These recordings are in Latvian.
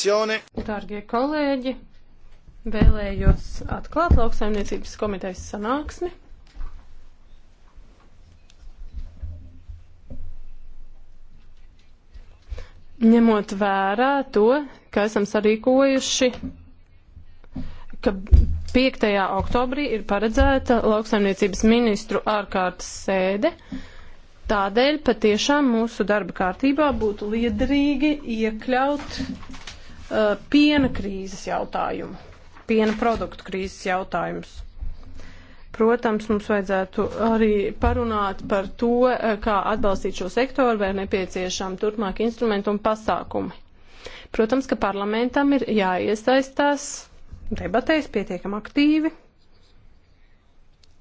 sessione. Dargie kolēģi, vēlējos atklāt lauksaimniecības komitejas sanāksmi. Ņemot vērā to, ka esam sarīkojuši, ka 5. oktobrī ir paredzēta lauksaimniecības ministru ārkārtas sēde. Tādēļ patiešām mūsu darba kārtībā būtu liederīgi iekļaut Eh, piena krīzes jautājumu, piena produktu krīzes jautājumus. Protams, mums vajadzētu arī parunāt par to, eh, kā atbalstīt šo sektoru, vai nepieciešām turpmāk instrumentu un pasākumi. Protams, ka parlamentam ir jāiesaistās debatēs pietiekam aktīvi,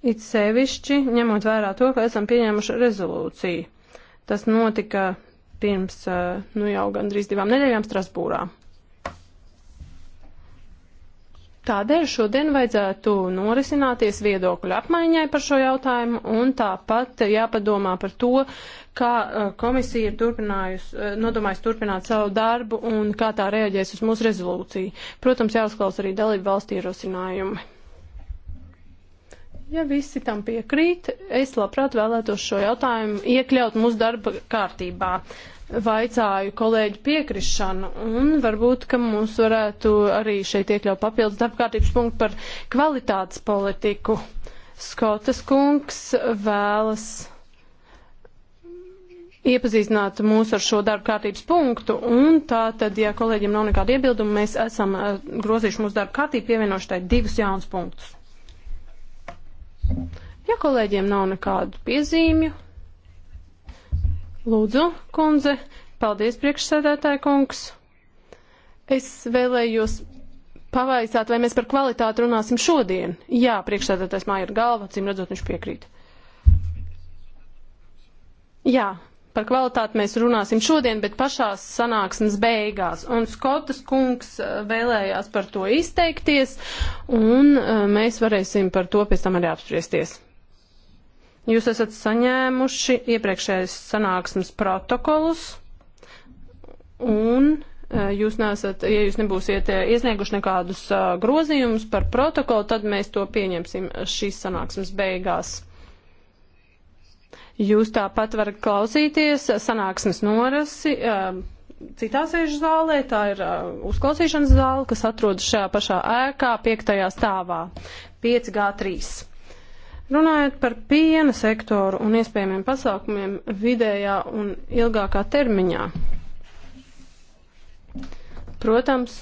it sevišķi ņemot vērā to, ka esam pieņēmuši rezolūciju. Tas notika pirms, eh, nu jau gandrīz divām nedēļām Strasbūrā. Tādēļ šodien vajadzētu norisināties viedokļu apmaiņai par šo jautājumu un tāpat jāpadomā par to, kā uh, komisija ir uh, nodomājusi turpināt savu darbu un kā tā reaģēs uz mūsu rezolūciju. Protams, jāuzklaus arī dalību valstī ierosinājumi. Ja visi tam piekrīt, es labprāt vēlētos šo jautājumu iekļaut mūsu darba kārtībā vaicāju kolēģi piekrišanu, un varbūt, ka mums varētu arī šeit iekļaut papildus darbkārtības punktu par kvalitātes politiku. Skotas kungs vēlas iepazīstināt mūs ar šo darba kārtības punktu, un tā tad, ja kolēģiem nav nekāda iebilduma, mēs esam eh, grozījuši mūsu darba kārtību, pievienojuši tai divus jaunus punktus. Ja kolēģiem nav nekādu piezīmju, Lūdzu, kundze, paldies priekšsēdētāja kungs. Es vēlējos pavaicāt, vai mēs par kvalitāti runāsim šodien. Jā, priekšsēdētājs māja ir galva, cīm redzot, viņš piekrīt. Jā, par kvalitāti mēs runāsim šodien, bet pašās sanāksmes beigās. Un Skotas kungs eh, vēlējās par to izteikties, un eh, mēs varēsim par to pēc tam arī apspriesties. Jūs esat saņēmuši iepriekšējais sanāksmes protokolus un e, jūs nesat, ja jūs nebūsiet e, iesnieguši nekādus e, grozījumus par protokolu, tad mēs to pieņemsim šīs sanāksmes beigās. Jūs tāpat varat klausīties sanāksmes norasi citā sēžu zālē, tā ir uzklausīšanas zāle, kas atrodas šajā pašā ēkā, piektajā stāvā, 5G3. Runājot par piena sektoru un iespējamiem pasākumiem vidējā un ilgākā termiņā, protams,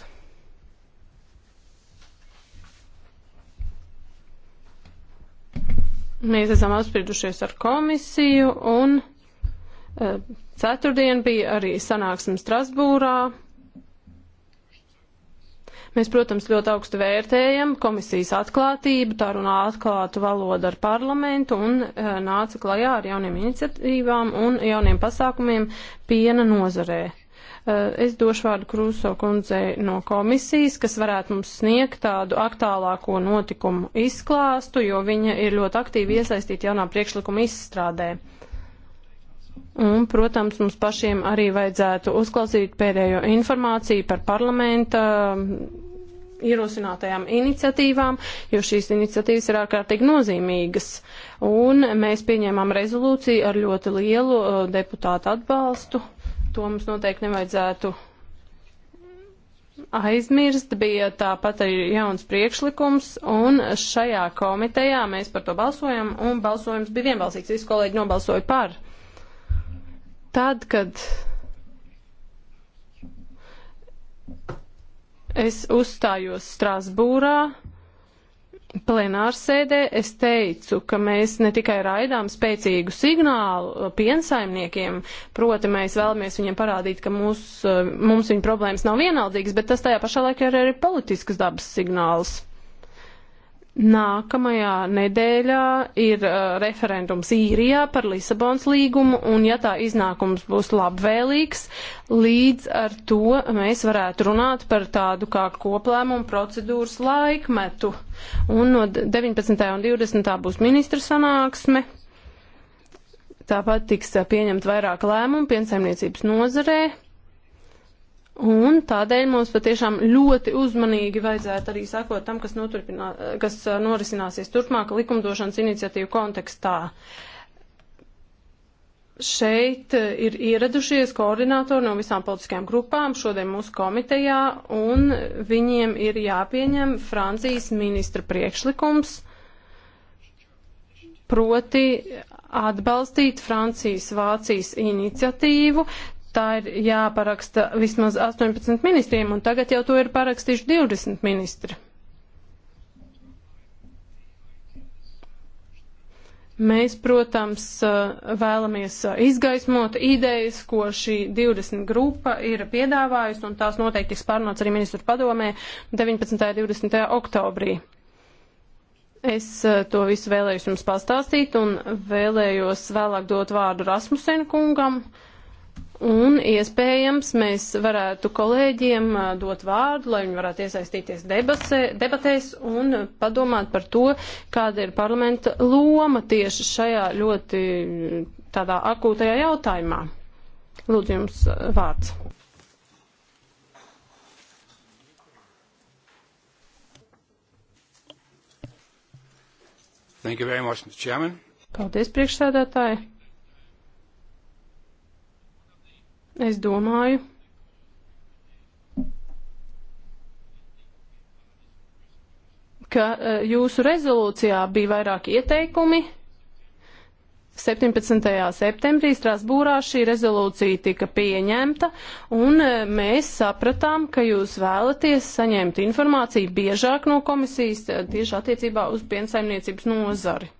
mēs esam apspriedušies ar komisiju un eh, ceturtdien bija arī sanāksme Strasbūrā Mēs, protams, ļoti augstu vērtējam komisijas atklātību, tā runā atklātu valodu ar parlamentu un e, nāca klajā ar jauniem iniciatīvām un jauniem pasākumiem piena nozarē. E, es došu vārdu Krūso kundzei no komisijas, kas varētu mums sniegt tādu aktālāko notikumu izklāstu, jo viņa ir ļoti aktīvi iesaistīta jaunā priekšlikuma izstrādē. Un, protams, mums pašiem arī vajadzētu uzklausīt pēdējo informāciju par parlamenta ierosinātajām iniciatīvām, jo šīs iniciatīvas ir ārkārtīgi nozīmīgas. Un mēs pieņēmām rezolūciju ar ļoti lielu uh, deputātu atbalstu. To mums noteikti nevajadzētu aizmirst, bija tāpat arī jauns priekšlikums, un šajā komitejā mēs par to balsojam, un balsojums bija vienbalsīgs, visi kolēģi nobalsoja par. Tad, kad es uzstājos Strasbūrā plenārsēdē, es teicu, ka mēs ne tikai raidām spēcīgu signālu uh, piensaimniekiem, proti mēs vēlamies viņiem parādīt, ka mūs, uh, mums viņa problēmas nav vienaldīgas, bet tas tajā pašā laikā ir arī politiskas dabas signāls. Nākamajā nedēļā ir uh, referendums īrijā par Lisabons līgumu, un ja tā iznākums būs labvēlīgs, līdz ar to mēs varētu runāt par tādu kā koplēmumu procedūras laikmetu. Un no 19. un 20. būs ministra sanāksme. Tāpat tiks uh, pieņemt vairāk lēmumu piensaimniecības nozarē Un tādēļ mums patiešām ļoti uzmanīgi vajadzētu arī sakot tam, kas, kas uh, norisināsies turpmāk likumdošanas iniciatīvu kontekstā. Šeit uh, ir ieradušies koordinātori no visām politiskajām grupām šodien mūsu komitejā, un viņiem ir jāpieņem Francijas ministra priekšlikums, proti atbalstīt Francijas-Vācijas iniciatīvu, tā ir jāparaksta vismaz 18 ministriem, un tagad jau to ir parakstījuši 20 ministri. Mēs, protams, vēlamies izgaismot idejas, ko šī 20 grupa ir piedāvājusi, un tās noteikti tiks pārnots arī ministru padomē 19. un 20. oktobrī. Es eh, to visu vēlējos jums pastāstīt un vēlējos vēlāk dot vārdu Rasmusen kungam. Uh, Un iespējams mēs varētu kolēģiem dot vārdu, lai viņi varētu iesaistīties debasē, debatēs un padomāt par to, kāda ir parlamenta loma tieši šajā ļoti tādā akūtajā jautājumā. Lūdzu jums vārds. Thank you very much, Mr. Chairman. Paldies, priekšsēdētāji. Es domāju, ka e, jūsu rezolūcijā bija vairāk ieteikumi. 17. septembrī Strasbūrā šī rezolūcija tika pieņemta, un e, mēs sapratām, ka jūs vēlaties saņemt informāciju biežāk no komisijas e, tieši attiecībā uz piensaimniecības nozari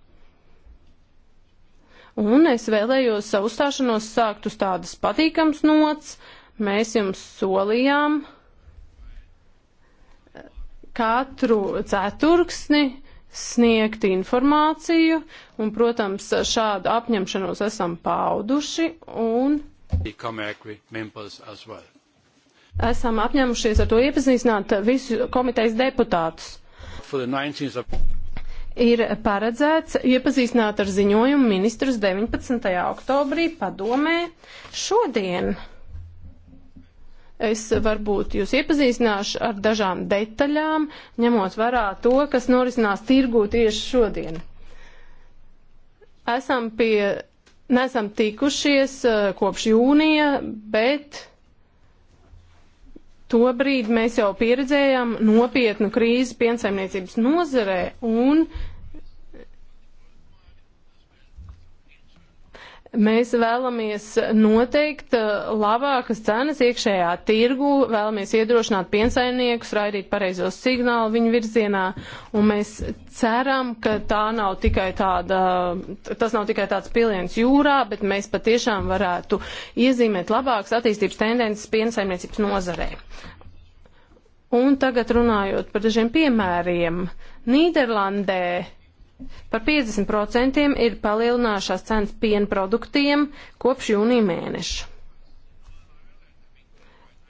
un es vēlējos savu uzstāšanos sākt uz tādas patīkams nots. Mēs jums solījām eh, katru ceturksni sniegt informāciju, un, protams, šādu apņemšanos esam pauduši, un well. esam apņēmušies ar to iepazīstināt visu komitejas deputātus. Of ir paredzēts iepazīstināt ar ziņojumu ministrus 19. oktobrī padomē šodien. Es varbūt jūs iepazīstināšu ar dažām detaļām, ņemot vērā to, kas norisinās tirgū tieši šodien. Esam pie, nesam tikušies eh, kopš jūnija, bet tobrīd mēs jau pieredzējām nopietnu krīzi piensaimniecības nozarē un uh, Mēs vēlamies noteikt uh, labākas cenas iekšējā tirgu, vēlamies iedrošināt piensaimniekus, raidīt pareizos signālu viņu virzienā, un mēs ceram, ka tā nav tikai tāda, tas nav tikai tāds piliens jūrā, bet mēs patiešām varētu iezīmēt labākas attīstības tendences piensaimniecības nozarē. Un tagad runājot par dažiem piemēriem. Nīderlandē Par 50% ir palielinājušās cenas piena produktiem kopš jūnija mēneša.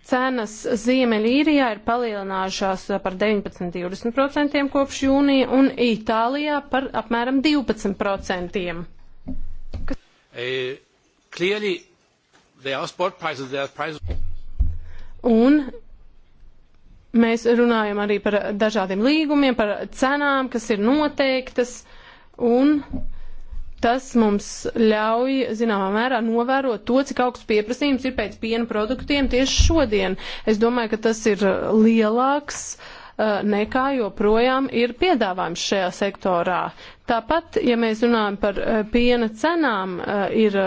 Cenas Ziemeļīrijā ir palielinājušās uh, par 19-20% kopš jūnija un Itālijā par apmēram 12%. Kas... Uh, clearly, there are spot prices, there are prices. Un Mēs runājam arī par dažādiem līgumiem, par cenām, kas ir noteiktas, un tas mums ļauj, zināmā mērā, novērot to, cik augsts pieprasījums ir pēc piena produktiem tieši šodien. Es domāju, ka tas ir lielāks uh, nekā joprojām ir piedāvājums šajā sektorā. Tāpat, ja mēs runājam par uh, piena cenām, uh, ir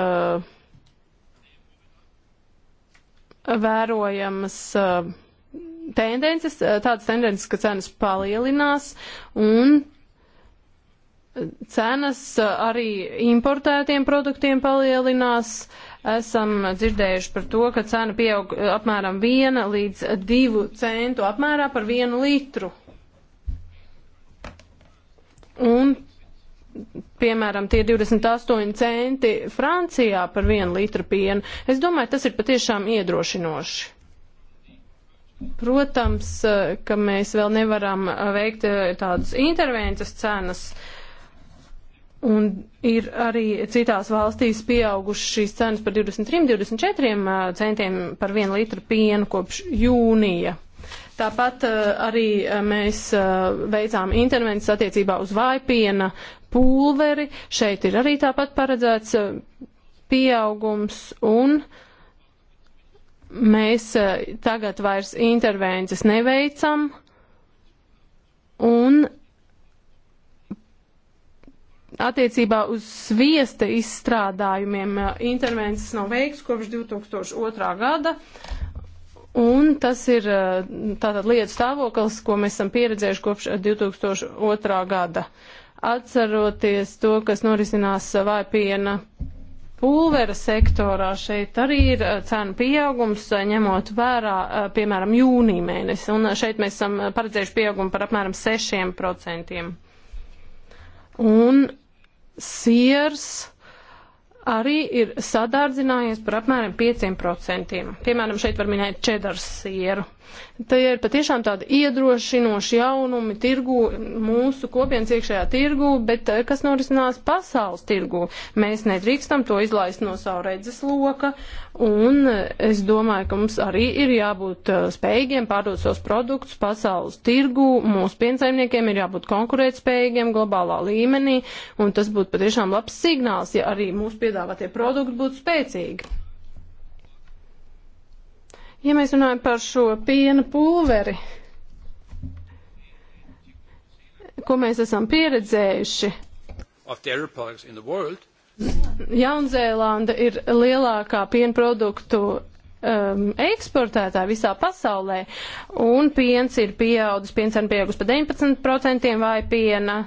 vērojamas uh, tendences, eh, tādas tendences, ka cenas palielinās un eh, cenas eh, arī importētiem produktiem palielinās. Esam dzirdējuši par to, ka cena pieaug apmēram 1 līdz 2 centu apmērā par 1 litru. Un, piemēram, tie 28 centi Francijā par 1 litru pienu. Es domāju, tas ir patiešām iedrošinoši. Protams, eh, ka mēs vēl nevaram eh, veikt eh, tādas intervences cenas. Un ir arī citās valstīs pieaugušas šīs cenas par 23-24 centiem par vienu litru pienu kopš jūnija. Tāpat arī mēs veicām intervences attiecībā uz vājpiena pulveri. Šeit ir arī tāpat paredzēts pieaugums un uh, Mēs eh, tagad vairs intervences neveicam un attiecībā uz sviesta izstrādājumiem eh, intervences nav veikts kopš 2002. gada. Un tas ir eh, tātad lietu stāvoklis, ko mēs esam pieredzējuši kopš 2002. gada. Atceroties to, kas norisinās vaipiena pulvera sektorā šeit arī ir uh, cenu pieaugums, uh, ņemot vērā, uh, piemēram, jūnija mēnesi, un šeit mēs esam paredzējuši pieaugumu par apmēram 6%. Un siers arī ir sadārdzinājies par apmēram 5%. Piemēram, šeit var minēt čedars sieru. Tie ir patiešām tādi iedrošinoši jaunumi tirgu, mūsu kopienas iekšējā tirgu, bet eh, kas norisinās pasaules tirgu. Mēs nedrīkstam to izlaist no savu redzes loka, un eh, es domāju, ka mums arī ir jābūt eh, spējīgiem pārdot savus produktus pasaules tirgu. Mūsu piensaimniekiem ir jābūt konkurētspējīgiem globālā līmenī, un tas būtu patiešām labs signāls, ja arī mūsu piedāvātie produkti būtu spēcīgi. Ja mēs runājam par šo piena pulveri, ko mēs esam pieredzējuši, Jaunzēlanda ir lielākā pienproduktu um, eksportētāja visā pasaulē, un piens ir pieaudzis, piens cena pieaugusi par 19% vai piena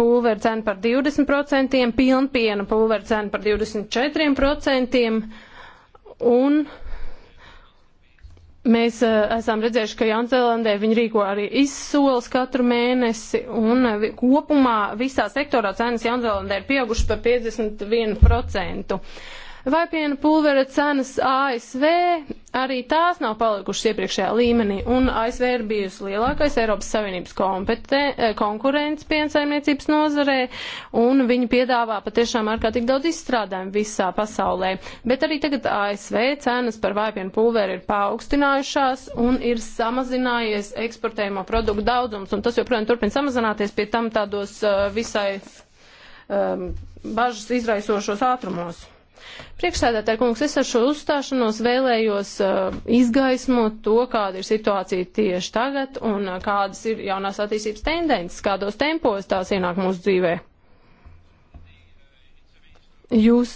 pulveru cena par 20%, pilnpiena pulveru cena par 24%, un uh, Mēs uh, esam redzējuši, ka Jaunzēlandē viņi rīko arī izsoles katru mēnesi, un uh, kopumā visā sektorā cenas Jaunzēlandē ir pieaugušas par 51%. Vai piena pulvera cenas ASV arī tās nav palikušas iepriekšējā līmenī, un ASV ir bijusi lielākais Eiropas Savienības eh, konkurents piensaimniecības nozarē, un viņi piedāvā patiešām ārkārtīgi daudz izstrādājumu visā pasaulē. Bet arī tagad ASV cenas par vaipienu pulveri ir paaugstinājušās, un ir samazinājies eksportējamo produktu daudzums, un tas joprojām turpina samazināties pie tam tādos eh, visai um, bažas izraisošos ātrumos. Priekšsēdētāji kungs, es ar šo uzstāšanos vēlējos uh, izgaismot to, kāda ir situācija tieši tagad un uh, kādas ir jaunās attīstības tendences, kādos tempos tās ienāk mūsu dzīvē. Jūs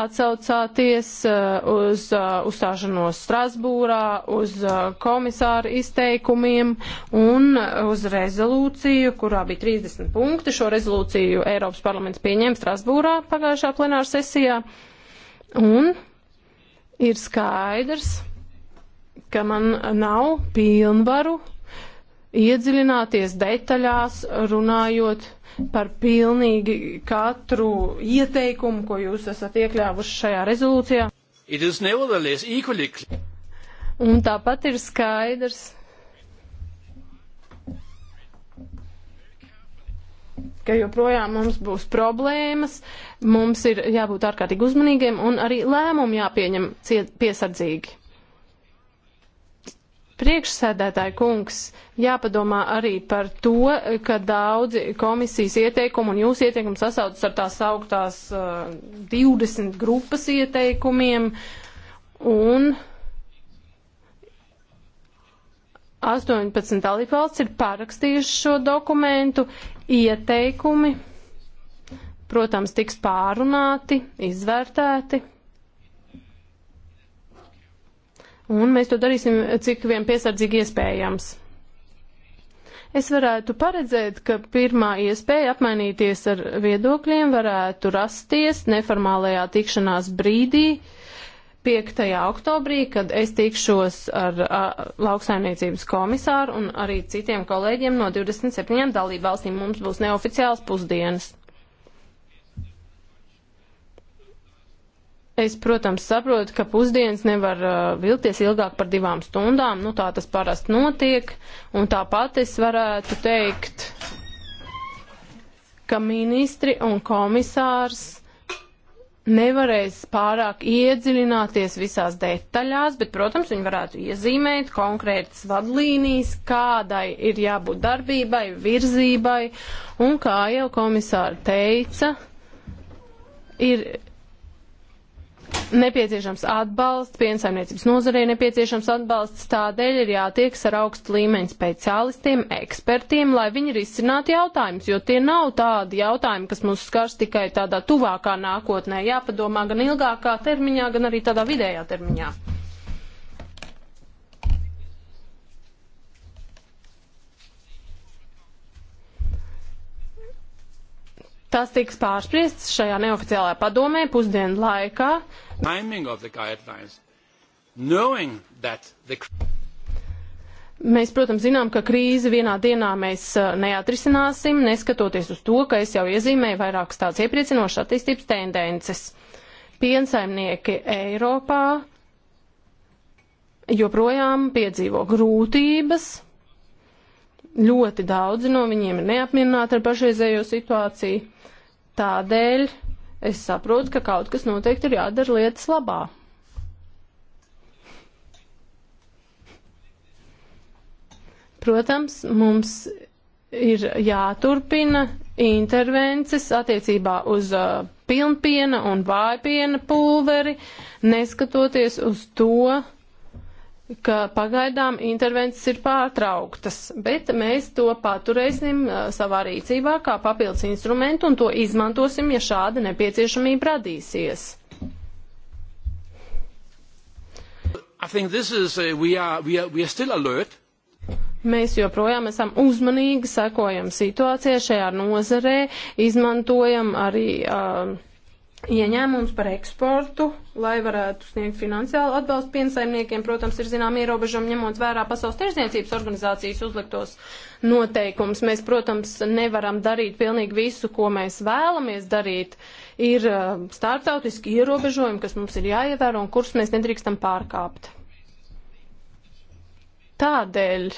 atsaucāties uh, uz uh, uzstāšanos Strasbūrā, uz uh, komisāru izteikumiem un uh, uz rezolūciju, kurā bija 30 punkti. Šo rezolūciju Eiropas parlaments pieņēma Strasbūrā pagājušā plenāra sesijā. Uh, Un ir skaidrs, ka man nav pilnvaru iedziļināties detaļās, runājot par pilnīgi katru ieteikumu, ko jūs esat iekļāvuši šajā rezolūcijā. Un tāpat ir skaidrs, ka joprojām mums būs problēmas, mums ir jābūt ārkārtīgi uzmanīgiem un arī lēmumu jāpieņem piesardzīgi. Priekšsēdētāji kungs, jāpadomā arī par to, ka daudzi komisijas ieteikumi un jūs ieteikumi sasaucas ar tās augtās uh, 20 grupas ieteikumiem un 18 dalībvalsts ir parakstījuši šo dokumentu, Ieteikumi, protams, tiks pārunāti, izvērtēti. Un mēs to darīsim, cik vien piesardzīgi iespējams. Es varētu paredzēt, ka pirmā iespēja apmainīties ar viedokļiem varētu rasties neformālajā tikšanās brīdī, uh, 5. oktobrī, kad es tikšos ar a, lauksaimniecības komisāru un arī citiem kolēģiem no 27 dalībvalstīm. Mums būs neoficiāls pusdienas. Es, protams, saprotu, ka pusdienas nevar uh, vilties ilgāk par divām stundām, nu tā tas parasti notiek, un tāpat es varētu teikt, ka ministri un komisārs nevarēs pārāk iedziļināties visās detaļās, bet, protams, viņi varētu iezīmēt konkrētas vadlīnijas, kādai ir jābūt darbībai, virzībai, un kā jau komisāri teica, ir nepieciešams atbalsts, piensaimniecības nozarē nepieciešams atbalsts, tādēļ ir jātieks ar augstu līmeņu speciālistiem, ekspertiem, lai viņi risinātu jautājumus, jo tie nav tādi jautājumi, kas mūs skars tikai tādā tuvākā nākotnē, jāpadomā gan ilgākā termiņā, gan arī tādā vidējā termiņā. Tas tiks pārspriests šajā neoficiālajā padomē pusdienu laikā. The... Mēs, protams, zinām, ka krīzi vienā dienā mēs uh, neatrisināsim, neskatoties uz to, ka es jau iezīmēju vairākas tādas iepriecinošas attīstības tendences. Piensaimnieki Eiropā joprojām piedzīvo grūtības. Ļoti daudzi no viņiem ir neapmierināti ar pašreizējo situāciju. Tādēļ es saprotu, ka kaut kas noteikti ir jādara lietas labā. Protams, mums ir jāturpina intervences attiecībā uz uh, pilnpiena un vājpiena pulveri, neskatoties uz to, ka pagaidām intervences ir pārtrauktas, bet mēs to paturēsim uh, savā rīcībā kā papildus instrumentu un to izmantosim, ja šāda nepieciešamība radīsies. Is, we are, we are, we are Mēs joprojām esam uzmanīgi, sekojam situācijai šajā nozarē, izmantojam arī uh, ieņēmums par eksportu, lai varētu sniegt finansiālu atbalstu piensaimniekiem, protams, ir zinām ierobežojumi ņemot vērā Pasaules tirzniecības organizācijas uzliktos noteikumus. Mēs, protams, nevaram darīt pilnīgi visu, ko mēs vēlamies darīt. Ir uh, starptautiski ierobežojumi, kas mums ir jāievēro un kurus mēs nedrīkstam pārkāpt. Tādēļ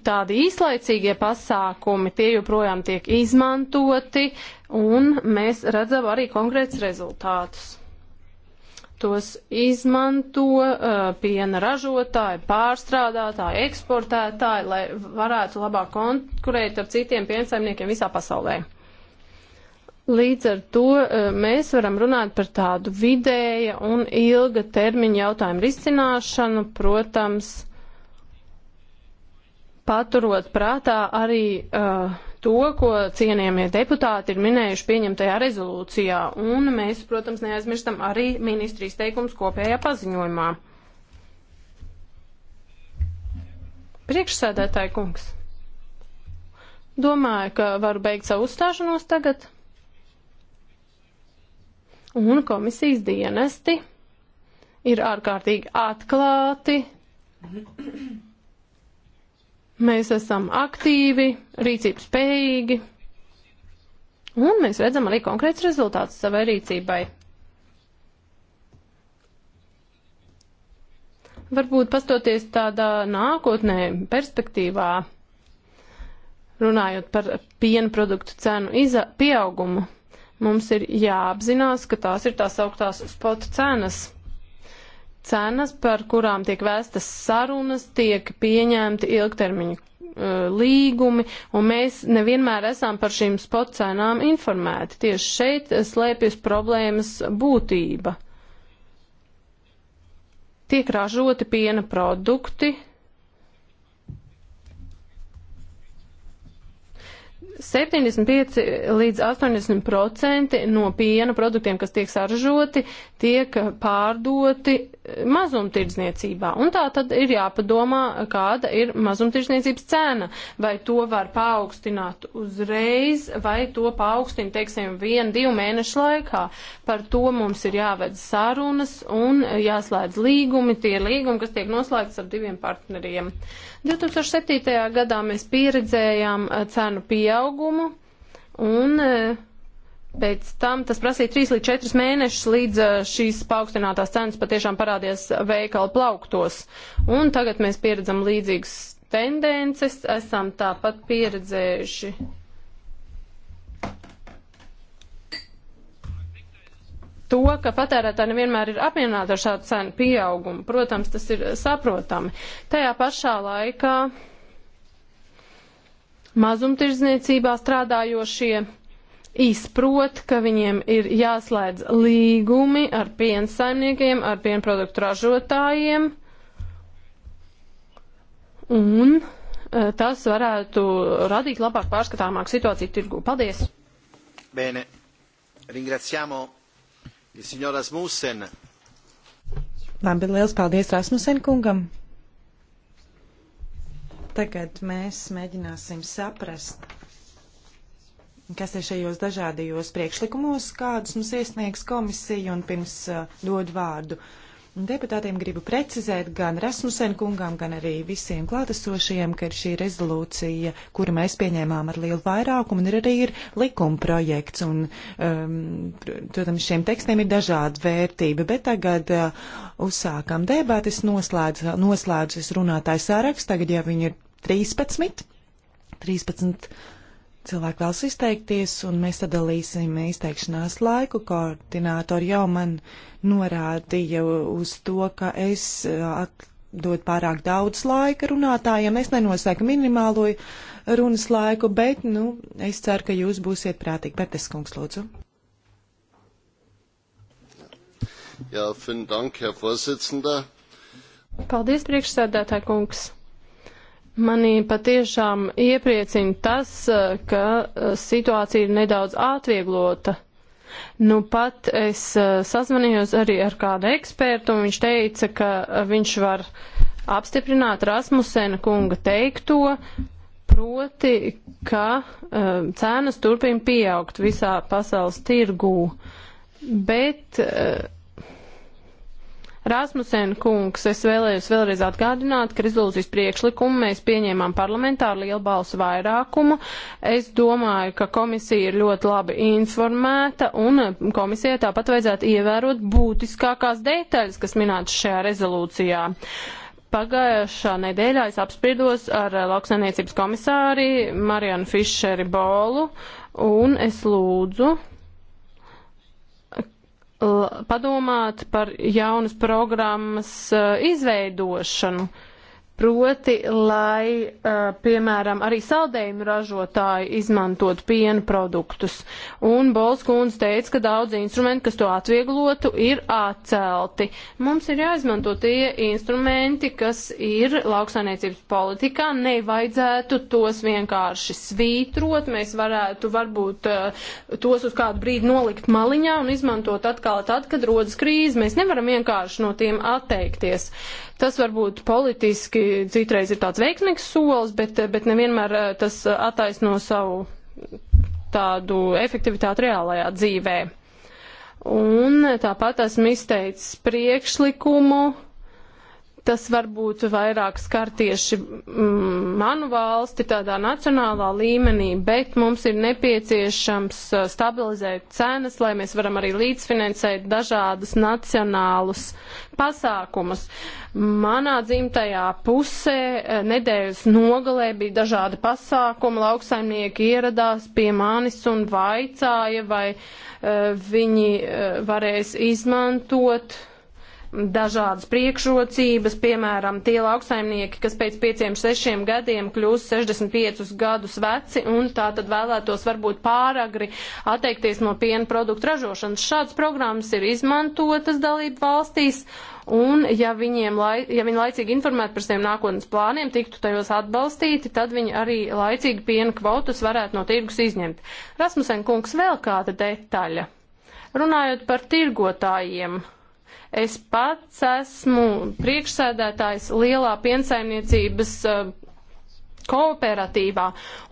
tādi īslaicīgie pasākumi, tie joprojām tiek izmantoti, un mēs redzam arī konkrēts rezultātus. Tos izmanto uh, piena ražotāji, pārstrādātāji, eksportētāji, lai varētu labāk konkurēt ar citiem piensaimniekiem visā pasaulē. Līdz ar to uh, mēs varam runāt par tādu vidēja un ilga termiņa jautājumu risināšanu, protams, paturot prātā arī uh, to, ko cienījamie deputāti ir minējuši pieņemtajā rezolūcijā, un mēs, protams, neaizmirstam arī ministrijas teikums kopējā paziņojumā. Priekšsēdētāji kungs, domāju, ka varu beigt savu uzstāšanos tagad. Un komisijas dienesti ir ārkārtīgi atklāti. Mēs esam aktīvi, rīcības spējīgi, un mēs redzam arī konkrēts rezultāts savai rīcībai. Varbūt pastoties tādā nākotnē, perspektīvā, runājot par piena produktu cenu iza, pieaugumu, mums ir jāapzinās, ka tās ir tās augtās spot cenas cenas, par kurām tiek vēstas sarunas, tiek pieņemti ilgtermiņa uh, līgumi, un mēs nevienmēr esam par šīm spot cenām informēti. Tieši šeit slēpjas problēmas būtība. Tiek ražoti piena produkti, 75 līdz 80% no piena produktiem, kas tiek saražoti, tiek pārdoti mazumtirdzniecībā. Un tā tad ir jāpadomā, kāda ir mazumtirdzniecības cena. Vai to var paaugstināt uzreiz, vai to paaugstina, teiksim, vienu, divu mēnešu laikā. Par to mums ir jāved sarunas un jāslēdz līgumi. Tie ir līgumi, kas tiek noslēgts ar diviem partneriem. 2007. gadā mēs pieredzējām eh, cenu pieaugumu pieaugumu un e, pēc tam tas prasīja 3 līdz 4 mēnešus, līdz e, šīs paaugstinātās cenas patiešām parādījās veikalu plauktos. Un tagad mēs pieredzam līdzīgas tendences, esam tāpat pieredzējuši to, ka patērētāji nevienmēr ir apmierināti ar šādu cenu pieaugumu. Protams, tas ir saprotami. Tajā pašā laikā mazumtirdzniecībā strādājošie izprot, ka viņiem ir jāslēdz līgumi ar piensaimniekiem, ar pienproduktu ražotājiem, un eh, tas varētu radīt labāk pārskatāmāku situāciju tirgu. Paldies! Bene. Ringraziamo il signor Asmussen. Labi, liels paldies Asmussen kungam. Tagad mēs mēģināsim saprast, kas ir šajos dažādajos priekšlikumos, kādus mums iesniegs komisija, un pirms uh, dod vārdu uh, Deputātiem gribu precizēt gan Rasmusen kungām, gan arī visiem klātesošajiem, ka ir šī rezolūcija, kuru mēs pieņēmām ar lielu vairākumu, un ir arī ir likuma projekts, un, um, protams, šiem tekstiem ir dažāda vērtība, bet tagad uh, uzsākam debātis, noslēdz, noslēdzis runātājs sāraksts, tagad jau viņi ir 13, 13 cilvēki vēlas izteikties, un mēs sadalīsim izteikšanās laiku. Koordinātori jau man norādīja uz to, ka es dod pārāk daudz laika runātājiem. Es nenosaku minimālo runas laiku, bet, nu, es ceru, ka jūs būsiet prātīgi. Bertes kungs, lūdzu. Jā, ja, vielen dank, Herr Vorsitzender. Paldies, priekšsēdētāj kungs. Manī patiešām iepriecina tas, eh, ka eh, situācija ir nedaudz atvieglota. Nu, pat es eh, sazvanījos arī ar kādu ekspertu, un viņš teica, ka viņš var apstiprināt Rasmusena kunga teikto, proti, ka um, cenas turpina pieaugt visā pasaules tirgū. Bet uh, Rasmusen kungs, es vēlējos vēlreiz atgādināt, ka rezolūcijas priekšlikumu mēs pieņēmām parlamentā ar lielu balsu vairākumu. Es domāju, ka komisija ir ļoti labi informēta un komisijai tāpat vajadzētu ievērot būtiskākās detaļas, kas minētas šajā rezolūcijā. Pagājušā nedēļā es apspriedos ar lauksainiecības komisāri Marianu Fišeri Bolu un es lūdzu Uh, padomāt par jaunas programmas uh, izveidošanu. Uh, proti, lai, piemēram, arī saldējumu ražotāji izmantot piena produktus. Un Bolskundze teica, ka daudz instrumenti, kas to atvieglotu, ir atcelti. Mums ir jāizmanto tie instrumenti, kas ir lauksainiecības politikā, nevajadzētu tos vienkārši svītrot, mēs varētu varbūt tos uz kādu brīdi nolikt maliņā un izmantot atkal tad, kad rodas krīze. Mēs nevaram vienkārši no tiem atteikties. Tas varbūt politiski citreiz ir tāds veiksmīgs solis, bet, bet nevienmēr eh, tas eh, attaisno savu tādu efektivitāti reālajā dzīvē. Un eh, tāpat esmu izteicis priekšlikumu Tas varbūt vairāk skar tieši mm, manu valsti tādā nacionālā līmenī, bet mums ir nepieciešams stabilizēt cenas, lai mēs varam arī līdzfinansēt dažādas nacionālus pasākumus. Manā dzimtajā pusē nedēļas nogalē bija dažādi pasākumi, lauksaimnieki ieradās pie manis un vaicāja, vai uh, viņi uh, varēs izmantot dažādas priekšrocības, piemēram, tie lauksaimnieki, kas pēc 5-6 gadiem kļūs 65 gadus veci un tā tad vēlētos varbūt pāragri atteikties no piena produktu ražošanas. Šādas programmas ir izmantotas dalību valstīs. Un, ja, viņiem, lai, ja viņi laicīgi informētu par saviem nākotnes plāniem, tiktu tajos atbalstīti, tad viņi arī laicīgi piena kvotas varētu no tirgus izņemt. Rasmusen kungs vēl kāda detaļa. Runājot par tirgotājiem, uh, Es pats esmu priekšsēdētājs lielā piensaimniecības eh, kooperatīvā.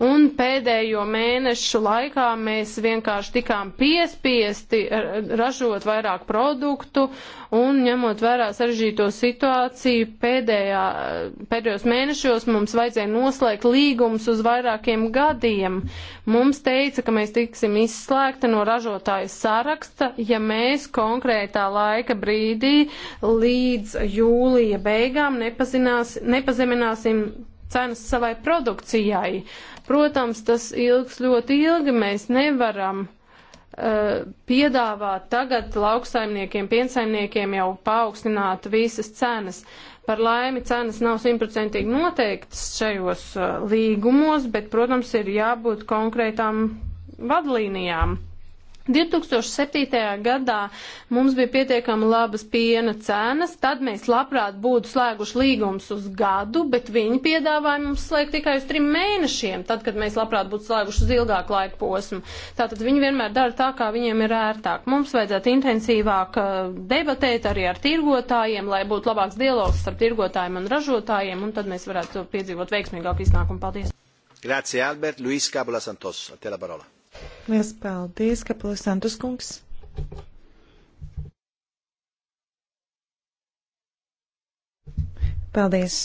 Un pēdējo mēnešu laikā mēs vienkārši tikām piespiesti ražot vairāk produktu un ņemot vērā sarežģīto situāciju pēdējā, pēdējos mēnešos mums vajadzēja noslēgt līgumus uz vairākiem gadiem. Mums teica, ka mēs tiksim izslēgta no ražotāju saraksta, ja mēs konkrētā laika brīdī līdz jūlija beigām nepazinās, nepazemināsim cenas savai produkcijai. Protams, tas ilgs ļoti ilgi, mēs nevaram uh, piedāvāt tagad lauksaimniekiem, piensaimniekiem jau paaugstināt visas cenas. Par laimi cenas nav simtprocentīgi noteiktas šajos uh, līgumos, bet, protams, ir jābūt konkrētām vadlīnijām. 2007. gadā mums bija pietiekami labas piena cenas, tad mēs labprāt būtu slēguši līgumus uz gadu, bet viņi piedāvāja mums slēgt tikai uz trim mēnešiem, tad, kad mēs labprāt būtu slēguši uz ilgāku laiku posmu. Tātad viņi vienmēr dara tā, kā viņiem ir ērtāk. Mums vajadzētu intensīvāk uh, debatēt arī ar tirgotājiem, lai būtu labāks dialogs starp tirgotājiem un ražotājiem, un tad mēs varētu piedzīvot veiksmīgāku iznākumu. Paldies! Grazie Albert, Luis Capola Santos, a te la parola. Lielas paldies, Kapulis Santus kungs. Paldies,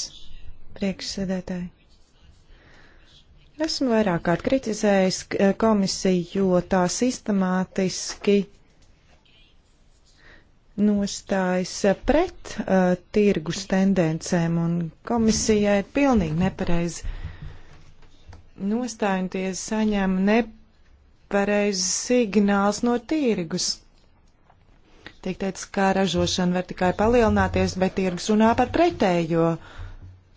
priekšsēdētāji. Esmu vairāk kārt kritizējis komisiju, jo tā sistemātiski nostājas pret uh, tirgus tendencēm, un komisijai ir pilnīgi nepareizi nostājoties saņem nepareizi nepareizs signāls no tirgus. Tiek teicis, ka ražošana var tikai palielināties, bet tirgus runā par pretējo.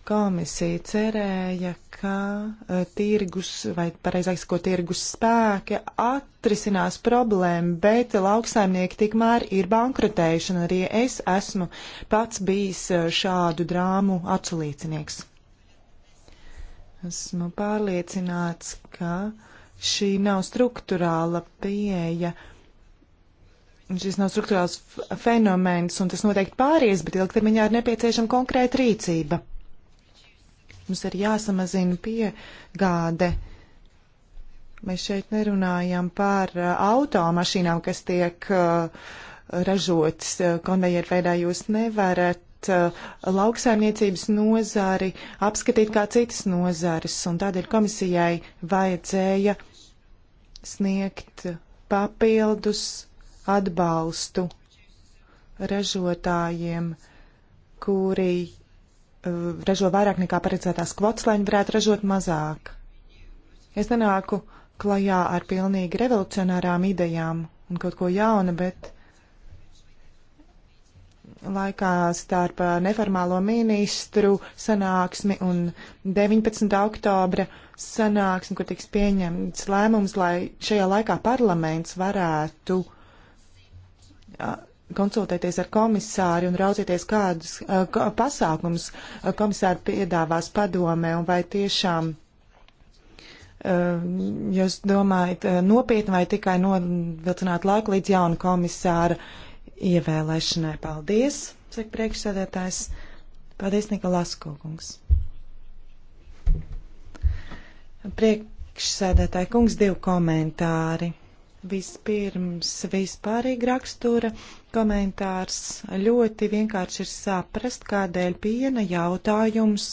Komisija cerēja, ka uh, tirgus, vai pareizāk sakot, tirgus spēki atrisinās problēmu, bet lauksaimnieki tikmēr ir bankrotējuši, un arī es esmu pats bijis e, šādu drāmu atsulīcinieks. Esmu pārliecināts, ka uh, šī nav struktūrāla pieeja. Šis nav struktūrāls fenomens, un tas noteikti pāries, bet ilgtermiņā ir nepieciešama konkrēta rīcība. Mums ir jāsamazina piegāde. Mēs šeit nerunājam par uh, automašīnām, kas tiek uh, ražotas uh, konvejeru veidā. Jūs nevarat lauksaimniecības nozari apskatīt kā citas nozares, un tādēļ komisijai vajadzēja sniegt papildus atbalstu ražotājiem, kuri uh, ražo vairāk nekā paredzētās kvotas, lai viņi varētu ražot mazāk. Es nenāku klajā ar pilnīgi revolucionārām idejām un kaut ko jaunu, bet laikā starp neformālo ministru sanāksmi un 19. oktobra sanāksmi, kur tiks pieņemts lēmums, lai šajā laikā parlaments varētu konsultēties ar komisāri un raudzīties, kādus uh, pasākumus komisāri piedāvās padomē un vai tiešām uh, jūs domājat nopietni vai tikai novilcināt laiku līdz jauna komisāra ievēlēšanai. Paldies, saka priekšsēdētājs. Paldies, Nikolās Kungs. Priekšsēdētāji kungs divi komentāri. Vispirms vispārīga rakstura komentārs ļoti vienkārši ir saprast, kādēļ piena jautājums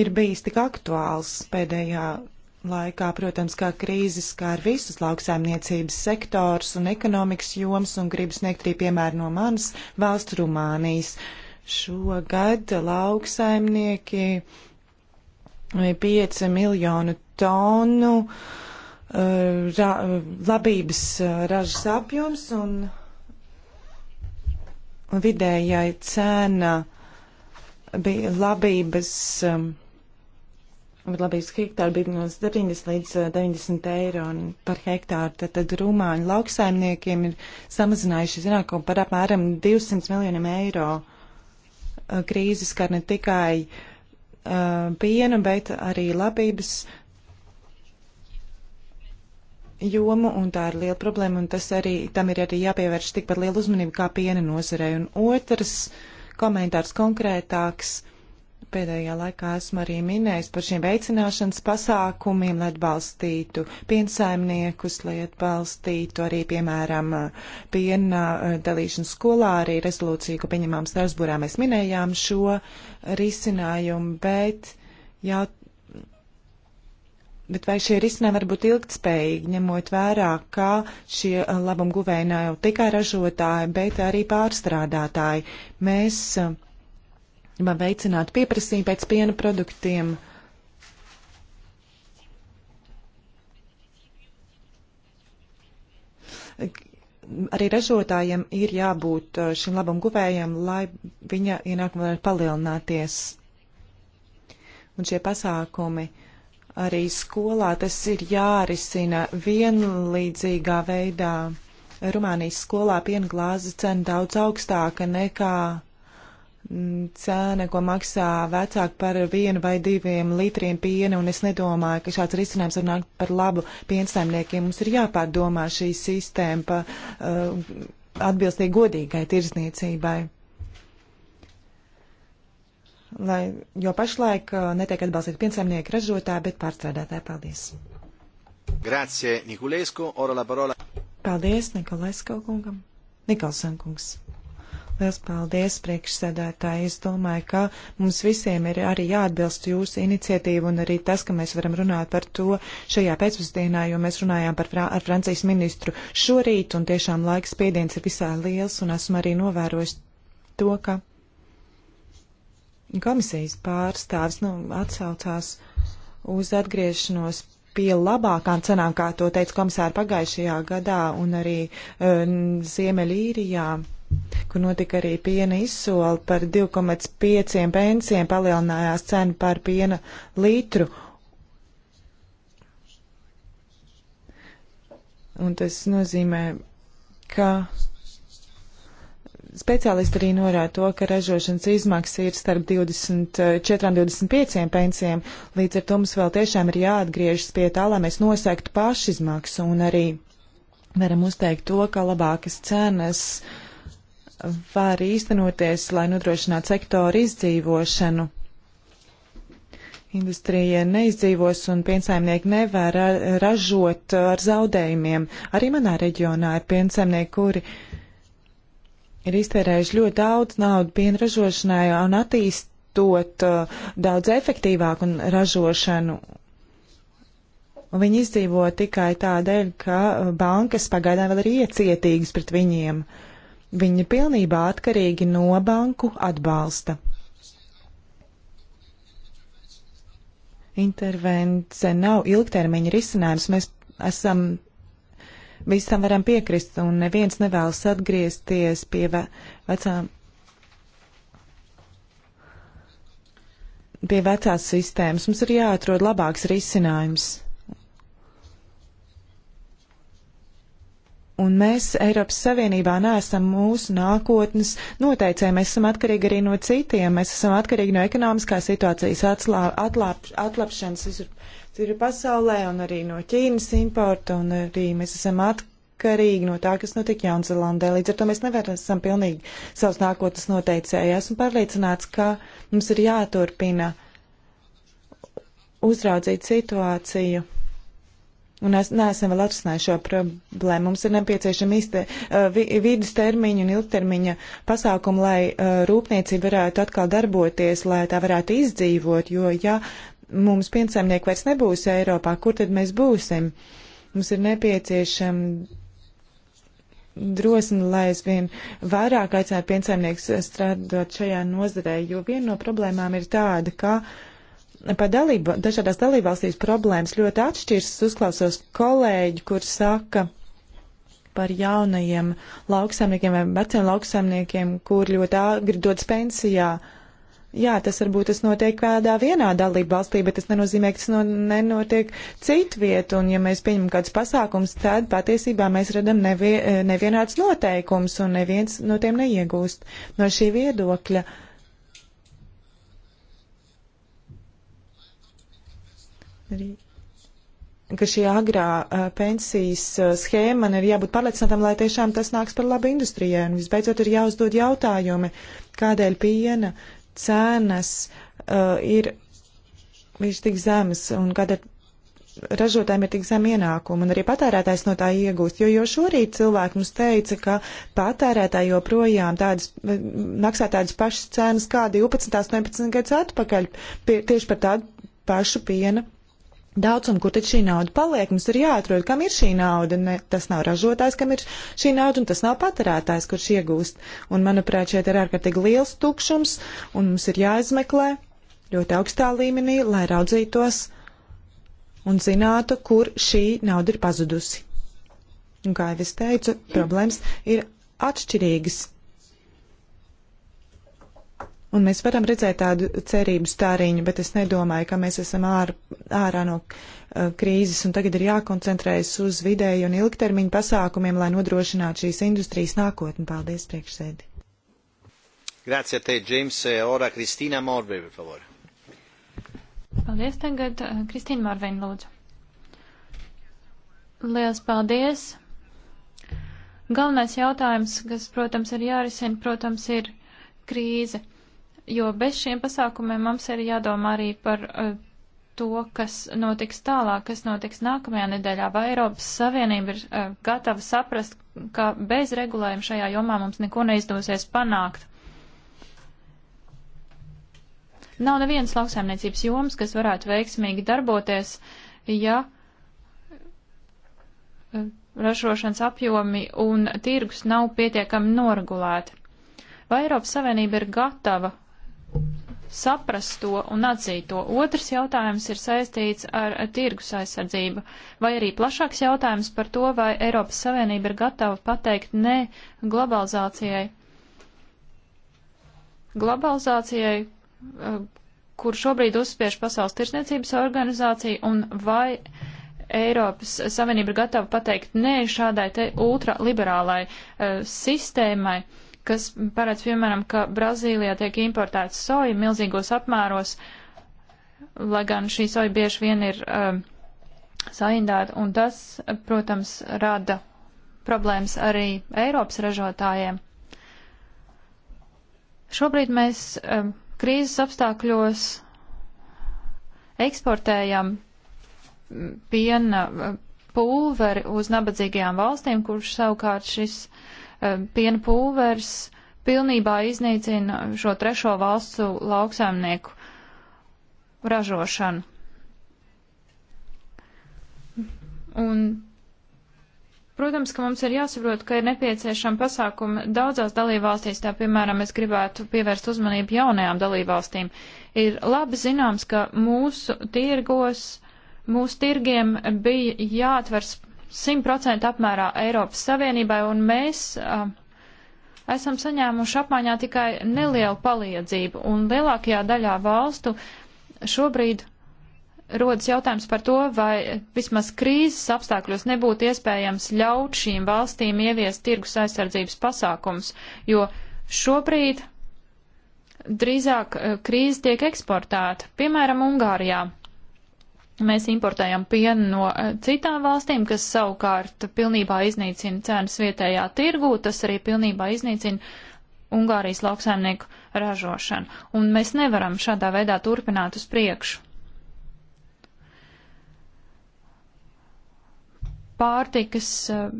ir bijis tik aktuāls pēdējā laikā, protams, kā krīzes skār visus lauksaimniecības sektors un ekonomikas joms, un gribu sniegt arī piemēru no manas valsts Rumānijas. Šogad lauksaimnieki 5 miljonu tonu uh, ra, labības uh, ražas apjoms un vidējai cena bija labības. Um, Bet labības hektāri bija no 70 līdz 90 eiro par hektāru. Tad, tad rumāņu lauksaimniekiem ir samazinājuši zinākumu par apmēram 200 miljoniem eiro. Krīzes skar ne tikai uh, pienu, bet arī labības jomu, un tā ir liela problēma, un tas arī, tam ir arī jāpievērš tikpat liela uzmanība kā piena nozarei. Un otrs komentārs konkrētāks Pēdējā laikā esmu arī minējis par šiem veicināšanas pasākumiem, lai atbalstītu piensaimniekus, lai atbalstītu arī, piemēram, piena eh, dalīšanu skolā, arī rezolūciju, ko pieņemām Strasbūrā, mēs minējām šo risinājumu, bet jau Bet vai šie risinājumi var būt ilgtspējīgi, ņemot vērā, ka šie eh, labumguvēji nav tikai ražotāji, bet arī pārstrādātāji? Mēs eh, gribam veicināt pieprasījumu pēc piena produktiem. Arī ražotājiem ir jābūt uh, šim labam guvējam, lai viņa ienākumi varētu palielināties. Un šie pasākumi arī skolā tas ir jārisina vienlīdzīgā veidā. Rumānijas skolā piena glāze cena daudz augstāka nekā cena, ko maksā vecāki par vienu vai diviem litriem piena, un es nedomāju, ka šāds risinājums var nākt par labu piensaimniekiem. Mums ir jāpārdomā šī sistēma pa, uh, atbilstīgi godīgai tirzniecībai. Lai, jo pašlaik uh, netiek atbalstīti piensaimnieki ražotāji, bet pārstrādātāji. Paldies! Grazie, Nikolēsku. Ora la parola. Paldies, Nikolēsku kungam. Nikolson kungs. Liels paldies, priekšsēdētāji. Es domāju, ka mums visiem ir arī jāatbilst jūsu iniciatīvu un arī tas, ka mēs varam runāt par to šajā pēcpusdienā, jo mēs runājām par, ar Francijas ministru šorīt un tiešām laiks spiediens ir visai liels un esmu arī novērojis to, ka komisijas pārstāvis nu, atsaucās uz atgriešanos pie labākām cenām, kā to teica komisāra pagājušajā gadā un arī uh, Ziemeļīrijā. Uh, kur notika arī piena izsoli par 2,5 pensiem palielinājās cena par piena litru. Un tas nozīmē, ka speciālisti arī norāda to, ka ražošanas izmaksas ir starp 24 un 25 pensiem, līdz ar to mums vēl tiešām ir jāatgriežas pie tā, lai mēs nosektu pašizmaksu un arī varam uzteikt to, ka labākas cenas uh, var īstenoties, lai nodrošinātu sektoru izdzīvošanu. Industrija neizdzīvos un piensaimnieki nevar ražot ar zaudējumiem. Arī manā reģionā ir piensaimnieki, kuri ir iztērējuši ļoti daudz naudu pienražošanai un attīstot uh, daudz efektīvāku ražošanu. Viņi izdzīvo tikai tādēļ, ka uh, bankas pagaidām vēl ir iecietīgas pret viņiem. Uh, Viņi pilnībā atkarīgi no banku atbalsta. Intervence nav ilgtermiņa risinājums. Mēs esam visam varam piekrist, un neviens nevēlas atgriezties pie ve vecām. Pie vecās sistēmas mums ir jāatrod labāks risinājums. un mēs Eiropas Savienībā neesam mūsu nākotnes noteicēji. Mēs esam atkarīgi arī no citiem, mēs esam atkarīgi no ekonomiskās situācijas atslā, atlāp, atlapšanas visur ir pasaulē un arī no Ķīnas importa un arī mēs esam atkarīgi no tā, kas notiek Jaunzelandē. Līdz ar to mēs nevaram pilnīgi savus nākotnes noteicēji. Esmu pārliecināts, ka mums ir jāturpina uzraudzīt situāciju Un es neesam vēl atrisinājuši šo problēmu. Mums ir nepieciešama īsta uh, vidus termiņa un ilgtermiņa pasākuma, lai uh, rūpniecība varētu atkal darboties, lai tā varētu izdzīvot, jo ja mums piensaimnieki vairs nebūs Eiropā, kur tad mēs būsim? Mums ir nepieciešama drosmi, lai es vien vairāk aicinātu piensaimnieks strādāt šajā nozarē, jo viena no problēmām ir tāda, ka uh, par dalību, dažādās dalībvalstīs problēmas ļoti atšķirs. Uzklausos kolēģi, kur saka par jaunajiem lauksaimniekiem vai veciem lauksaimniekiem, kur ļoti āgri dodas pensijā. Jā, tas varbūt tas notiek kādā vienā dalību valstī, bet tas nenozīmē, ka tas no, nenotiek citu vietu. Un ja mēs pieņemam kādus pasākums, tad patiesībā mēs redam nevie, nevienāds noteikums un neviens no tiem neiegūst. No šī viedokļa arī ka šī agrā uh, pensijas uh, schēma man ir jābūt pārliecinātam, lai tiešām tas nāks par labu industrijai. Un visbeidzot ir jāuzdod jautājumi, kādēļ piena cenas uh, ir viņš tik zemes un kādēļ ražotājiem ir tik zem ienākumu un arī patērētājs no tā iegūst. Jo, jo šorīt cilvēki mums teica, ka patērētāji joprojām tādas, maksā tādas pašas cenas kā 12, 18 gadus atpakaļ pie, tieši par tādu pašu piena Daudz un kur tad šī nauda paliek, mums ir jāatrod, kam ir šī nauda. Ne, tas nav ražotājs, kam ir šī nauda, un tas nav patērētājs, kurš iegūst. Un, manuprāt, šeit ir ārkārtīgi liels tukšums, un mums ir jāizmeklē ļoti augstā līmenī, lai raudzītos un zinātu, kur šī nauda ir pazudusi. Un, kā jau es teicu, problēmas ir atšķirīgas. Un mēs varam redzēt tādu cerību stāriņu, bet es nedomāju, ka mēs esam ār, ārā no uh, krīzes un tagad ir jākoncentrējas uz vidēju un ilgtermiņu pasākumiem, lai nodrošinātu šīs industrijas nākotni. Paldies, priekšsēdi. Grazie te, James. E, ora Kristīna Morvei, par favor. Paldies tagad, eh, Kristīna Morvei, lūdzu. Liels paldies. Galvenais jautājums, kas, protams, ir jārisina, protams, ir krīze jo bez šiem pasākumiem mums ir jādomā arī par uh, to, kas notiks tālāk, kas notiks nākamajā nedēļā, vai Eiropas Savienība ir uh, gatava saprast, ka bez regulējuma šajā jomā mums neko neizdosies panākt. Nav nevienas lauksaimniecības jomas, kas varētu veiksmīgi darboties, ja uh, ražošanas apjomi un tirgus nav pietiekami noregulēti. Vai Eiropas Savienība ir gatava saprast to un atzīt to. Otrs jautājums ir saistīts ar tirgus aizsardzību, vai arī plašāks jautājums par to, vai Eiropas Savienība ir gatava pateikt ne globalizācijai. Globalizācijai, eh, kur šobrīd uzspiež Pasaules tirsniecības organizācija, un vai Eiropas Savienība ir gatava pateikt nē šādai te ultraliberālai uh, sistēmai, uh, kas paredz, piemēram, ka Brazīlijā tiek importēts soja milzīgos apmēros, lai gan šī soja bieži vien ir um, saindēta, un tas, protams, rada problēmas arī Eiropas ražotājiem. Šobrīd mēs um, krīzes apstākļos eksportējam mm, piena uh, pulveri uz nabadzīgajām valstīm, kurš savukārt šis Eh, piena pulvers pilnībā iznīcina šo trešo valstu lauksaimnieku ražošanu. Un, protams, ka mums ir jāsaprot, ka ir nepieciešama pasākuma daudzās dalībvalstīs, tā piemēram, es gribētu pievērst uzmanību jaunajām dalībvalstīm. Ir labi zināms, ka mūsu tirgos, mūsu tirgiem bija jāatvers 100% apmērā Eiropas Savienībai, un mēs uh, esam saņēmuši apmaiņā tikai nelielu palīdzību, un lielākajā daļā valstu šobrīd rodas jautājums par to, vai vismaz krīzes apstākļos nebūtu iespējams ļaut šīm valstīm ieviest tirgus aizsardzības pasākums, jo šobrīd drīzāk uh, krīze tiek eksportēta, piemēram, Ungārijā. Mēs importējam pienu no eh, citām valstīm, kas savukārt pilnībā iznīcina cenas vietējā tirgū, tas arī pilnībā iznīcina Ungārijas lauksaimnieku ražošanu. Un mēs nevaram šādā veidā turpināt uz priekšu. Pārtikas eh,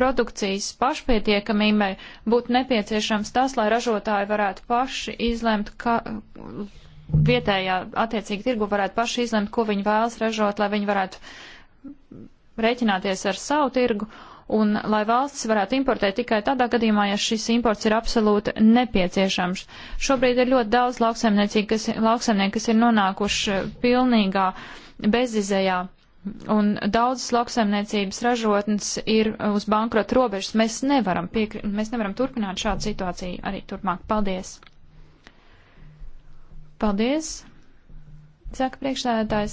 produkcijas pašpietiekamībai būtu nepieciešams tas, lai ražotāji varētu paši izlemt, ka, vietējā attiecīgi tirgu varētu paši izlemt, ko viņi vēlas ražot, lai viņi varētu rēķināties ar savu tirgu un lai valsts varētu importēt tikai tādā gadījumā, ja šis imports ir absolūti nepieciešams. Šobrīd ir ļoti daudz lauksaimnieki, kas, lauksaimnieki, kas ir nonākuši pilnīgā bezizējā. Un daudzas lauksaimniecības ražotnes ir uz bankrota robežas. Mēs nevaram, piekri, mēs nevaram turpināt šādu situāciju arī turpmāk. Paldies! Paldies, saka priekšsēdētājs.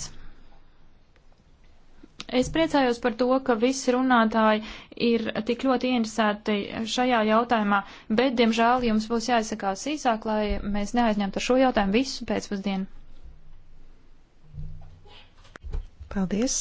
Es priecājos par to, ka visi runātāji ir tik ļoti interesēti šajā jautājumā, bet, diemžēl, jums būs jāizsakās īsāk, lai mēs neaizņemtu ar šo jautājumu visu pēcpusdienu. Paldies!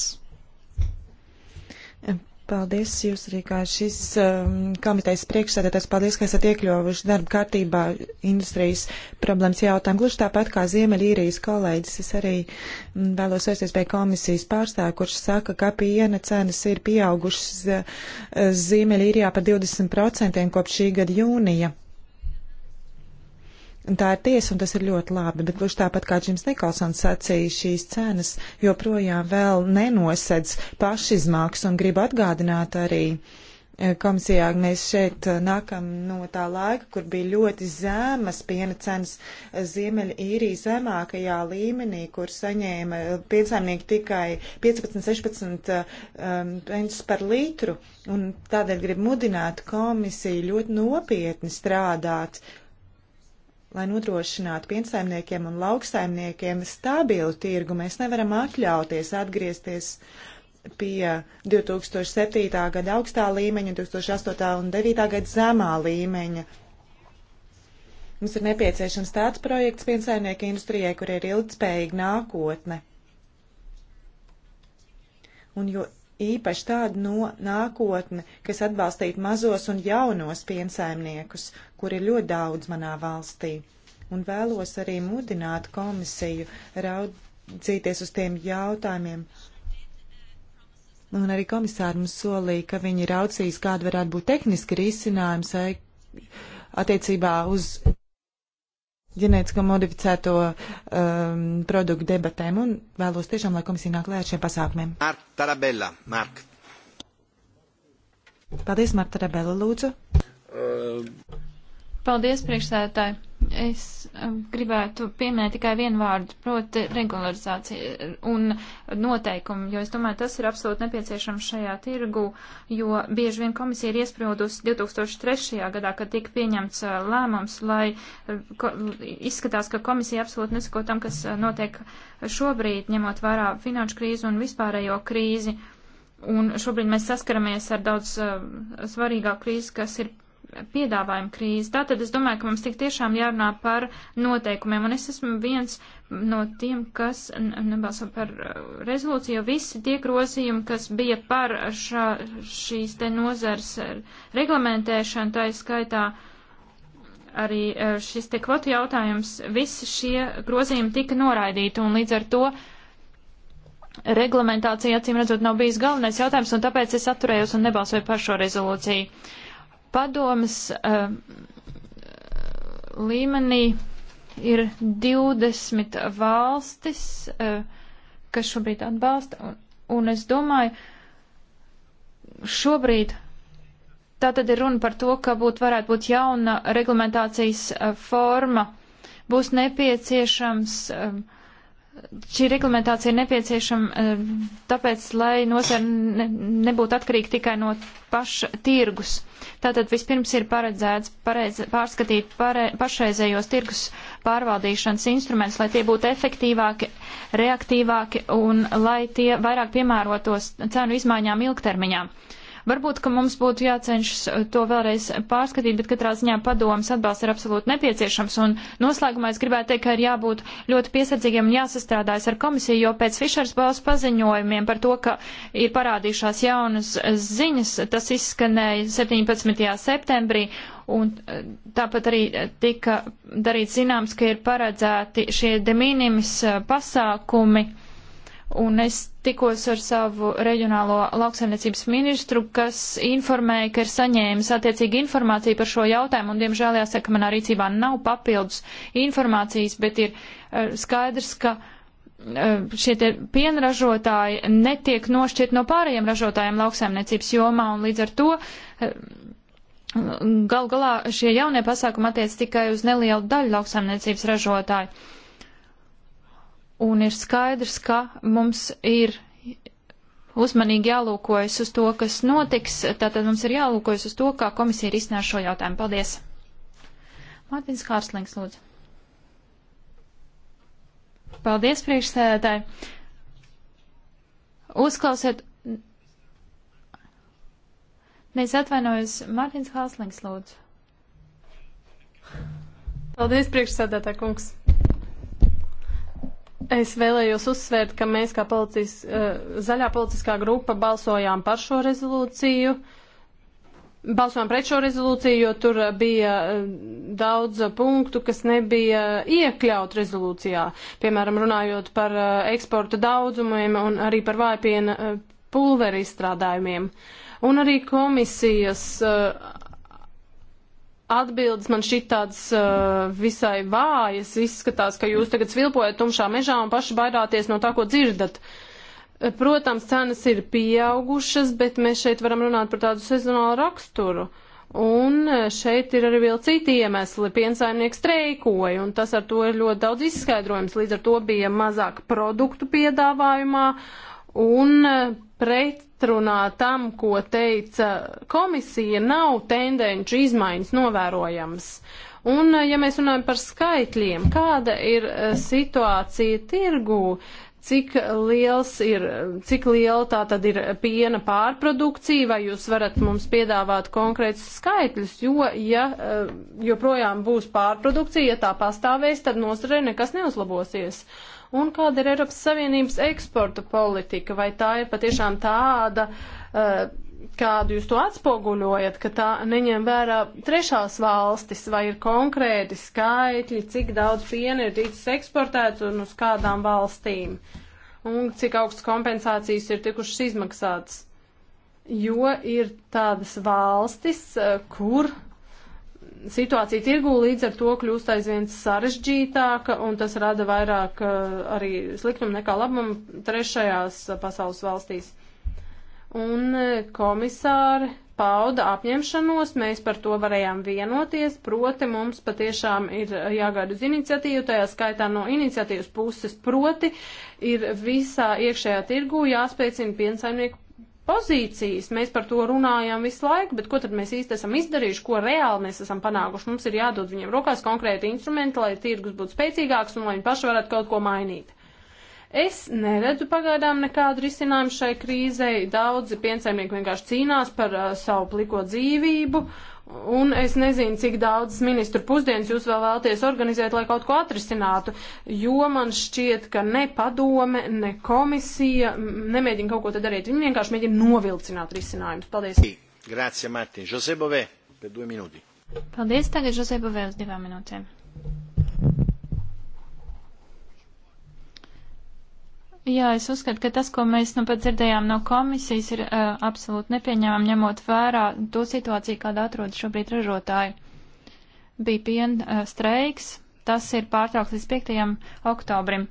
Paldies, jūs arī kā šis um, komitejas priekšsēdētājs, paldies, ka esat iekļuvuši darba kārtībā industrijas problēmas jautājumu. Gluži tāpat kā Ziemeļīrijas kolēģis, es arī m, mm, vēlos vērsties pie komisijas pārstāvja, kurš saka, ka piena cenas ir pieaugušas uh, Ziemeļīrijā par 20% kopš šī gada jūnija tā ir tiesa, un tas ir ļoti labi, bet gluži tāpat kā Džims Nikolsons sacīja, šīs cenas joprojām vēl nenosedz pašizmaks, un gribu atgādināt arī eh, komisijā, mēs šeit eh, nākam no tā laika, kur bija ļoti zemas piena cenas eh, Ziemeļa īrija zemākajā līmenī, kur saņēma piensaimnieki tikai 15-16 um, pensus par litru, un tādēļ gribu mudināt komisiju ļoti nopietni strādāt lai nodrošinātu piensaimniekiem un lauksaimniekiem stabilu tirgu, mēs nevaram atļauties atgriezties pie 2007. gada augstā līmeņa, 2008. un 2009. gada zemā līmeņa. Mums ir nepieciešams tāds projekts piensaimnieku industrijai, kur ir ilgspējīga nākotne. Un jo īpaši tāda no nākotne, kas atbalstītu mazos un jaunos piensaimniekus, kur ir ļoti daudz manā valstī. Un vēlos arī mudināt komisiju raudzīties uz tiem jautājumiem. Un arī komisāri mums solīja, ka viņi raucīs, kāda varētu būt tehniski risinājums eh, attiecībā uz ģenētiski modificēto um, produktu debatēm un vēlos tiešām, lai komisija nāk lēt šiem pasākumiem. Mark Tarabella, Mark. Paldies, Marta Tarabella, lūdzu. Uh. Paldies, priekšsēdētāji. Es um, gribētu pieminēt tikai vienu vārdu, proti regularizācija eh, un noteikumi, jo es domāju, tas ir absolūti nepieciešams šajā tirgu, jo bieži vien komisija ir iesprūdus 2003. gadā, kad tika pieņemts eh, lēmums, lai eh, izskatās, ka komisija absolūti nesako tam, kas notiek šobrīd, ņemot vērā finanšu krīzi un vispārējo krīzi. Un šobrīd mēs saskaramies ar daudz svarīgāku krīzi, kas ir piedāvājuma krīze. Tātad es domāju, ka mums tik tiešām jārunā par noteikumiem, un es esmu viens no tiem, kas nebalso par uh, rezolūciju, jo visi tie grozījumi, kas bija par šā, šīs te nozars uh, reglamentēšanu, tā ir skaitā arī uh, šis te kvotu jautājums, visi šie grozījumi tika noraidīti, un līdz ar to reglamentācija, acīm redzot, nav bijis galvenais jautājums, un tāpēc es atturējos un nebalsoju par šo rezolūciju. Uh, padomas uh, eh, līmenī ir 20 valstis, uh, kas šobrīd atbalsta, un, un es domāju, šobrīd tā tad ir runa par to, ka būtu varētu būt jauna reglamentācijas uh, forma, būs nepieciešams uh, šī reglamentācija ir nepieciešama eh, tāpēc, lai nozara ne, nebūtu atkarīga tikai no paša tirgus. Tātad vispirms ir paredzēts pareiz, pārskatīt pare, pašreizējos tirgus pārvaldīšanas instrumentus, lai tie būtu efektīvāki, reaktīvāki un lai tie vairāk piemērotos cenu izmaiņām ilgtermiņā. Uh, Varbūt, ka mums būtu jācenšas eh, to vēlreiz pārskatīt, bet katrā ziņā padomas atbalsts ir absolūti nepieciešams. Un noslēgumā es gribētu teikt, ka ir jābūt ļoti piesardzīgiem un jāsastrādājas ar komisiju, jo pēc Fišers balss paziņojumiem par to, ka ir parādījušās jaunas eh, ziņas, tas izskanēja 17. septembrī. Un eh, tāpat arī tika darīts zināms, ka ir paredzēti šie de minimis pasākumi. Uh, un es tikos ar savu reģionālo lauksaimniecības ministru, kas informēja, ka ir saņēmis attiecīgi informāciju par šo jautājumu, un, diemžēl, jāsaka, manā rīcībā nav papildus informācijas, bet ir uh, skaidrs, ka eh, šie pienražotāji netiek nošķirt no pārējiem ražotājiem lauksaimniecības jomā, un līdz ar to eh, gal galā šie jaunie pasākumi attiec tikai uz nelielu daļu lauksaimniecības ražotāju un ir skaidrs, ka mums ir uzmanīgi jālūkojas uz to, kas notiks. Tātad mums ir jālūkojas uz to, kā komisija ir izsnēr šo jautājumu. Paldies! Mārtiņš Kārslings, lūdzu. Paldies, priekšsēdētāji. Uzklausiet. Neiz atvainojos, Mārtiņš Kārslings, lūdzu. Paldies, priekšsēdētāji kungs. Es vēlējos uzsvērt, ka mēs kā policis, eh, zaļā politiskā grupa balsojām par šo rezolūciju. Balsojām pret šo rezolūciju, jo tur eh, bija eh, daudz punktu, kas nebija iekļaut rezolūcijā. Piemēram, runājot par eksporta daudzumiem un arī par vājpiena pulveri izstrādājumiem. Un arī komisijas uh, atbildes man šķiet tādas uh, visai vājas. Izskatās, ka jūs tagad svilpojat tumšā mežā un paši baidāties no tā, ko dzirdat. Uh, protams, cenas ir pieaugušas, bet mēs šeit varam runāt par tādu sezonālu raksturu. Un uh, šeit ir arī vēl citi iemesli. Piensaimnieks streikoja, un tas ar to ir ļoti daudz izskaidrojums. Līdz ar to bija mazāk produktu piedāvājumā, uh, Un e, pretrunā tam, ko teica komisija, nav tendenču izmaiņas novērojams. Un, e, ja mēs runājam par skaitļiem, kāda ir e, situācija tirgū, cik liels ir, cik liela tā tad ir piena pārprodukcija, vai jūs varat mums piedāvāt konkrētus skaitļus, jo, ja joprojām būs pārprodukcija, ja tā pastāvēs, tad nozarei nekas neuzlabosies. Uh, Un kāda ir Eiropas Savienības eksporta politika? Vai tā ir patiešām tāda, eh, kādu jūs to atspoguļojat, ka tā neņem vērā trešās valstis, vai ir konkrēti skaitļi, cik daudz piena ir ticis eksportēts un uz kādām valstīm? Un cik augstas kompensācijas ir tikušas izmaksātas? jo ir tādas valstis, eh, kur situācija tirgū līdz ar to kļūst aizvien sarežģītāka, un tas rada vairāk eh, arī sliktumu nekā labumu trešajās eh, pasaules valstīs. Un eh, komisāri pauda apņemšanos, mēs par to varējām vienoties, proti mums patiešām ir jāgaida uz iniciatīvu, tajā skaitā no iniciatīvas puses, proti ir visā iekšējā tirgū jāspēcina piensaimnieku pozīcijas. Mēs par to runājam visu laiku, bet ko tad mēs īsti esam izdarījuši, ko reāli mēs esam panākuši. Mums ir jādod viņiem rokās konkrēti instrumenti, lai tirgus būtu spēcīgāks un lai viņi paši varētu kaut ko mainīt. Es neredzu pagaidām nekādu risinājumu šai krīzei. Daudzi piensaimnieki vienkārši cīnās par uh, savu pliko dzīvību Un es nezinu, cik daudz ministru pusdienas jūs vēl vēlaties organizēt, lai kaut ko atrisinātu, jo man šķiet, ka ne padome, ne komisija nemēģina kaut ko te darīt. Viņi vienkārši mēģina novilcināt risinājumus. Paldies. Grazie, Matti. Josebove, pēc divi minūti. Paldies, tagad Josebove uz divām minūtēm. Jā, es uzskatu, ka tas, ko mēs nu pat dzirdējām no komisijas, ir uh, absolūti nepieņemam, ņemot vērā to situāciju, kādā atrodas šobrīd ražotāji. Bija piena uh, streiks, tas ir pārtraukts līdz 5. oktobrim.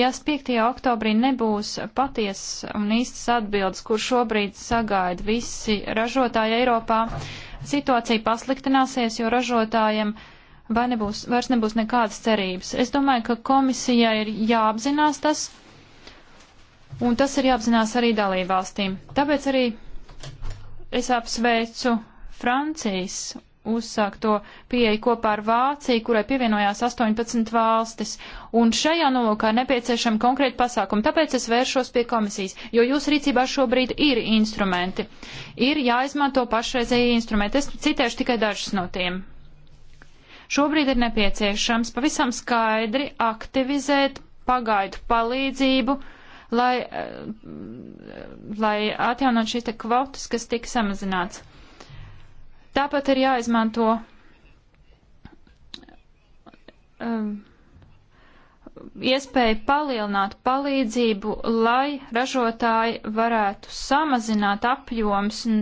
Ja 5. oktobrī nebūs patiesas un īstas atbildes, kur šobrīd sagaida visi ražotāji Eiropā, situācija pasliktināsies, jo ražotājiem vai nebūs, vairs nebūs nekādas cerības. Es domāju, ka komisijai ir jāapzinās tas Un tas ir jāapzinās arī dalībvalstīm. Tāpēc arī es apsveicu Francijas uzsākto pieeju kopā ar Vāciju, kurai pievienojās 18 valstis. Un šajā nolūkā ir nepieciešama konkrēta pasākuma. Tāpēc es vēršos pie komisijas, jo jūsu rīcībā šobrīd ir instrumenti. Ir jāizmanto pašreizēji instrumenti. Es citēšu tikai dažus no tiem. Šobrīd ir nepieciešams pavisam skaidri aktivizēt pagaidu palīdzību lai, eh, lai atjaunot šīs te kvotas, kas tika samazināts. Tāpat ir jāizmanto um, iespēja palielināt palīdzību, lai ražotāji varētu samazināt apjoms un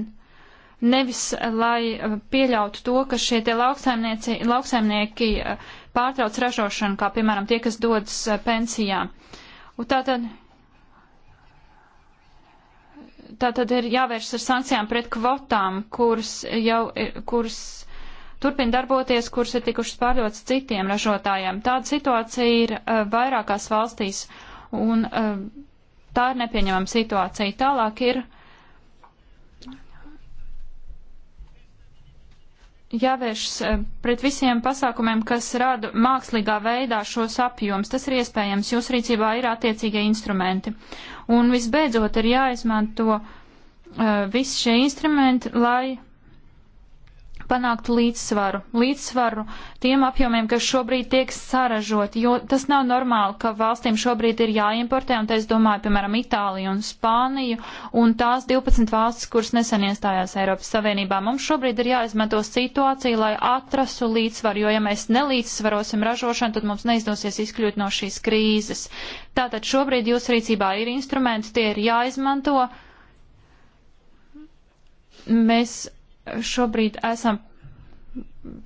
nevis, lai eh, pieļautu to, ka šie tie lauksaimnieki pārtrauc ražošanu, kā piemēram tie, kas dodas pensijā. Un tātad tā tad ir jāvēršas ar sankcijām pret kvotām, kuras jau ir, kuras turpina darboties, kuras ir tikušas pārdotas citiem ražotājiem. Tāda situācija ir uh, vairākās valstīs, un uh, tā ir nepieņemama situācija. Tālāk ir uh, jāvēršas eh, pret visiem pasākumiem, kas rada mākslīgā veidā šos apjoms. Tas ir iespējams, jūs rīcībā ir attiecīgie instrumenti. Un visbeidzot ir jāizmanto uh, visi šie instrumenti, lai panākt līdzsvaru, līdzsvaru tiem apjomiem, kas šobrīd tiek saražot, jo tas nav normāli, ka valstīm šobrīd ir jāimportē, un te es domāju, piemēram, Itāliju un Spāniju, un tās 12 valstis, kuras nesen iestājās Eiropas Savienībā. Mums šobrīd ir jāizmanto situācija, lai atrastu līdzsvaru, jo ja mēs nelīdzsvarosim ražošanu, tad mums neizdosies izkļūt no šīs krīzes. Tātad šobrīd jūsu rīcībā ir instrumenti, tie ir jāizmanto. Mēs šobrīd esam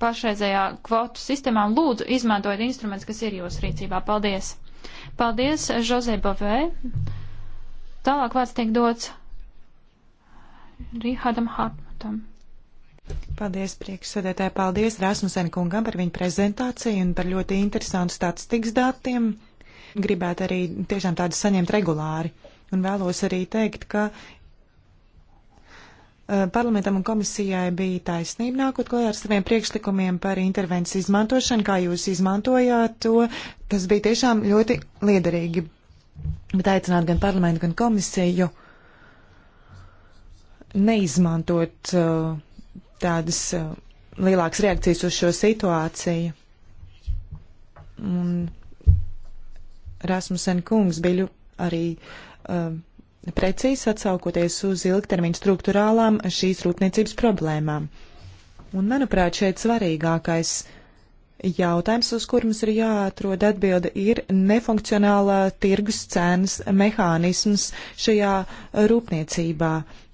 pašreizējā kvotu sistēmā. Lūdzu, izmantojiet instruments, kas ir jūsu rīcībā. Paldies! Paldies, Žozē Bavē! Tālāk vārds tiek dots Rihardam Hartmatam. Paldies, priekšsēdētāji, paldies Rasmusen kungam par viņu prezentāciju un par ļoti interesantu statistikas datiem. Gribētu arī tiešām tādu saņemt regulāri. Un vēlos arī teikt, ka Eh, parlamentam un komisijai bija taisnība nākot klajā ar saviem priekšlikumiem par intervenciju izmantošanu, kā jūs izmantojāt to. Tas bija tiešām ļoti liederīgi. Bet aicināt gan parlamentu, gan komisiju neizmantot eh, tādas eh, lielākas reakcijas uz šo situāciju. Un Rasmussen kungs bija arī uh, precīzi atsaukoties uz ilgtermiņa struktūrālām šīs rūpniecības problēmām. Un, manuprāt, šeit svarīgākais jautājums, uz kur mums ir jāatrod atbilde, ir nefunkcionālā tirgus cenas mehānisms šajā rūpniecībā.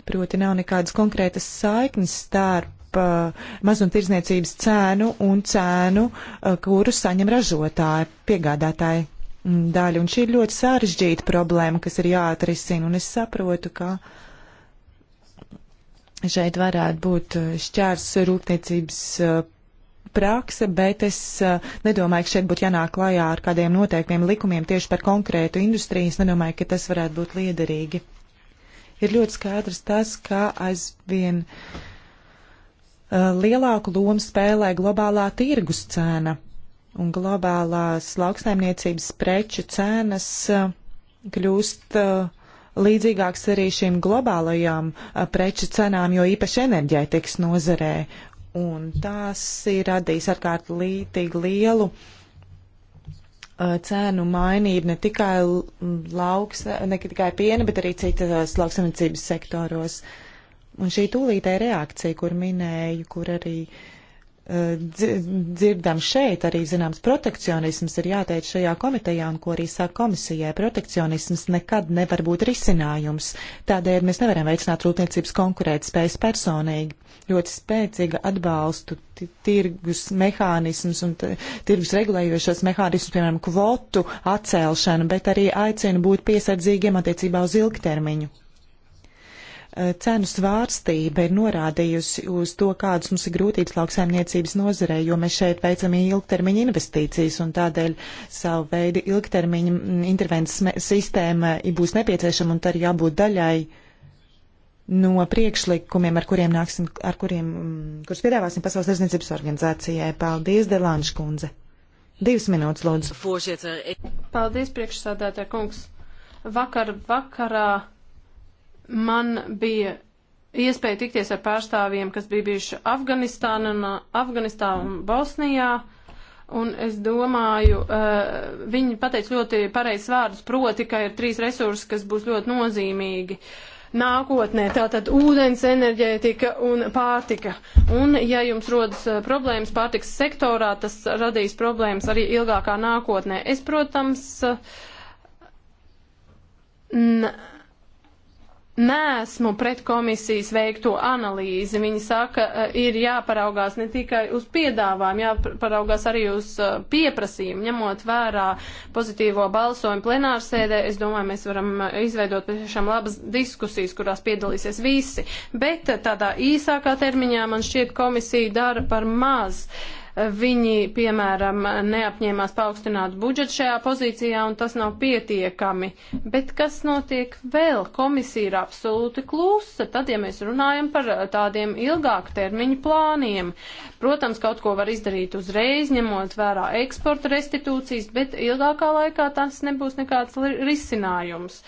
Proti nav nekādas konkrētas saiknes starp uh, mazumtirdzniecības cēnu un cēnu, uh, kuru saņem ražotāji, piegādātāji daļa. Un šī ir ļoti sarežģīta problēma, kas ir jāatrisina. Un es saprotu, ka šeit varētu būt eh, šķērs rūpniecības eh, prakse, bet es eh, nedomāju, ka šeit būtu jānāk klajā ar kādiem noteiktiem likumiem tieši par konkrētu industriju. Es nedomāju, ka tas varētu būt liederīgi. Ir ļoti skaidrs tas, ka aizvien lielāku lomu spēlē globālā tirgus cena un globālās lauksaimniecības preču cenas uh, kļūst uh, līdzīgāks arī šīm globālajām uh, preču cenām, jo īpaši enerģētikas nozarē. Un tās ir radījis ārkārt līdzīgi lielu cēnu mainību ne tikai lauks, ne tikai piena, bet arī citas lauksaimniecības sektoros. Un šī tūlītēja reakcija, kur minēju, kur arī uh, dzirdam šeit, arī zināms protekcionisms ir jāteic šajā komitejā un ko arī sāk komisijai. Protekcionisms nekad nevar būt risinājums. Tādēļ mēs nevaram veicināt rūpniecības konkurētspējas personīgi. Ļoti spēcīga atbalstu tirgus mehānisms un tirgus regulējošos mehānismus, piemēram, kvotu atcelšana, bet arī aicina būt piesardzīgiem attiecībā uz ilgtermiņu Eh, cenu svārstība ir norādījusi uz to, kādas mums ir grūtības lauksaimniecības nozarē, jo mēs šeit veicam ilgtermiņa investīcijas un tādēļ savu veidu ilgtermiņa mm, intervences sistēma eh, būs nepieciešama un tā ir jābūt daļai no priekšlikumiem, ar kuriem nāksim, ar kuriem, mm, kurus piedāvāsim Pasaules tirdzniecības organizācijai. Paldies, Delāņš kundze. Divas minūtes, lūdzu. Paldies, priekšsādātāja kungs. Vakar, vakarā Man bija iespēja tikties ar pārstāvjiem, kas bija bijuši Afganistānā, Afganistānā un Bosnijā. Un es domāju, uh, viņi pateica ļoti pareizs vārdus, proti, ka ir trīs resursi, kas būs ļoti nozīmīgi nākotnē. Tātad ūdens, enerģētika un pārtika. Un ja jums rodas eh, problēmas pārtikas sektorā, tas radīs problēmas arī ilgākā nākotnē. Es, protams, uh, Nesmu pret komisijas veikto analīzi. Viņi saka, e, ir jāparaugās ne tikai uz piedāvājumu, jāparaugās arī uz e, pieprasījumu. Ņemot vērā pozitīvo balsojumu plenārsēdē, es domāju, mēs varam e, izveidot patiešām labas diskusijas, kurās piedalīsies visi. Bet tādā īsākā termiņā man šķiet komisija dara par maz. Uh, Viņi, piemēram, neapņēmās paaugstināt budžetu šajā pozīcijā, un tas nav pietiekami. Bet kas notiek vēl? Komisija ir absolūti klusa, tad, ja mēs runājam par tādiem ilgāku termiņu plāniem. Protams, kaut ko var izdarīt uzreiz, ņemot vērā eksporta restitūcijas, bet ilgākā laikā tas nebūs nekāds risinājums.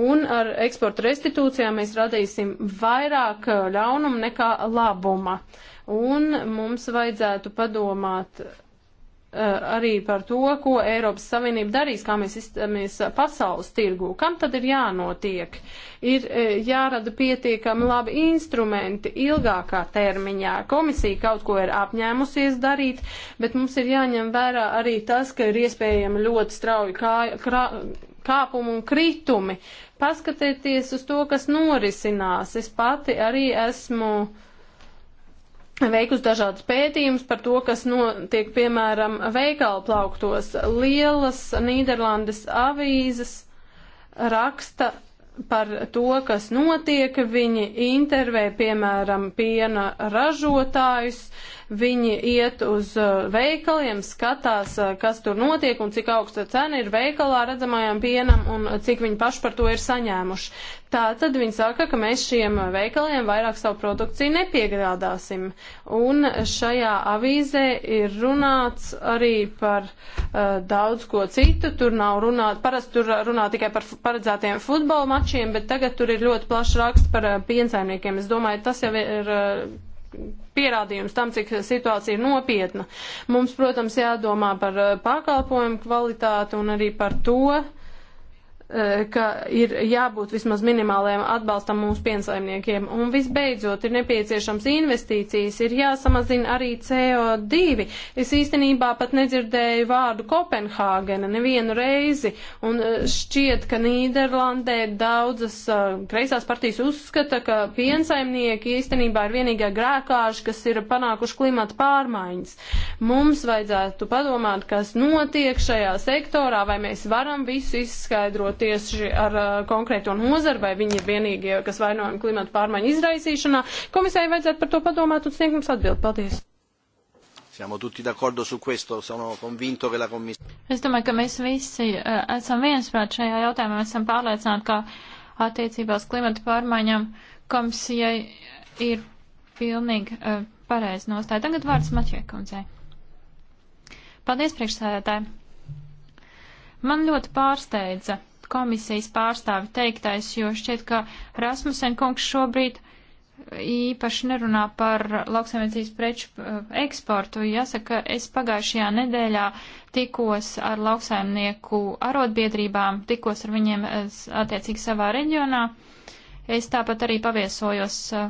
Un ar eksporta restitūcijām mēs radīsim vairāk ļaunumu nekā labuma. Un mums vajadzētu padomāt eh, arī par to, ko Eiropas Savienība darīs, kā mēs izstāmies pasaules tirgū. Kam tad ir jānotiek? Ir eh, jārada pietiekami labi instrumenti ilgākā termiņā. Komisija kaut ko ir apņēmusies darīt, bet mums ir jāņem vērā arī tas, ka ir iespējami ļoti strauji kā, krā, kāpumi un kritumi. Paskatieties uz to, kas norisinās. Es pati arī esmu. Uh, veikus dažādas pētījumus par to, kas notiek, piemēram, veikalu plauktos. Lielas Nīderlandes avīzes raksta par to, kas notiek. Viņi intervē, piemēram, piena ražotājus. Uh, Viņi iet uz eh, veikaliem, skatās, eh, kas tur notiek un cik augsta cena ir veikalā redzamajam pienam un eh, cik viņi paši par to ir saņēmuši. Tā tad viņi saka, ka mēs šiem veikaliem vairāk savu produkciju nepiegrādāsim. Un šajā avīzē ir runāts arī par uh, daudz ko citu. Tur nav runāt, parasti tur runā tikai par paredzētiem futbola mačiem, bet tagad tur ir ļoti plašs raksts par uh, piensaimniekiem. Es domāju, tas jau ir. Uh, pierādījums tam, cik situācija ir nopietna. Mums, protams, jādomā par eh, pakalpojumu kvalitāti un arī par to, E, ka ir jābūt vismaz minimālajiem atbalstam mūsu piensaimniekiem. Un visbeidzot, ir nepieciešams investīcijas, ir jāsamazina arī CO2. Es īstenībā pat nedzirdēju vārdu Kopenhāgena nevienu reizi, un e, šķiet, ka Nīderlandē daudzas e, kreisās partijas uzskata, ka piensaimnieki īstenībā ir vienīgā grēkāši, kas ir panākuši klimata pārmaiņas. Mums vajadzētu padomāt, kas notiek šajā sektorā, vai mēs varam visu izskaidrot tieši ar uh, konkrēto nozaru, vai viņi ir vienīgie, kas vainojami klimata pārmaiņu izraisīšanā. Komisijai vajadzētu par to padomāt un sniegt mums atbildi. Paldies! Siamo tutti d'accordo su questo, sono convinto che la Commissione. Es domāju, ka mēs visi uh, esam viensprāt šajā jautājumā, esam pārliecināti, ka attiecībās klimata pārmaiņām komisijai ir pilnīgi uh, pareizi nostāja. Tagad vārds Maķē kundzei. Paldies, priekšsēdētāji. Man ļoti pārsteidza komisijas pārstāvi teiktais, jo šķiet, ka Rasmusen kungs šobrīd īpaši nerunā par lauksaimniecības preču eh, eksportu. Jāsaka, es pagājušajā nedēļā tikos ar lauksaimnieku arotbiedrībām, tikos ar viņiem eh, attiecīgi savā reģionā. Es tāpat arī paviesojos eh,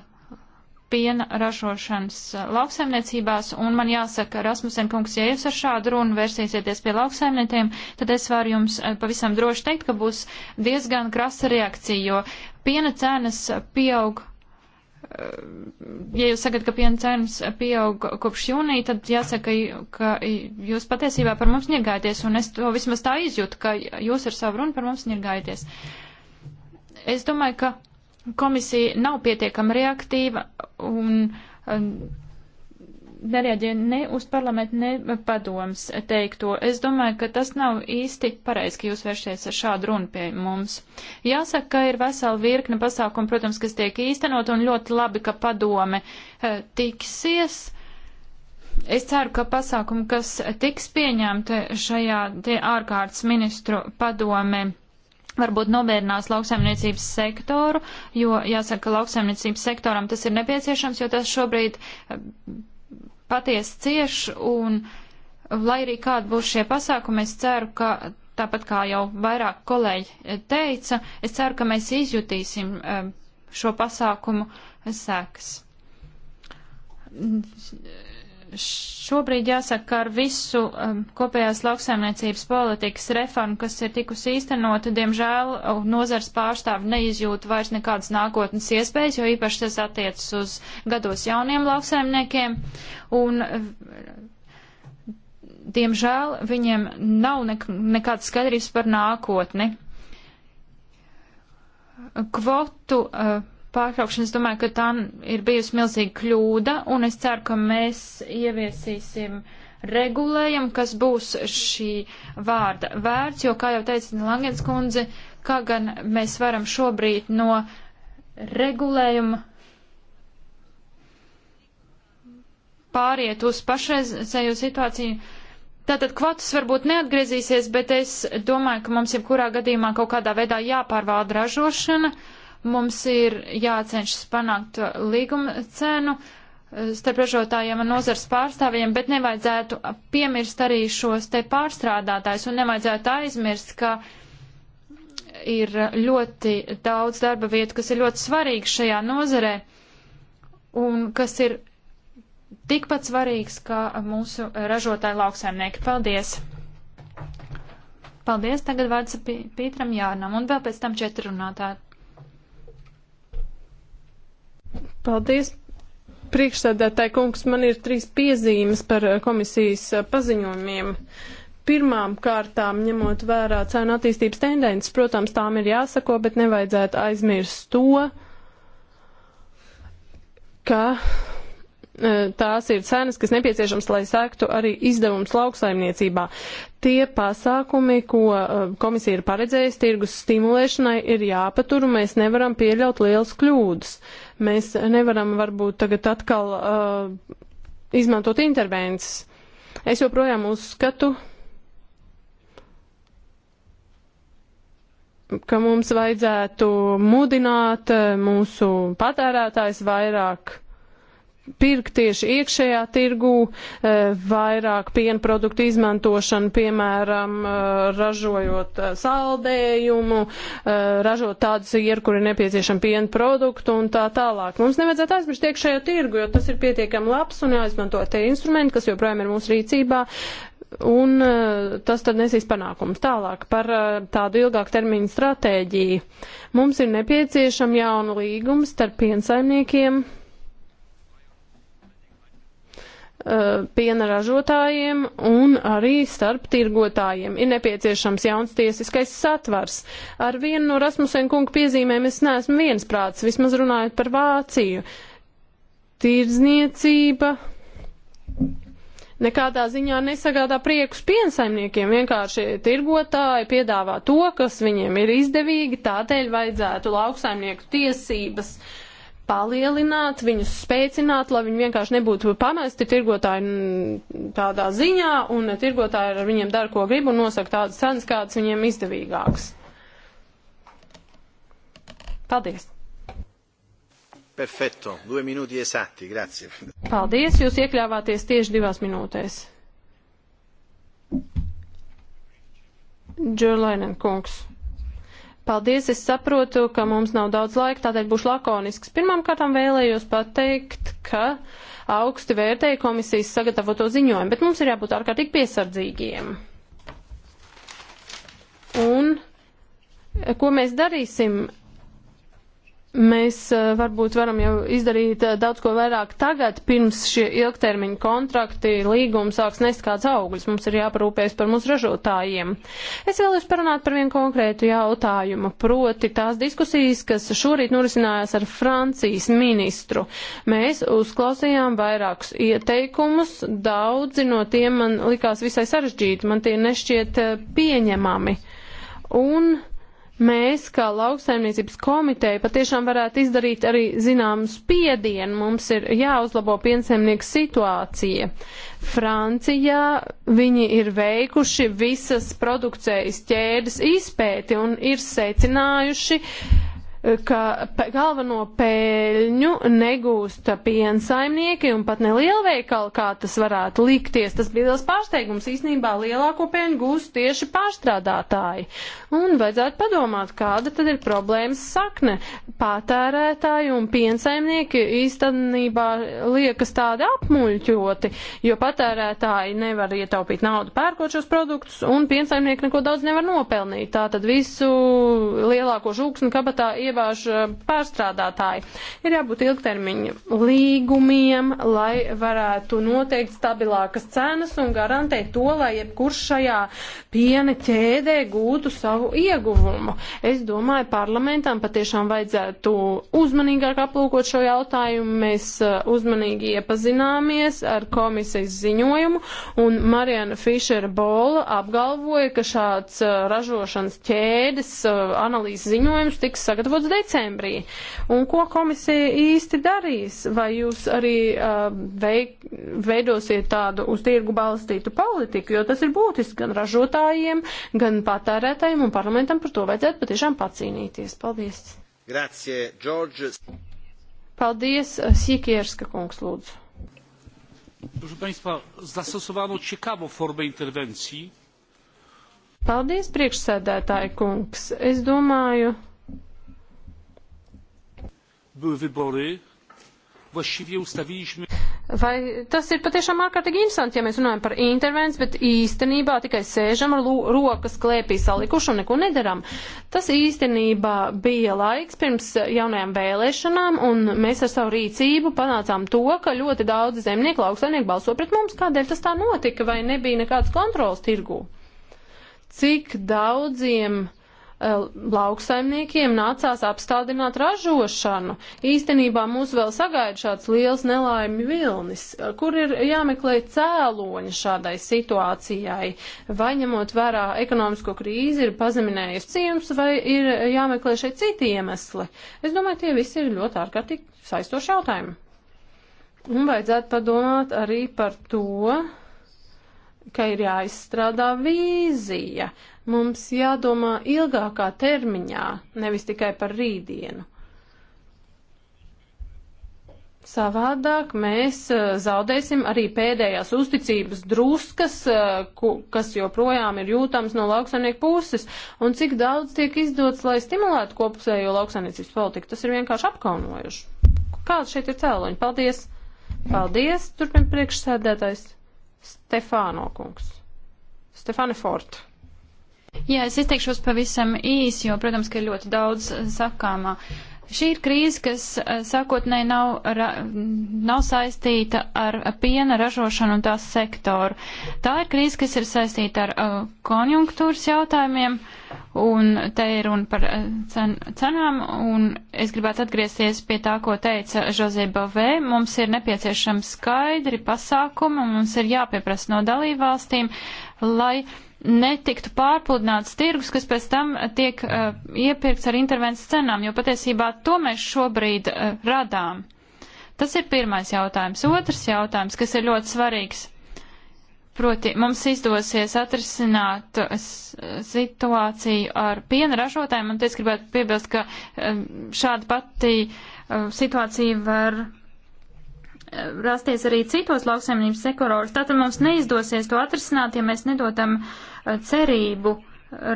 piena ražošanas eh, lauksaimniecībās, un man jāsaka, Rasmusen kungs, ja jūs ar šādu runu vērsīsieties pie lauksaimniekiem, tad es varu jums eh, pavisam droši teikt, ka būs diezgan krasa reakcija, jo piena cenas pieaug. Eh, ja jūs sakat, ka piena cenas pieaug kopš jūnija, tad jāsaka, ka jūs patiesībā par mums nirgājaties, un es to vismaz tā izjūtu, ka jūs ar savu runu par mums nirgājaties. Es domāju, ka komisija nav pietiekami reaktīva un um, nereaģē ne uz parlamentu, ne padoms teikto. Es domāju, ka tas nav īsti pareizi, ka jūs vēršaties ar šādu runu pie mums. Jāsaka, ka ir vesela virkne pasākumu, protams, kas tiek īstenot, un ļoti labi, ka padome eh, tiksies. Es ceru, ka pasākumi, kas tiks pieņemti šajā ārkārtas ministru padome, varbūt nomierinās lauksaimniecības sektoru, jo, jāsaka, lauksaimniecības sektoram tas ir nepieciešams, jo tas šobrīd eh, patiesi cieš, un lai arī kādi būs šie pasākumi, es ceru, ka tāpat kā jau vairāk kolēģi eh, teica, es ceru, ka mēs izjutīsim eh, šo pasākumu sekas šobrīd jāsaka, ka ar visu um, kopējās lauksaimniecības politikas reformu, kas ir tikusi īstenota, diemžēl uh, nozars pārstāvi neizjūta vairs nekādas nākotnes iespējas, jo īpaši tas attiecas uz gados jauniem lauksaimniekiem. Un, diemžēl viņiem nav nek nekādas skaidrības par nākotni. Kvotu uh, pārtraukšana, es domāju, ka tā ir bijusi milzīga kļūda, un es ceru, ka mēs ieviesīsim regulējumu, kas būs šī vārda vērts, jo, kā jau teica Langens kundze, kā gan mēs varam šobrīd no regulējuma pāriet uz pašreizējo situāciju. Tātad kvotas varbūt neatgriezīsies, bet es domāju, ka mums jebkurā gadījumā kaut kādā veidā jāpārvalda ražošana. Uh, Mums ir jācenšas panākt līguma cenu eh, starp ražotājiem un nozars pārstāvjiem, bet nevajadzētu piemirst arī šos te pārstrādātājs un nevajadzētu aizmirst, ka ir ļoti daudz darba vietu, kas ir ļoti svarīgi šajā nozarē un kas ir tikpat svarīgs, kā mūsu ražotāji lauksaimnieki. Paldies! Paldies! Tagad vārds Pītram Jārnam un vēl pēc tam četri runātāji. Paldies, priekšsēdētāji kungs. Man ir trīs piezīmes par eh, komisijas eh, paziņojumiem. Pirmām kārtām, ņemot vērā cenu attīstības tendences, protams, tām ir jāsako, bet nevajadzētu aizmirst to, ka E, tās ir cenas, kas nepieciešams, lai sektu arī izdevums lauksaimniecībā. Tie pasākumi, ko e, komisija ir paredzējusi tirgus stimulēšanai, ir jāpatur, un mēs nevaram pieļaut lielas kļūdas. Mēs nevaram varbūt tagad atkal uh, izmantot intervences. Es joprojām uzskatu, ka mums vajadzētu mudināt mūsu patērētājs vairāk pirkt tieši iekšējā tirgū, eh, vairāk piena produktu izmantošanu, piemēram, eh, ražojot eh, saldējumu, ražot tādus ieru, kur ir nepieciešama piena produktu un tā tālāk. Mums nevajadzētu aizmirst iekšējo tirgu, jo tas ir pietiekami labs un jāizmanto tie instrumenti, kas joprojām ir mūsu rīcībā. Un tas tad nesīs panākums tālāk par tādu ilgāk termiņu stratēģiju. Mums ir nepieciešama jauna līguma starp piensaimniekiem, Eh, piena ražotājiem un arī starp tirgotājiem. Ir nepieciešams jauns tiesiskais satvars. Ar vienu no Rasmusen kunga piezīmēm es neesmu viensprāts, vismaz runājot par Vāciju. Tirdzniecība nekādā ziņā nesagādā priekus piensaimniekiem. Vienkārši tirgotāji piedāvā to, kas viņiem ir izdevīgi, tādēļ vajadzētu lauksaimnieku tiesības uh, palielināt, viņus spēcināt, lai viņi vienkārši nebūtu pamesti tirgotāji tādā ziņā, un tirgotāji ar viņiem dara, ko grib, un nosaka tādas cenas, kādas viņiem izdevīgākas. Paldies! Perfetto, divi minūti iesāti, grazie. Paldies, jūs iekļāvāties tieši divās minūtēs. Džurlainen kungs. Paldies, es saprotu, ka mums nav daudz laika, tādēļ būšu lakonisks. Pirmkārt, vēlējos pateikt, ka augsti vērtēju komisijas sagatavoto ziņojumu, bet mums ir jābūt ārkārtīgi piesardzīgiem. Un ko mēs darīsim Mēs eh, varbūt varam jau izdarīt eh, daudz ko vairāk tagad, pirms šie ilgtermiņa kontrakti, līgumi sāks nest kāds augļus. Mums ir jāparūpēs par mūsu ražotājiem. Es vēlos parunāt par vienu konkrētu jautājumu, proti tās diskusijas, kas šorīt norisinājās ar Francijas ministru. Mēs uzklausījām vairākus ieteikumus, daudzi no tiem man likās visai sarežģīti, man tie nešķiet eh, pieņemami. Un mēs, kā lauksaimniecības komiteja, patiešām varētu izdarīt arī zināmu spiedienu. Mums ir jāuzlabo piensaimnieku situācija. Francijā viņi ir veikuši visas produkcijas ķēdes izpēti un ir secinājuši, uh, ka galveno pēļņu negūsta piensaimnieki un pat nelielveikali, kā tas varētu likties. Tas bija liels pārsteigums. Īsnībā lielāko pēļņu gūst tieši pārstrādātāji. Un vajadzētu padomāt, kāda tad ir problēmas sakne. Patērētāji un piensaimnieki īstenībā liekas tādi apmuļķoti, jo patērētāji nevar ietaupīt naudu pērkot šos produktus un piensaimnieki neko daudz nevar nopelnīt. Tātad visu lielāko žūksni kabatā ir ievāž eh, pārstrādātāji. Ir jābūt ilgtermiņa līgumiem, lai varētu noteikt stabilākas cenas un garantēt to, lai jebkurš šajā piena ķēdē gūtu savu ieguvumu. Es domāju, parlamentam patiešām vajadzētu uzmanīgāk aplūkot šo jautājumu. Mēs eh, uzmanīgi iepazināmies ar komisijas ziņojumu un Mariana Fišera Bola apgalvoja, ka šāds eh, ražošanas ķēdes analīzes ziņojums tiks sagatavots gatavots decembrī. Un ko komisija īsti darīs? Vai jūs arī uh, veik, veidosiet tādu uz tirgu balstītu politiku, jo tas ir būtiski gan ražotājiem, gan patērētājiem un parlamentam par to vajadzētu patiešām pacīnīties. Paldies! Grazie, George. Paldies, uh, Sikierska kungs, lūdzu. Proszę Państwa, zastosowano ciekawą formę interwencji. Paldies, priekšsēdētāji kungs. Es domāju, były wybory, właściwie ustawiliśmy. Vai tas ir patiešām ārkārtīgi interesanti, ja mēs runājam par intervenci, bet īstenībā tikai sēžam ar rokas klēpī salikuši un neko nedaram. Tas īstenībā bija laiks pirms jaunajām vēlēšanām, un mēs ar savu rīcību panācām to, ka ļoti daudz zemnieku lauksaimnieku balso pret mums. Kādēļ tas tā notika, vai nebija nekādas kontrolas tirgū? Cik daudziem Eh, lauksaimniekiem nācās apstādināt ražošanu. Īstenībā mūs vēl sagaida šāds liels nelaimi vilnis, eh, kur ir jāmeklē cēloņi šādai situācijai, vai ņemot vērā ekonomisko krīzi ir pazeminējusi cienus, vai ir jāmeklē šeit citi iemesli. Es domāju, tie visi ir ļoti ārkārtīgi saistoši jautājumi. Un vajadzētu padomāt arī par to, ka ir jāizstrādā vīzija. Mums jādomā ilgākā termiņā, nevis tikai par rītdienu. Savādāk mēs eh, zaudēsim arī pēdējās uzticības druskas, eh, kas joprojām ir jūtams no lauksaimnieku puses, un cik daudz tiek izdots, lai stimulētu kopusējo lauksaimniecības politiku. Tas ir vienkārši apkaunojuši. Kāds šeit ir cēloņi? Paldies! Paldies! Turpin priekšsēdētājs! Stefāno kungs. Stefani Fort. Jā, es izteikšos pavisam īsi, jo, protams, ka ir ļoti daudz sakāmā. Uh, Šī ir krīze, kas eh, sākotnēji nav, ra, nav saistīta ar piena ražošanu un tās sektoru. Tā ir krīze, kas ir saistīta ar uh, konjunktūras jautājumiem, un te ir runa par uh, cen, cenām, un es gribētu atgriezties pie tā, ko teica Žozē Bovē. Mums ir nepieciešams skaidri pasākumi, un mums ir jāpieprasa no dalībvalstīm, lai uh, netiktu pārpludināts tirgus, kas pēc tam eh, tiek uh, iepirkts ar intervences cenām, jo patiesībā to mēs šobrīd uh, radām. Tas ir pirmais jautājums. Otrs jautājums, kas ir ļoti svarīgs. Proti, mums izdosies atrisināt situāciju ar piena ražotājiem, un es gribētu piebilst, ka uh, šāda pati uh, situācija var rasties arī citos lauksaimnības sektoros. Tātad mums neizdosies to atrisināt, ja mēs nedodam Eh, cerību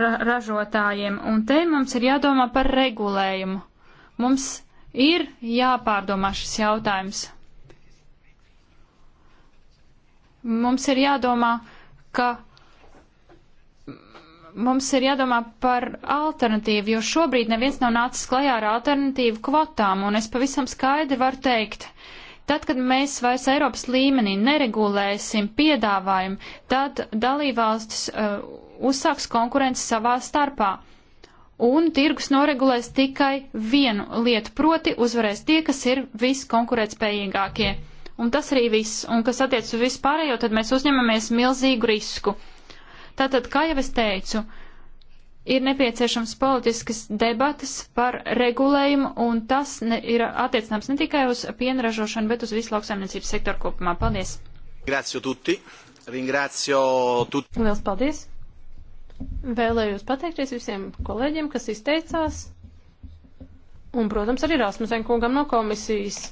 ra ražotājiem. Un te mums ir jādomā par regulējumu. Mums ir jāpārdomā šis jautājums. Mums ir jādomā, ka mums ir jādomā par alternatīvu, jo šobrīd neviens nav nācis klajā ar alternatīvu kvotām, un es pavisam skaidri varu teikt, Tad, kad mēs vairs Eiropas līmenī neregulēsim piedāvājumu, tad dalībvalstis uh, uzsāks konkurenci savā starpā. Un tirgus noregulēs tikai vienu lietu, proti uzvarēs tie, kas ir viskonkurētspējīgākie. Un tas arī viss. Un kas attiec uz vispārējo, tad mēs uzņemamies milzīgu risku. Tātad, kā jau es teicu, uh, ir nepieciešams politiskas debatas par regulējumu, un tas ne, ir attiecināms ne tikai uz pienražošanu, bet uz visu lauksaimniecības sektoru kopumā. Paldies! Ringrazio tutti! Ringrazio tutti! Liels paldies! Vēlējos pateikties visiem kolēģiem, kas izteicās, un, protams, arī Rasmusen kungam no komisijas.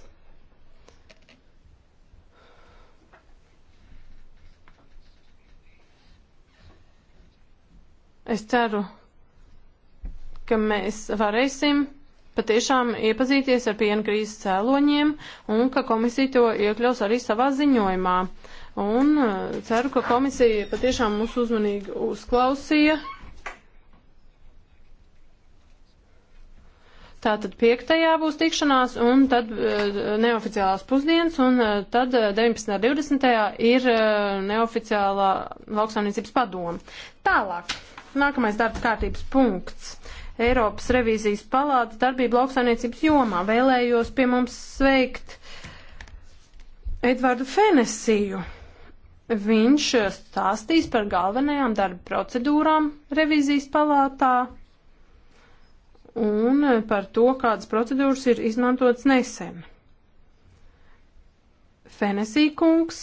Es ceru, ka mēs varēsim patiešām iepazīties ar piena krīzes cēloņiem un ka komisija to iekļaus arī savā ziņojumā. Un eh, ceru, ka komisija patiešām mūs uzmanīgi uzklausīja. Tātad piektajā būs tikšanās, un tad eh, neoficiālās pusdienas, un eh, tad 19. un 20. ir neoficiālā lauksaimniecības padoma. Tālāk, nākamais darba kārtības punkts. Eiropas revīzijas palātas darbību lauksainiecības jomā. Vēlējos pie mums sveikt Edvardu Fenesiju. Viņš stāstīs par galvenajām darba procedūrām revīzijas palātā un par to, kādas procedūras ir izmantotas nesen. Fenesī kungs,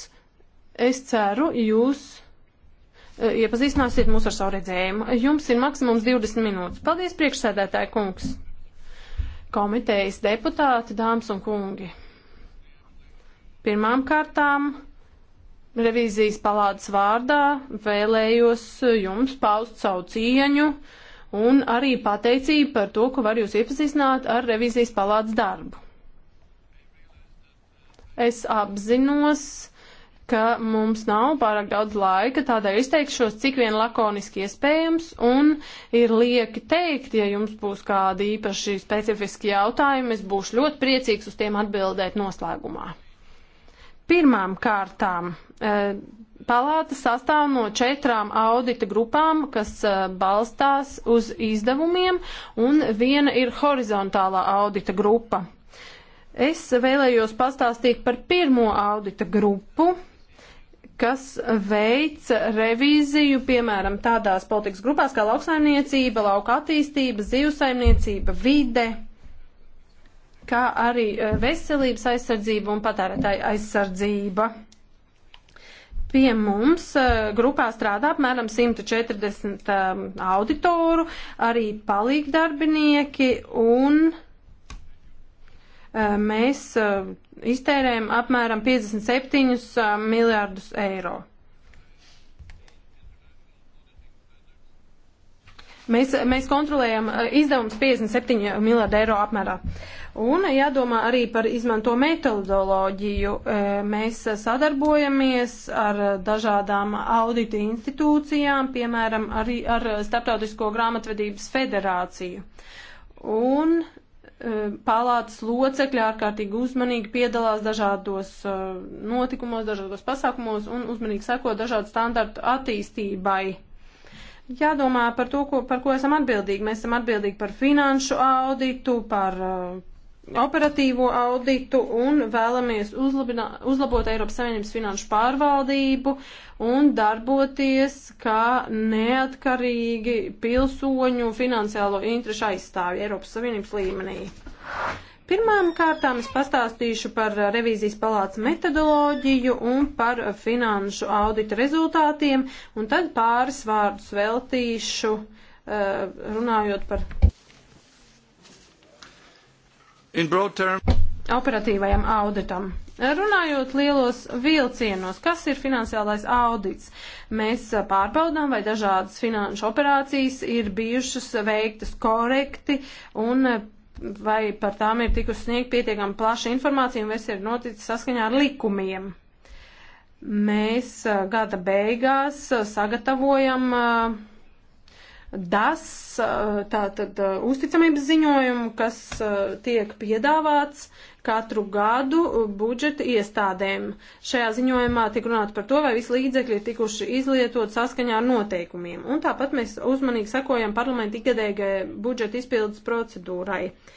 es ceru, jūs Eh, iepazīstināsiet mūs ar savu redzējumu. Jums ir maksimums 20 minūtes. Paldies, priekšsēdētāji kungs! Komitejas deputāti, dāmas un kungi! Pirmām kārtām revīzijas palādes vārdā vēlējos jums paust savu cieņu un arī pateicību par to, ka var jūs iepazīstināt ar revīzijas palādes darbu. Es apzinos, ka mums nav pārāk daudz laika, tādēļ izteikšos cik vien lakoniski iespējams un ir lieki teikt, ja jums būs kādi īpaši specifiski jautājumi, es būšu ļoti priecīgs uz tiem atbildēt noslēgumā. Pirmām kārtām eh, palāta sastāv no četrām audita grupām, kas eh, balstās uz izdevumiem, un viena ir horizontālā audita grupa. Es vēlējos pastāstīt par pirmo audita grupu, kas veic revīziju, piemēram, tādās politikas grupās kā lauksaimniecība, lauka attīstība, zivsaimniecība, vide, kā arī eh, veselības aizsardzība un patērētāja aizsardzība. Pie mums eh, grupā strādā apmēram 140 eh, auditoru, arī palīgdarbinieki un Eh, mēs eh, iztērējam apmēram 57 eh, miljārdus eiro. Mēs, mēs kontrolējam izdevumus 57 miljārdu eiro apmērā. Un jādomā arī par izmanto metodoloģiju. Mēs sadarbojamies ar dažādām audita institūcijām, piemēram, arī ar Startautisko grāmatvedības federāciju. Un E, palātas locekļi ārkārtīgi uzmanīgi piedalās dažādos e, notikumos, dažādos pasākumos un uzmanīgi seko dažādu standartu attīstībai. Jādomā par to, ko, par ko esam atbildīgi. Mēs esam atbildīgi par finanšu auditu, par e, operatīvo auditu un vēlamies uzlabot Eiropas Savienības finanšu pārvaldību un darboties kā neatkarīgi pilsoņu finansiālo interešu aizstāvi Eiropas Savienības līmenī. Pirmām kārtām es pastāstīšu par revīzijas palāca metodoloģiju un par finanšu audita rezultātiem, un tad pāris vārdus veltīšu eh, runājot par operatīvajam auditam. Runājot lielos vilcienos, kas ir finansiālais audits? Mēs uh, pārbaudām, vai dažādas finanšu operācijas ir bijušas veiktas korekti un uh, vai par tām ir tikusi sniegt pietiekami plaša informācija un viss ir noticis saskaņā ar likumiem. Mēs uh, gada beigās sagatavojam uh, DAS, eh, tātad eh, uzticamības ziņojumu, kas eh, tiek piedāvāts katru gadu budžeta iestādēm. Šajā ziņojumā tiek runāt par to, vai visi līdzekļi ir tikuši izlietot saskaņā ar noteikumiem. Un tāpat mēs uzmanīgi sekojam parlamenta ikgadēgai budžeta izpildes procedūrai. Uh,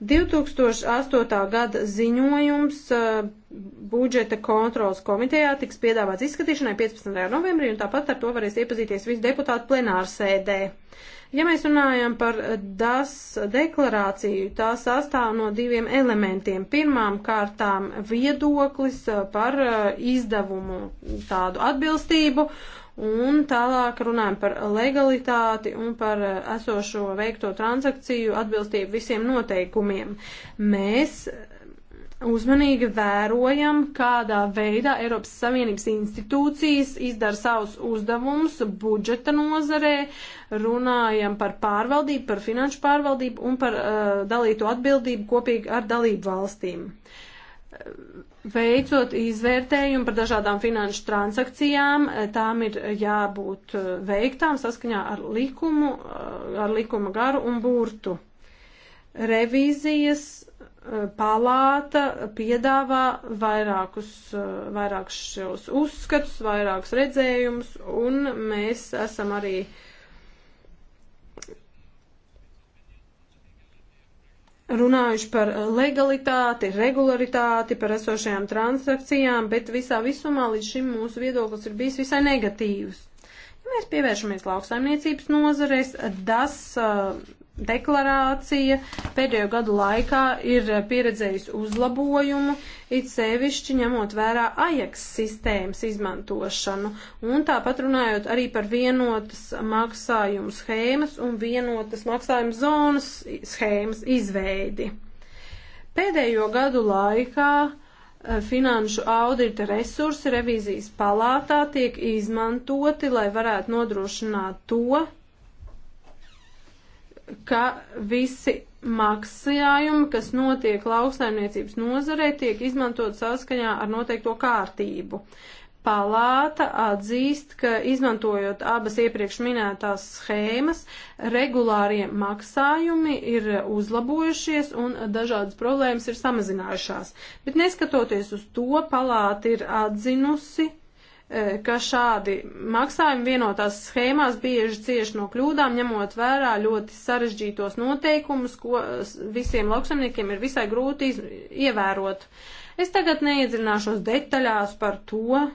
2008. gada ziņojums uh, budžeta kontrolas komitejā tiks piedāvāts izskatīšanai 15. novembrī, un tāpat ar to varēs iepazīties visi deputāti plenārsēdē. Ja mēs runājam par DAS deklarāciju, tā sastāv no diviem elementiem. Pirmām kārtām viedoklis uh, par uh, izdevumu tādu atbilstību, Un tālāk runājam par legalitāti un par eh, esošo veikto transakciju atbilstību visiem noteikumiem. Mēs uzmanīgi vērojam, kādā veidā Eiropas Savienības institūcijas izdara savus uzdevumus budžeta nozarē, runājam par pārvaldību, par finanšu pārvaldību un par uh, dalīto atbildību kopīgi ar dalību valstīm. Uh, Veicot izvērtējumu par dažādām finanšu transakcijām, eh, tām ir jābūt eh, veiktām saskaņā ar likumu, eh, ar likuma garu un burtu. Revīzijas palāta piedāvā vairākus, vairākus šos uzskatus, vairākus redzējumus, un mēs esam arī uh, runājuši par legalitāti, regularitāti, par esošajām transakcijām, bet visā visumā līdz šim mūsu viedoklis ir bijis visai negatīvs. Ja mēs pievēršamies lauksaimniecības nozares, tas uh, deklarācija pēdējo gadu laikā ir pieredzējusi uzlabojumu, it sevišķi ņemot vērā AJAX sistēmas izmantošanu, un tāpat runājot arī par vienotas maksājumu schēmas un vienotas maksājumu zonas schēmas izveidi. Pēdējo gadu laikā eh, finanšu audita resursi revīzijas palātā tiek izmantoti, lai varētu nodrošināt to, ka visi maksājumi, kas notiek lauksaimniecības nozarē, tiek izmantot saskaņā ar noteikto kārtību. Palāta atzīst, ka izmantojot abas iepriekš minētās schēmas, regulārie maksājumi ir uzlabojušies un dažādas problēmas ir samazinājušās. Bet neskatoties uz to, palāta ir atzinusi, E, ka šādi maksājumi vienotās schēmās bieži cieši no kļūdām, ņemot vērā ļoti sarežģītos noteikumus, ko e, visiem lauksamniekiem ir visai grūti iz, ievērot. Es tagad neiedzināšos detaļās par to,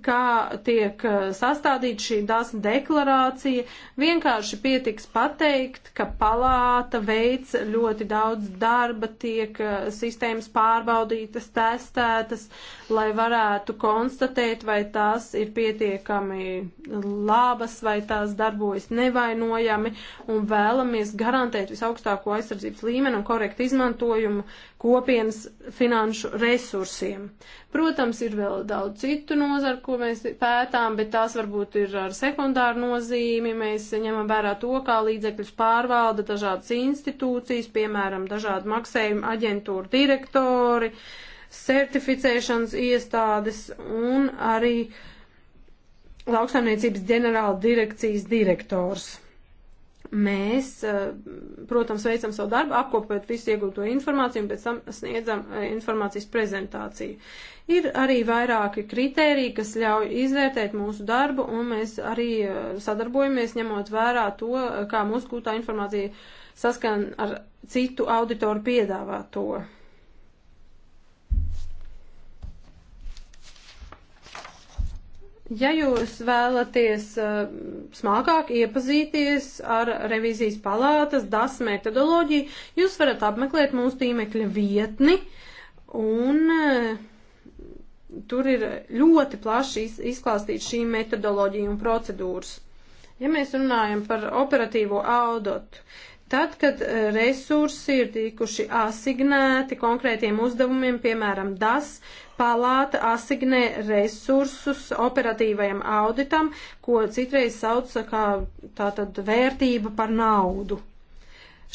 kā tiek uh, sastādīta šī dāsna deklarācija. Vienkārši pietiks pateikt, ka palāta veic ļoti daudz darba, tiek uh, sistēmas pārbaudītas, testētas, lai varētu konstatēt, vai tās ir pietiekami labas, vai tās darbojas nevainojami, un vēlamies garantēt visaugstāko aizsardzības līmeni un korektu izmantojumu kopienas finanšu resursiem. Protams, ir vēl daudz citu nozaru, ko mēs pētām, bet tās varbūt ir ar sekundāru nozīmi. Mēs ņemam vērā to, kā līdzekļus pārvalda dažādas institūcijas, piemēram, dažādu maksējumu aģentūru direktori, certificēšanas iestādes un arī lauksaimniecības ģenerāla direkcijas direktors mēs, eh, protams, veicam savu darbu, apkopot visu iegūto informāciju un pēc tam sniedzam eh, informācijas prezentāciju. Ir arī vairāki kriteriji, kas ļauj izvērtēt mūsu darbu, un mēs arī eh, sadarbojamies, ņemot vērā to, kā mūsu gūtā informācija saskan ar citu auditoru piedāvāto. Ja jūs vēlaties uh, smagāk iepazīties ar revizijas palātas DAS metodoloģiju, jūs varat apmeklēt mūsu tīmekļa vietni un uh, tur ir ļoti plaši iz, izklāstīta šī metodoloģija un procedūras. Ja mēs runājam par operatīvo audotu, tad, kad uh, resursi ir tikuši asignēti konkrētiem uzdevumiem, piemēram, DAS, palāta asignē resursus operatīvajam auditam, ko citreiz sauc kā tātad vērtība par naudu.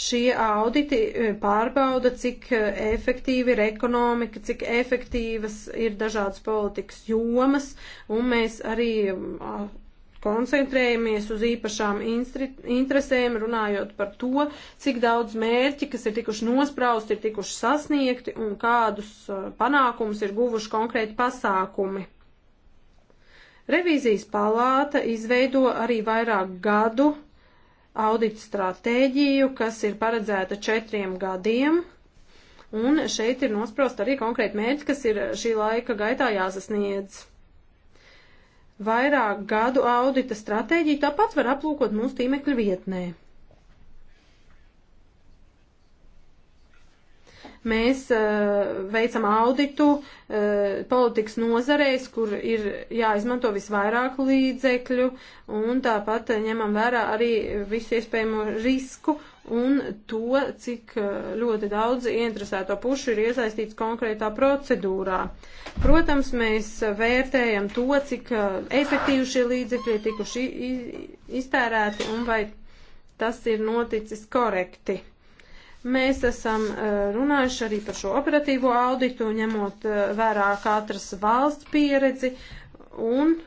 Šie auditi e, pārbauda, cik e, efektīvi ir ekonomika, cik efektīvas ir dažādas politikas jomas, un mēs arī koncentrējamies uz īpašām interesēm, runājot par to, cik daudz mērķi, kas ir tikuši nosprausti, ir tikuši sasniegti un kādus uh, panākumus ir guvuši konkrēti pasākumi. Revīzijas palāta izveido arī vairāk gadu audita stratēģiju, kas ir paredzēta četriem gadiem. Un šeit ir nospraust arī konkrēti mērķi, kas ir šī laika gaitā jāsasniedz vairāk gadu audita stratēģiju tāpat var aplūkot mūsu tīmekļa vietnē. Mēs uh, veicam auditu uh, politikas nozarēs, kur ir jāizmanto visvairāk līdzekļu, un tāpat ņemam vērā arī visu iespējamo risku un to, cik eh, ļoti daudz ieinteresēto pušu ir iesaistīts konkrētā procedūrā. Protams, mēs vērtējam to, cik eh, efektīvi šie līdzekļi ir tikuši iztērēti un vai tas ir noticis korekti. Mēs esam eh, runājuši arī par šo operatīvo auditu, ņemot vērā katras valsts pieredzi un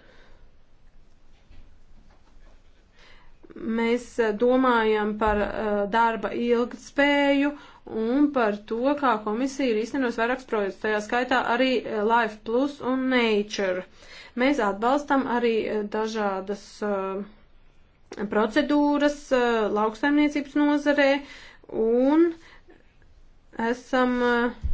mēs eh, domājam par eh, darba ilgtspēju un par to, kā komisija ir īstenos vairākus projektus, tajā skaitā arī eh, Life Plus un Nature. Mēs atbalstam arī dažādas procedūras lauksaimniecības nozarē un esam uh,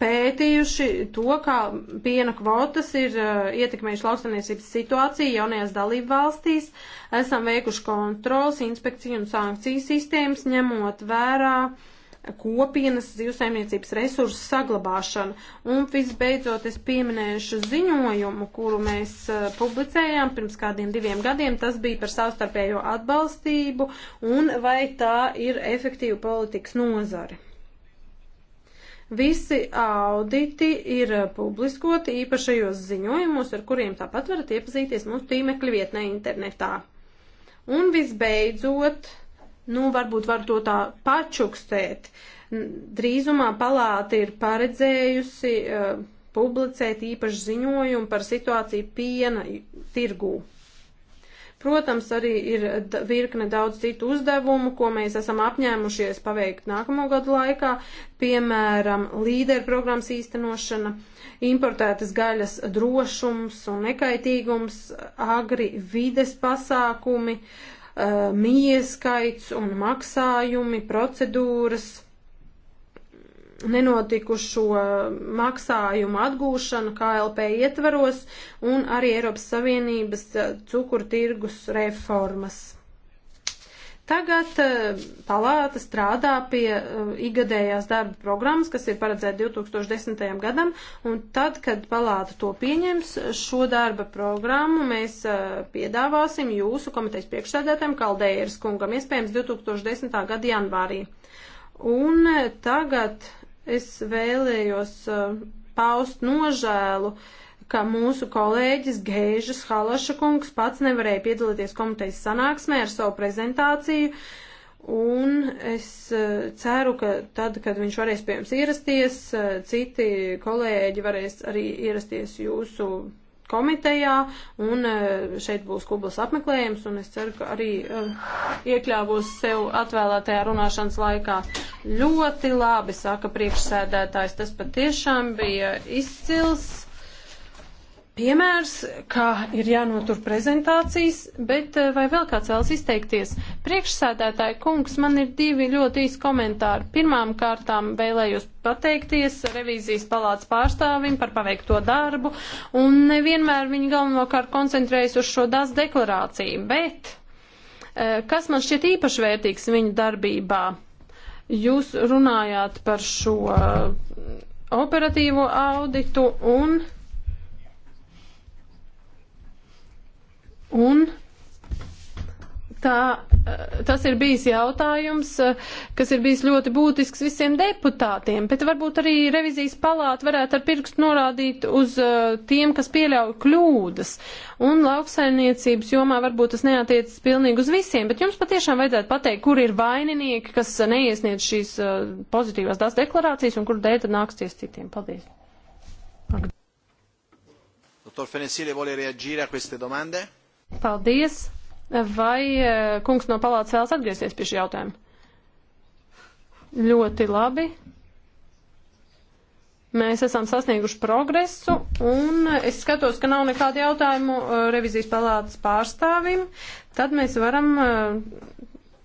pētījuši to, kā piena kvotas ir uh, ietekmējuši lauksaniecības situāciju jaunajās dalību valstīs. Esam veikuši kontrols, inspekciju un sankciju sistēmas, ņemot vērā kopienas zivsaimniecības resursu saglabāšanu. Un visbeidzot es pieminēšu ziņojumu, kuru mēs uh, publicējām pirms kādiem diviem gadiem. Tas bija par savstarpējo atbalstību un vai tā ir efektīva politikas nozari. Visi auditi ir publiskoti īpašajos ziņojumos, ar kuriem tāpat varat iepazīties mūsu tīmekļa vietnē internetā. Un visbeidzot, nu varbūt var to tā pačukstēt. Drīzumā palāta ir paredzējusi uh, publicēt īpašu ziņojumu par situāciju piena tirgū. Protams, arī ir virkne daudz citu uzdevumu, ko mēs esam apņēmušies paveikt nākamo gadu laikā, piemēram, līderu programmas īstenošana, importētas gaļas drošums un nekaitīgums, agri vides pasākumi, eh, mieskaits un maksājumi, procedūras nenotikušo maksājumu atgūšanu KLP ietvaros un arī Eiropas Savienības eh, cukurtirgus reformas. Tagad eh, palāta strādā pie eh, igadējās darba programmas, kas ir paredzēta 2010. gadam, un tad, kad palāta to pieņems, šo darba programmu mēs piedāvāsim jūsu komitejas priekšsēdētājiem Kaldējas kungam, iespējams 2010. gada janvārī. Un tagad Es vēlējos uh, paust nožēlu, ka mūsu kolēģis Gēžas Halaša kungs pats nevarēja piedalīties komitejas sanāksmē ar savu prezentāciju. Un es uh, ceru, ka tad, kad viņš varēs pie jums ierasties, uh, citi kolēģi varēs arī ierasties jūsu komitejā, un eh, šeit būs Kublas apmeklējums, un es ceru, ka arī eh, iekļāvos sev atvēlētajā runāšanas laikā. Ļoti labi, saka priekšsēdētājs, tas patiešām bija izcils piemērs, kā ir jānotur prezentācijas, bet eh, vai vēl kāds vēlas izteikties? Priekšsēdētāji kungs, man ir divi ļoti īsi komentāri. Pirmām kārtām vēlējos pateikties revīzijas palāts pārstāvim par paveikto darbu, un nevienmēr viņi galvenokārt koncentrējas uz šo DAS deklarāciju, bet eh, kas man šķiet īpaši vērtīgs viņu darbībā? Jūs runājāt par šo eh, operatīvo auditu un Un tā, eh, tas ir bijis jautājums, eh, kas ir bijis ļoti būtisks visiem deputātiem, bet varbūt arī revizijas palāta varētu ar pirkstu norādīt uz eh, tiem, kas pieļauj kļūdas. Un lauksaimniecības jomā varbūt tas neatiecas pilnīgi uz visiem, bet jums patiešām vajadzētu pateikt, kur ir vaininieki, kas neiesniedz šīs pozitīvās tās deklarācijas un kur dēļ tad nāksies citiem. Paldies. Dottor Fenesile vuole reagire a queste domande? Paldies! Vai eh, kungs no palātas vēlas atgriezties pie šī jautājuma? Ļoti labi. Mēs esam sasnieguši progresu, un es skatos, ka nav nekādu jautājumu eh, revizijas palātas pārstāvim. Tad mēs varam eh,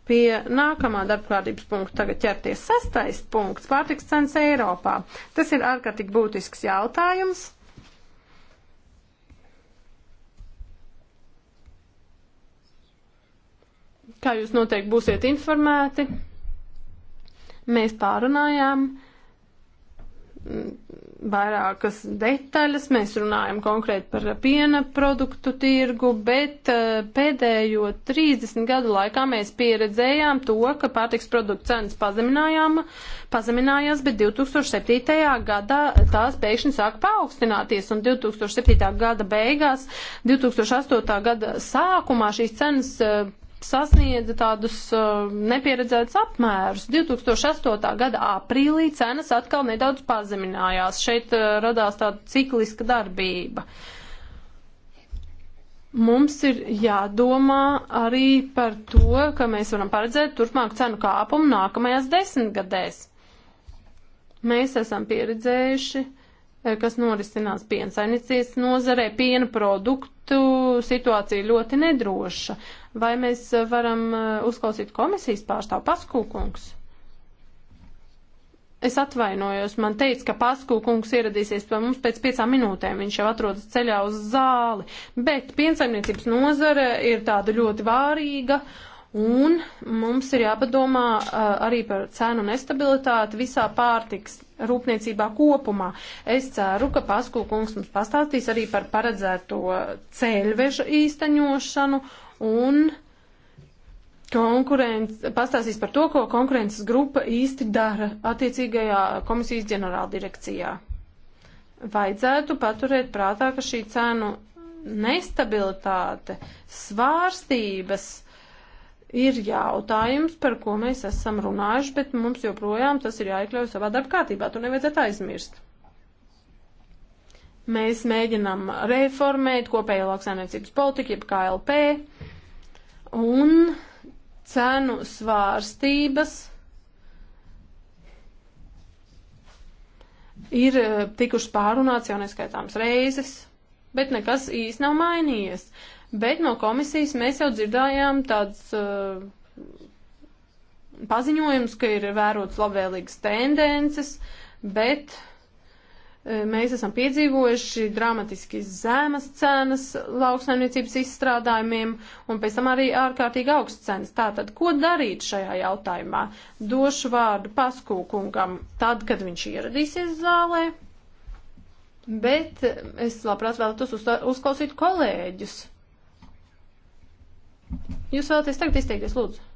pie nākamā darba kārtības punkta tagad ķerties. Sestais punkts - pārtiks cenas Eiropā. Tas ir ārkārtīgi būtisks jautājums. Kā jūs noteikti būsiet informēti, mēs pārunājām vairākas detaļas, mēs runājam konkrēti par piena produktu tirgu, bet eh, pēdējo 30 gadu laikā mēs pieredzējām to, ka pārtiks produktu cenas pazeminājās, bet 2007. gadā tās pēkšņi sāka paaugstināties, un 2007. gada beigās, 2008. gada sākumā šīs cenas eh, sasniedza tādus uh, nepieredzētus apmērus. 2008. gada aprīlī cenas atkal nedaudz pazeminājās. Šeit uh, radās tāda cikliska darbība. Mums ir jādomā arī par to, ka mēs varam paredzēt turpmāk cenu kāpumu nākamajās desmitgadēs. Mēs esam pieredzējuši, eh, kas norisinās piensainicies nozarē, piena produktu situācija ļoti nedroša. Uh, Vai mēs eh, varam eh, uzklausīt komisijas pārstāvu paskūkungs? Es atvainojos, man teica, ka paskūkungs ieradīsies pie mums pēc piecām minūtēm, viņš jau atrodas ceļā uz zāli, bet piensaimniecības nozare ir tāda ļoti vārīga, un mums ir jāpadomā eh, arī par cēnu nestabilitāti visā pārtiks rūpniecībā kopumā. Es ceru, ka paskūkungs mums pastāstīs arī par paredzēto ceļveža īsteņošanu un konkurence, pastāstīs par to, ko konkurences grupa īsti dara attiecīgajā komisijas ģenerāldirekcijā. Vajadzētu paturēt prātā, ka šī cenu nestabilitāte, svārstības ir jautājums, par ko mēs esam runājuši, bet mums joprojām tas ir jāiekļauj savā darba kārtībā. To nevajadzētu aizmirst. Mēs mēģinām reformēt kopējo lauksaimniecības politiku, jeb KLP un cenu svārstības ir eh, tikušas pārunāts jau neskaitāms reizes, bet nekas īsti nav mainījies. Bet no komisijas mēs jau dzirdējām tāds uh, paziņojums, ka ir vērots labvēlīgas tendences, bet uh, Eh, mēs esam piedzīvojuši dramatiski zemas cenas lauksaimniecības izstrādājumiem un pēc tam arī ārkārtīgi augsts cenas. Tātad, ko darīt šajā jautājumā? Došu vārdu paskūkungam tad, kad viņš ieradīsies zālē, bet es labprāt vēlētos uzklausīt kolēģus. Jūs vēlaties tagad izteikties, lūdzu.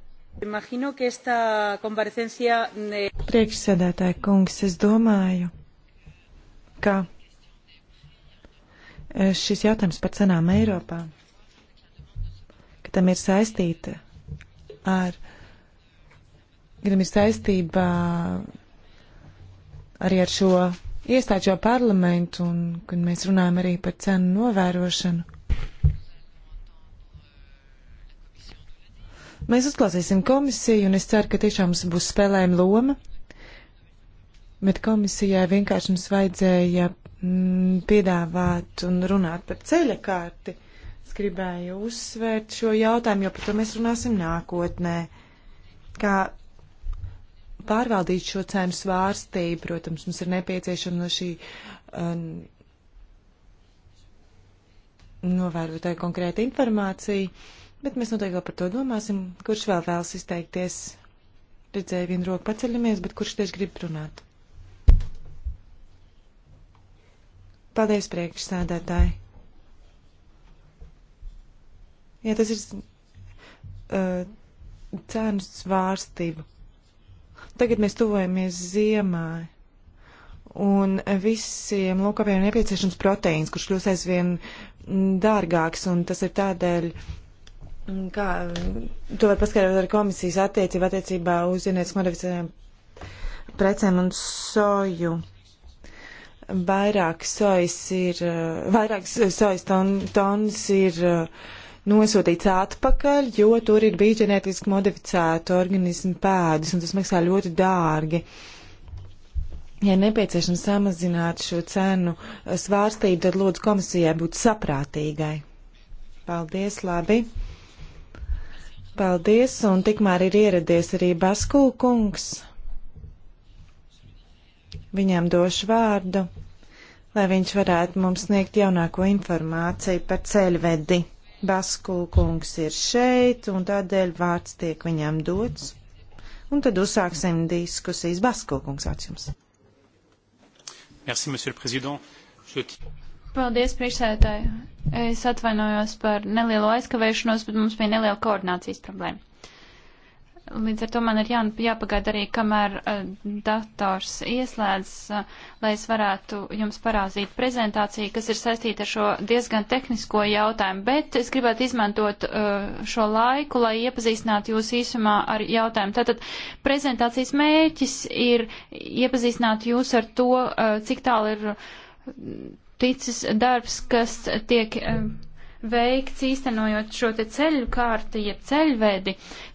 Priekšsēdētāji kungs, es domāju, ka eh, šis jautājums par cenām Eiropā, ka tam ir saistīta ar, ka tam ir saistība arī ar šo iestāžu parlamentu un kad mēs runājam arī par cenu novērošanu. Mēs uzklausīsim komisiju un es ceru, ka tiešām mums būs spēlējuma loma bet komisijai vienkārši mums vajadzēja mm, piedāvāt un runāt par ceļa kārti. Es gribēju uzsvērt šo jautājumu, jo par to mēs runāsim nākotnē. Kā pārvaldīt šo cenu svārstību, protams, mums ir nepieciešama no šī. Um, Novērotāji konkrēta informācija, bet mēs noteikti vēl par to domāsim, kurš vēl vēlas izteikties. Redzēju, viena roka paceļamies, bet kurš tieši grib runāt? Paldies, priekšsēdētāji. Jā, tas ir uh, cenu svārstību. Tagad mēs tuvojamies ziemai. Un visiem lokapiem ir nepieciešams proteīns, kurš kļūst aizvien dārgāks, un tas ir tādēļ, mm, kā to var paskatīt ar komisijas attiecību attiecībā uz ienietes modificējiem precēm un soju. Uh, vairāk sojas ir, eh, vairāk sojas ton, tons ir eh, nosūtīts atpakaļ, jo tur ir bijis ģenētiski modificētu organismu pēdas, un tas maksā ļoti dārgi. Ja nepieciešams samazināt šo cenu eh, svārstību, tad lūdzu komisijai būt saprātīgai. Paldies, labi. Paldies, un tikmēr ir ieradies arī Basku kungs. Viņam došu vārdu, lai viņš varētu mums sniegt jaunāko informāciju par ceļvedi. Baskulkungs ir šeit, un tādēļ vārds tiek viņam dots. Un tad uzsāksim diskusijas. Baskulkungs, vārds jums. Merci, monsieur le président. Je... Paldies, priekšsēdētāji. Es atvainojos par nelielo aizkavēšanos, bet mums bija neliela koordinācijas problēma. Līdz ar to man ir jā, jāpagaida arī, kamēr uh, dators ieslēdz, uh, lai es varētu jums parādzīt prezentāciju, kas ir saistīta ar šo diezgan tehnisko jautājumu, bet es gribētu izmantot uh, šo laiku, lai iepazīstinātu jūs īsumā ar jautājumu. Tātad prezentācijas mērķis ir iepazīstināt jūs ar to, uh, cik tālu ir ticis darbs, kas tiek. Uh, veikts īstenojot šo te ceļu kārti, jeb ceļvedi,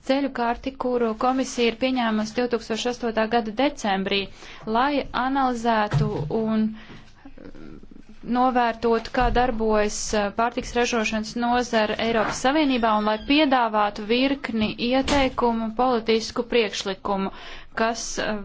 ceļu kārti, kuru komisija ir pieņēmusi 2008. gada decembrī, lai analizētu un mm, novērtot, kā darbojas eh, pārtiks ražošanas nozara Eiropas Savienībā un lai piedāvātu virkni ieteikumu politisku priekšlikumu, kas eh,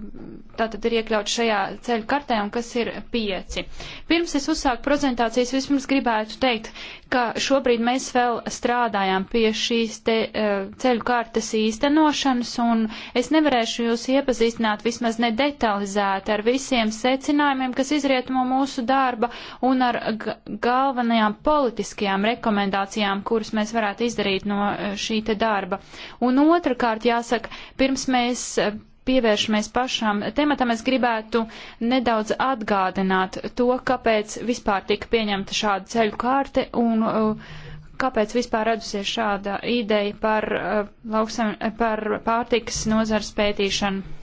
tātad ir iekļauts šajā ceļu kartē un kas ir pieci. Pirms es uzsāku prezentācijas, vispirms gribētu teikt, ka šobrīd mēs vēl strādājām pie šīs te, eh, ceļu kartes īstenošanas un es nevarēšu jūs iepazīstināt vismaz nedetalizēti ar visiem secinājumiem, kas izriet no mūsu darba un ar galvenajām politiskajām rekomendācijām, kuras mēs varētu izdarīt no eh, šī te darba. Un otrkārt, jāsaka, pirms mēs pievēršamies pašām tematam, es gribētu nedaudz atgādināt to, kāpēc vispār tika pieņemta šāda ceļu kārte un uh, kāpēc vispār radusies šāda ideja par, uh, lauksam, par pārtikas nozars pētīšanu.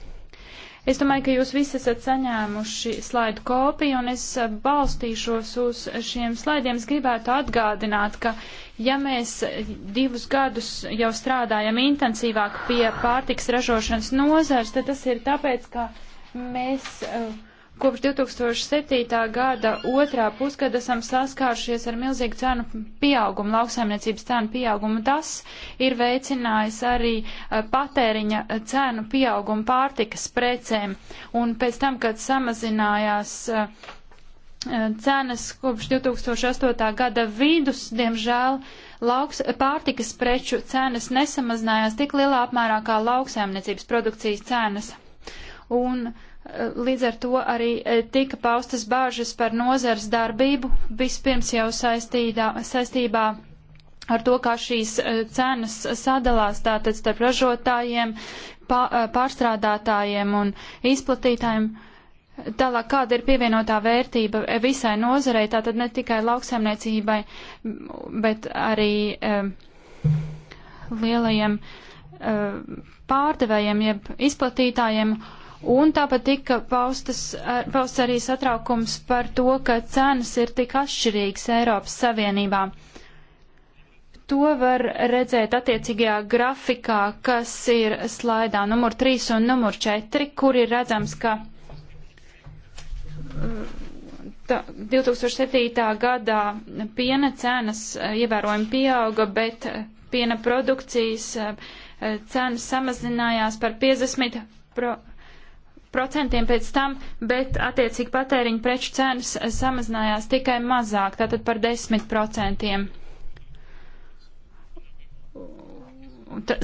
Es domāju, ka jūs visi esat saņēmuši slaidu kopiju, un es eh, balstīšos uz šiem slaidiem. Es gribētu atgādināt, ka ja mēs eh, divus gadus jau strādājam intensīvāk pie pārtiks ražošanas nozars, tad tas ir tāpēc, ka mēs. Uh, Kopš 2007. gada otrā pusgada esam saskārušies ar milzīgu cenu pieaugumu, lauksaimniecības cenu pieaugumu. Tas ir veicinājis arī eh, patēriņa eh, cenu pieaugumu pārtikas precēm. Un pēc tam, kad samazinājās eh, cenas kopš 2008. gada vidus, diemžēl, lauks, pārtikas preču cenas nesamazinājās tik lielā apmērā kā lauksaimniecības produkcijas cenas. Un, uh, Līdz ar to arī eh, tika paustas bāžas par nozars darbību, vispirms jau saistīdā, saistībā ar to, kā šīs eh, cenas sadalās tātad starp ražotājiem, eh, pārstrādātājiem un izplatītājiem. Tālāk, kāda ir pievienotā vērtība visai nozarei, tātad ne tikai lauksaimniecībai, bet arī um, lielajiem um, pārdevējiem, jeb izplatītājiem. Uh, Un tāpat tika paustas, pausts arī satraukums par to, ka cenas ir tik atšķirīgas Eiropas Savienībā. To var redzēt attiecīgajā grafikā, kas ir slaidā numur 3 un numur 4, kur ir redzams, ka 2007. Uh, gadā piena cenas uh, ievērojami pieauga, bet uh, piena produkcijas cenas samazinājās par 50%. Pro procentiem pēc tam, bet attiecīgi patēriņu preču cenas samazinājās tikai mazāk, tātad par 10 procentiem.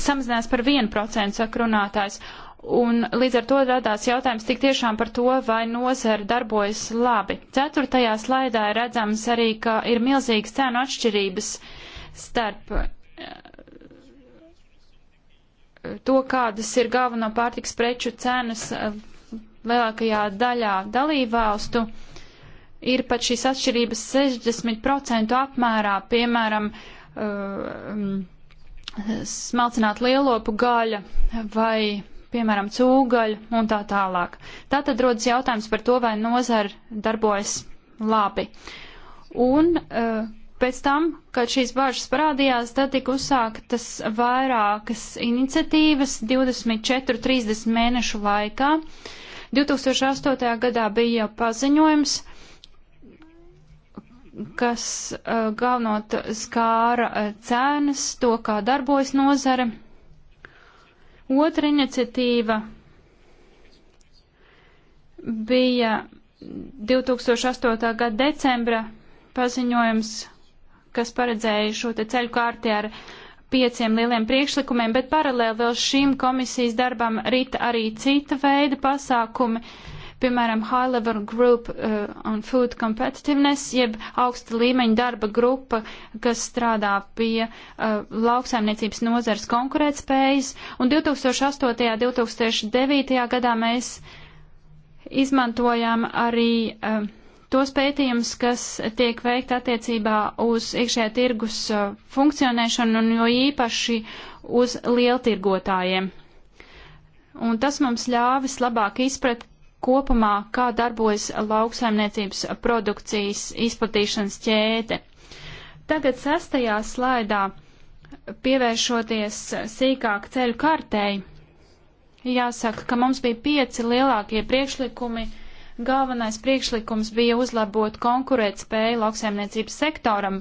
Samazinājās par 1%, saka runātājs. Un līdz ar to radās jautājums tik tiešām par to, vai nozara darbojas labi. Ceturtajā slaidā ir redzams arī, ka ir milzīgas cēnu atšķirības starp eh, to, kādas ir galveno pārtiks preču cenas eh, lielākajā daļā dalībvalstu ir pat šīs atšķirības 60% apmērā, piemēram, uh, um, smalcināt lielopu gaļa vai, piemēram, cūgaļa un tā tālāk. Tā tad rodas jautājums par to, vai nozara darbojas labi. Un uh, pēc tam, kad šīs bažas parādījās, tad tika uzsāktas vairākas iniciatīvas 24-30 mēnešu laikā. Uh, 2008. gadā bija jau paziņojums, kas galvenot skāra cenas, to, kā darbojas nozare. Otra iniciatīva bija 2008. gada decembra paziņojums, kas paredzēja šo te ceļu kārti ar uh, pieciem lieliem priekšlikumiem, bet paralēli vēl šim komisijas darbam rita arī cita veida pasākumi, piemēram, High Level Group uh, on Food Competitiveness, jeb augsta līmeņa darba grupa, kas strādā pie uh, lauksaimniecības nozars konkurētspējas. Un 2008. un 2009. gadā mēs izmantojām arī uh, tos pētījumus, kas tiek veikt attiecībā uz iekšējā tirgus uh, funkcionēšanu un jo īpaši uz lieltirgotājiem. Un tas mums ļāvis labāk izprat kopumā, kā darbojas lauksaimniecības produkcijas izplatīšanas ķēde. Tagad sastajā slaidā pievēršoties sīkāk ceļu kartei, jāsaka, ka mums bija pieci lielākie priekšlikumi, uh, Galvenais priekšlikums bija uzlabot konkurēt spēju lauksaimniecības sektoram.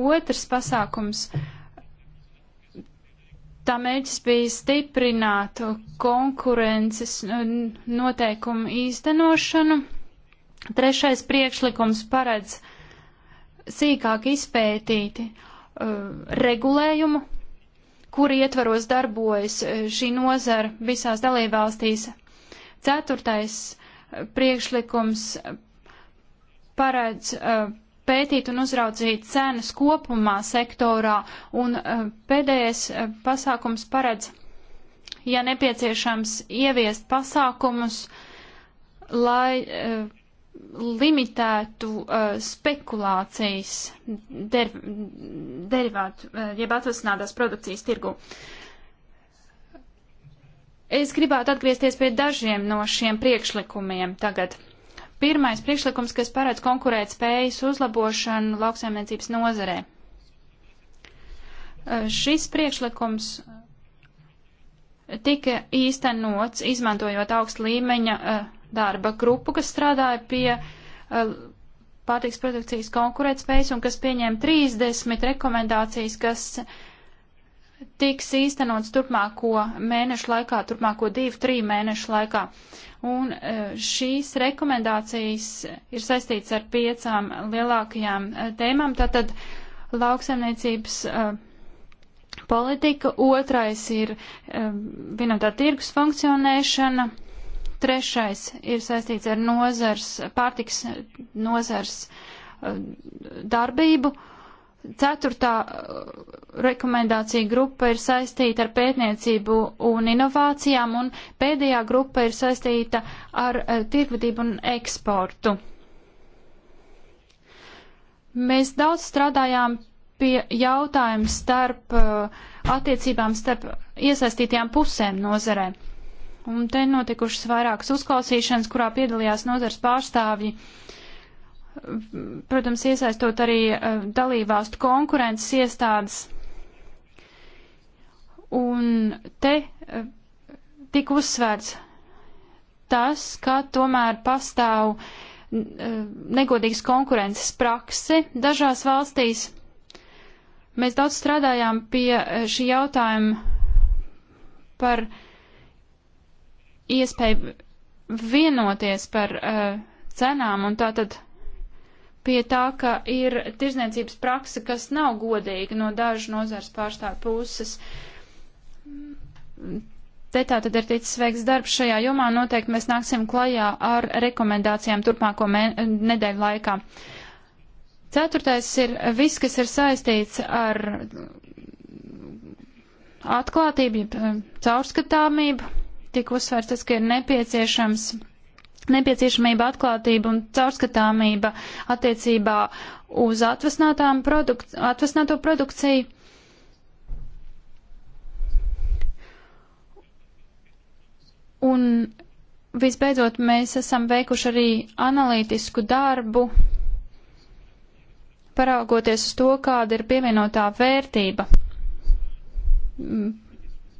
Otrs pasākums tā mērķis bija stiprināt konkurences noteikumu īstenošanu. Trešais priekšlikums paredz sīkāk izpētīti uh, regulējumu, kur ietvaros darbojas uh, šī nozara visās dalībvalstīs. Ceturtais priekšlikums paredz uh, pētīt un uzraudzīt cenas kopumā sektorā, un uh, pēdējais uh, pasākums paredz, ja nepieciešams, ieviest pasākumus, lai limitētu spekulācijas derivātu, jeb atvasinātās produkcijas tirgu. Uh, Es gribētu atgriezties pie dažiem no šiem priekšlikumiem tagad. Pirmais priekšlikums, kas paredz konkurēt spējas uzlabošanu lauksaimniecības nozarē. Šis priekšlikums tika īstenots, izmantojot augstu līmeņa darba grupu, kas strādāja pie pārtiks produkcijas konkurētspējas un kas pieņēma 30 rekomendācijas, kas uh, tiks īstenots turpmāko mēnešu laikā, turpmāko divu, trīs mēnešu laikā. Un e, šīs rekomendācijas ir saistīts ar piecām lielākajām e, tēmām. Tātad lauksaimniecības e, politika, otrais ir vienotā tirgus funkcionēšana, trešais ir saistīts ar nozars, pārtiks nozars darbību. Uh, Ceturtā uh, rekomendācija grupa ir saistīta ar pētniecību un inovācijām, un pēdējā grupa ir saistīta ar uh, tirgvadību un eksportu. Mēs daudz strādājām pie jautājuma starp uh, attiecībām starp iesaistītajām pusēm nozarē. Un te notikušas vairākas uzklausīšanas, kurā piedalījās nozars pārstāvji. Uh, protams, iesaistot arī eh, dalībvalstu konkurences iestādes. Un te eh, tika uzsvērts tas, ka tomēr pastāv eh, negodīgas konkurences praksi dažās valstīs. Mēs daudz strādājām pie šī jautājuma par iespēju vienoties par uh, cenām, un tā tad pie tā, ka ir tirzniecības praksa, kas nav godīga no dažu nozars pārstāvu puses. Te tā tad ir ticis veikts darbs šajā jomā, noteikti mēs nāksim klajā ar rekomendācijām turpmāko nedēļu laikā. Ceturtais ir viss, kas ir saistīts ar atklātību, eh, caurskatāmību. Tik uzsvērts tas, ka ir nepieciešams nepieciešamība atklātība un caurskatāmība attiecībā uz produkt, atvasināto produkciju. Un visbeidzot, mēs esam veikuši arī analītisku darbu, paraugoties uz to, kāda ir pievienotā vērtība mm,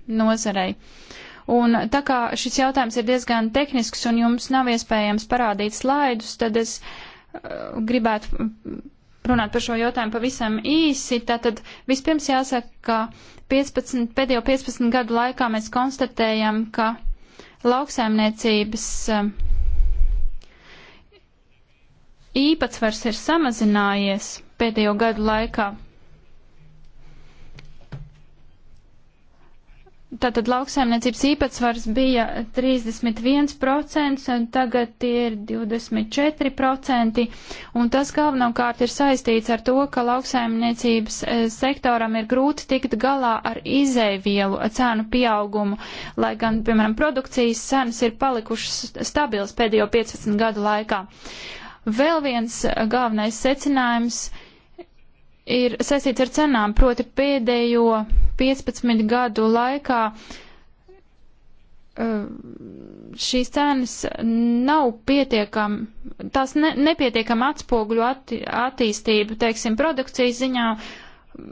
nozarei. Uh, Un tā kā šis jautājums ir diezgan tehnisks un jums nav iespējams parādīt slaidus, tad es uh, gribētu runāt par šo jautājumu pavisam īsi. Tātad vispirms jāsaka, ka 15, pēdējo 15 gadu laikā mēs konstatējam, ka lauksaimniecības uh, īpatsvars ir samazinājies pēdējo gadu laikā Tātad lauksaimniecības īpatsvars bija 31%, un tagad tie ir 24%, un tas galvenokārt ir saistīts ar to, ka lauksaimniecības e, sektoram ir grūti tikt galā ar izēvielu cēnu pieaugumu, lai gan, piemēram, produkcijas cenas ir palikušas stabils pēdējo 15 gadu laikā. Vēl viens e, galvenais secinājums ir ir saistīts ar cenām, proti pēdējo 15 gadu laikā uh, šīs cenas nav pietiekami, tās ne, nepietiekami atspoguļo atti, attīstību, teiksim, produkcijas ziņā,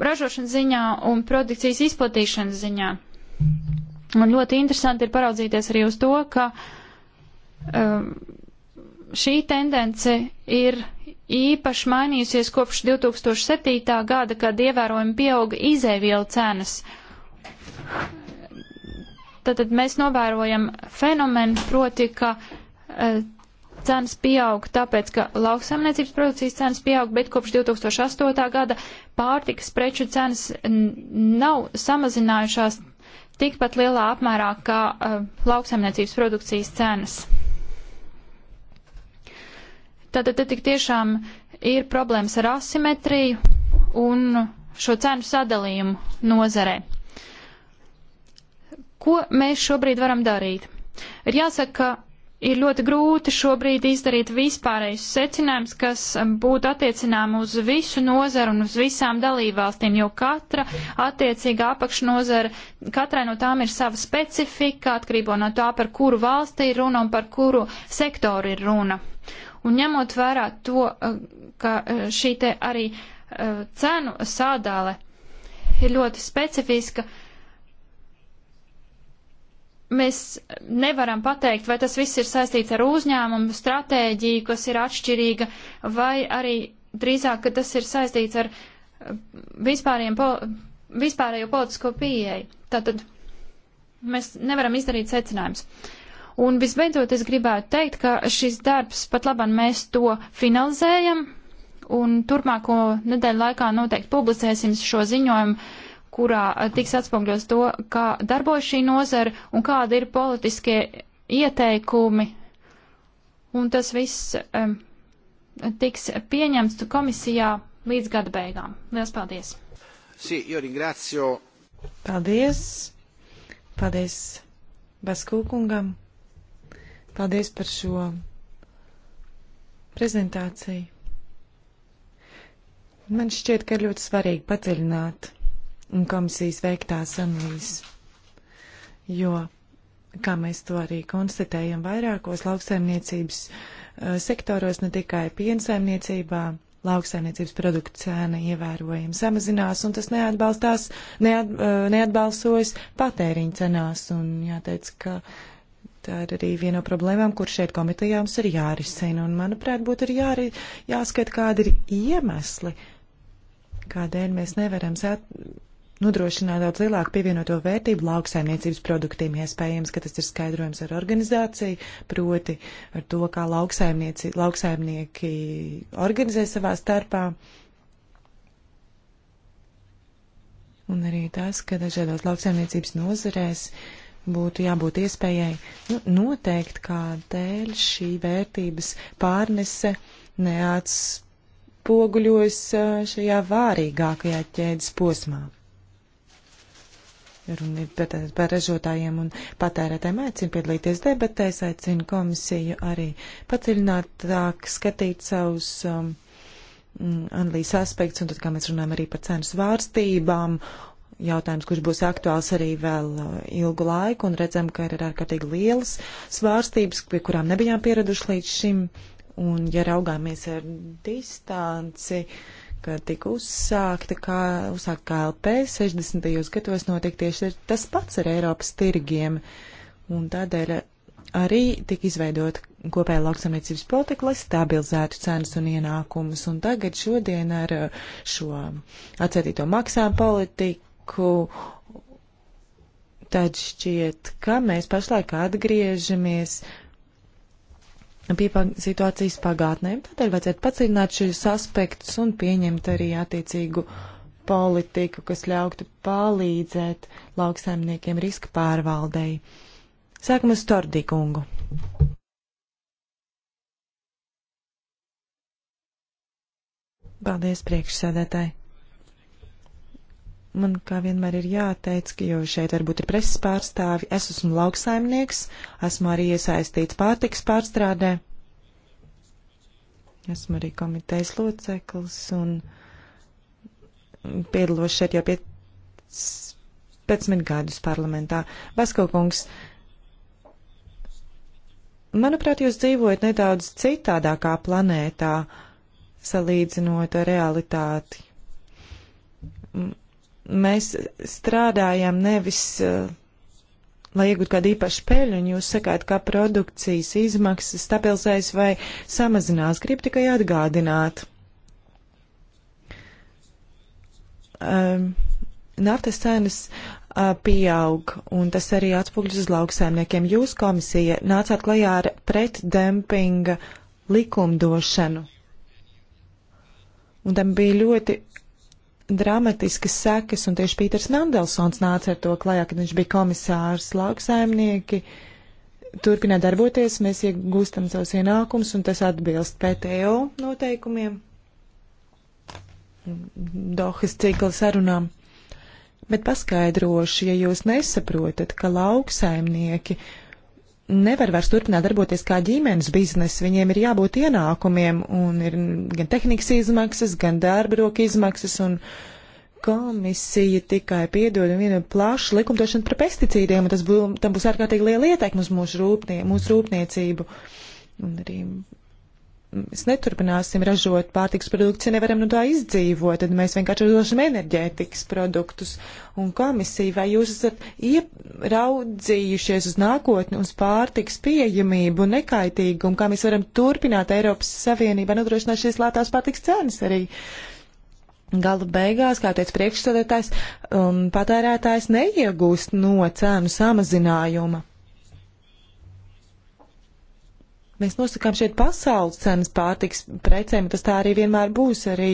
ražošanas ziņā un produkcijas izplatīšanas ziņā. Un ļoti interesanti ir paraudzīties arī uz to, ka um, šī tendence ir īpaši mainījusies kopš 2007. gada, kad ievērojami pieauga izēvielu cenas. Tātad mēs novērojam fenomenu, proti, ka uh, cenas pieaug tāpēc, ka lauksaimniecības produkcijas cenas pieaug, bet kopš 2008. gada pārtikas preču cenas nav samazinājušās tikpat lielā apmērā kā uh, lauksaimniecības produkcijas cenas. Tātad te tik tiešām ir problēmas ar asimetriju un šo cenu sadalījumu nozarē. Ko mēs šobrīd varam darīt? Ir jāsaka, ka ir ļoti grūti šobrīd izdarīt vispārējus secinājumus, kas būtu attiecinām uz visu nozaru un uz visām dalībvalstīm, jo katra attiecīga apakšnozara, katrai no tām ir sava specifika, atkarībā no tā, par kuru valsti ir runa un par kuru sektoru ir runa. Un ņemot vērā to, eh, ka eh, šī te arī eh, cenu sādāle ir ļoti specifiska, mēs nevaram pateikt, vai tas viss ir saistīts ar uzņēmumu stratēģiju, kas ir atšķirīga, vai arī drīzāk, ka tas ir saistīts ar po, vispārējo politisko pieeju. Tātad mēs nevaram izdarīt secinājumus. Un visbeidzot, es gribētu teikt, ka šis darbs pat labam mēs to finalizējam, un turpmāko nedēļu laikā noteikti publicēsim šo ziņojumu, kurā tiks atspogļos to, kā darbojas šī nozara un kādi ir politiskie ieteikumi. Un tas viss um, tiks pieņemts komisijā līdz gada beigām. Lielas paldies! Sī, jo ringrazio. Paldies! Paldies Baskūkungam! Paldies par šo prezentāciju. Man šķiet, ka ir ļoti svarīgi padziļināt komisijas veiktās analīzes, jo, kā mēs to arī konstatējam vairākos lauksaimniecības eh, sektoros, ne tikai piensaimniecībā, lauksaimniecības produktu cēna ievērojami samazinās, un tas neatbalstās, neat, eh, neatbalsojas patēriņa cenās, un jāteic, ka Tā ir arī viena no problēmām, kur šeit komitejā mums ir jārisina, un, manuprāt, būtu arī jāri, jāskat, kādi ir iemesli, kādēļ mēs nevaram sēt, nodrošināt daudz lielāku pievienoto vērtību lauksaimniecības produktiem. Iespējams, ka tas ir skaidrojums ar organizāciju, proti ar to, kā lauksaimnieki organizē savā starpā. Un arī tas, ka dažādos lauksaimniecības nozarēs uh, būtu jābūt iespējai nu, noteikt, kādēļ šī vērtības pārnese neatspoguļojas šajā vārīgākajā ķēdes posmā. Runa ir par, par ražotājiem un patērētājiem. Aicinu piedalīties debatēs, aicinu komisiju arī padziļinātāk skatīt savus um, analīzes aspektus, un tad, kā mēs runājam arī par cenu svārstībām jautājums, kurš būs aktuāls arī vēl uh, ilgu laiku, un redzam, ka ir ārkārtīgi lielas svārstības, pie kurām nebijām pieraduši līdz šim. Un, ja raugāmies ar distanci, kad tika uzsākta kā, uzsākt KLP 60. gados, notika tieši tas pats ar Eiropas tirgiem. Un tādēļ arī tika izveidot kopēja lauksamniecības politika, lai stabilizētu cenas un ienākumus. Un tagad šodien ar uh, šo atcētīto maksājumu politiku laiku, tad šķiet, ka mēs pašlaik atgriežamies pie situācijas pagātnē. Tādēļ vajadzētu paciļināt šīs aspektus un pieņemt arī attiecīgu politiku, kas ļauktu palīdzēt lauksaimniekiem riska pārvaldei. Sākam ar Stordikungu. Paldies priekšsēdētāji. Man kā vienmēr ir jāteic, ka jau šeit varbūt ir preses pārstāvi, es esmu lauksaimnieks, esmu arī iesaistīts pārtiks pārstrādē, esmu arī komitejas loceklis un piedalos šeit jau 15 gadus parlamentā. Vaskokungs, manuprāt, jūs dzīvojat nedaudz citādākā planētā, salīdzinot ar realitāti mēs strādājam nevis, eh, lai iegūtu kādu īpašu peļņu, un jūs sakāt, kā produkcijas izmaksas stabilizēs vai samazinās. Gribu tikai atgādināt. Um, naftas cenas uh, pieaug, un tas arī atspūgļas uz lauksēmniekiem. Jūs komisija nācāt klajā ar pretdempinga likumdošanu. Un tam bija ļoti dramatiskas sekas, un tieši Pīters Mendelsons nāca ar to klajā, kad viņš bija komisārs lauksaimnieki. Turpinā darboties, mēs iegūstam savus ienākumus, un tas atbilst PTO noteikumiem, Dohas cikla sarunām. Bet paskaidrošu, ja jūs nesaprotat, ka lauksaimnieki nevar vairs turpināt darboties kā ģimenes biznesa. Viņiem ir jābūt ienākumiem un ir gan tehnikas izmaksas, gan darba roka izmaksas. Un komisija tikai piedod vienu plašu likumdošanu par pesticīdiem, un tas bū, tam būs ārkārtīgi liela ietekme uz mūsu, rūpnie, mūsu rūpniecību. Un arī mēs neturpināsim ražot pārtiks produkts, ja nevaram no tā izdzīvot, tad mēs vienkārši ražosim enerģētikas produktus. Un komisija, vai jūs esat ieraudzījušies uz nākotni, uz pārtiks pieejamību un nekaitīgumu, kā mēs varam turpināt Eiropas Savienībā nodrošināt šīs lētās pārtiks cenas arī? Gala beigās, kā teica priekšstādātājs, um, patērētājs neiegūst no cēnu samazinājuma. Mēs nosakām šeit pasaules cenas pārtiks precēm, tas tā arī vienmēr būs. Arī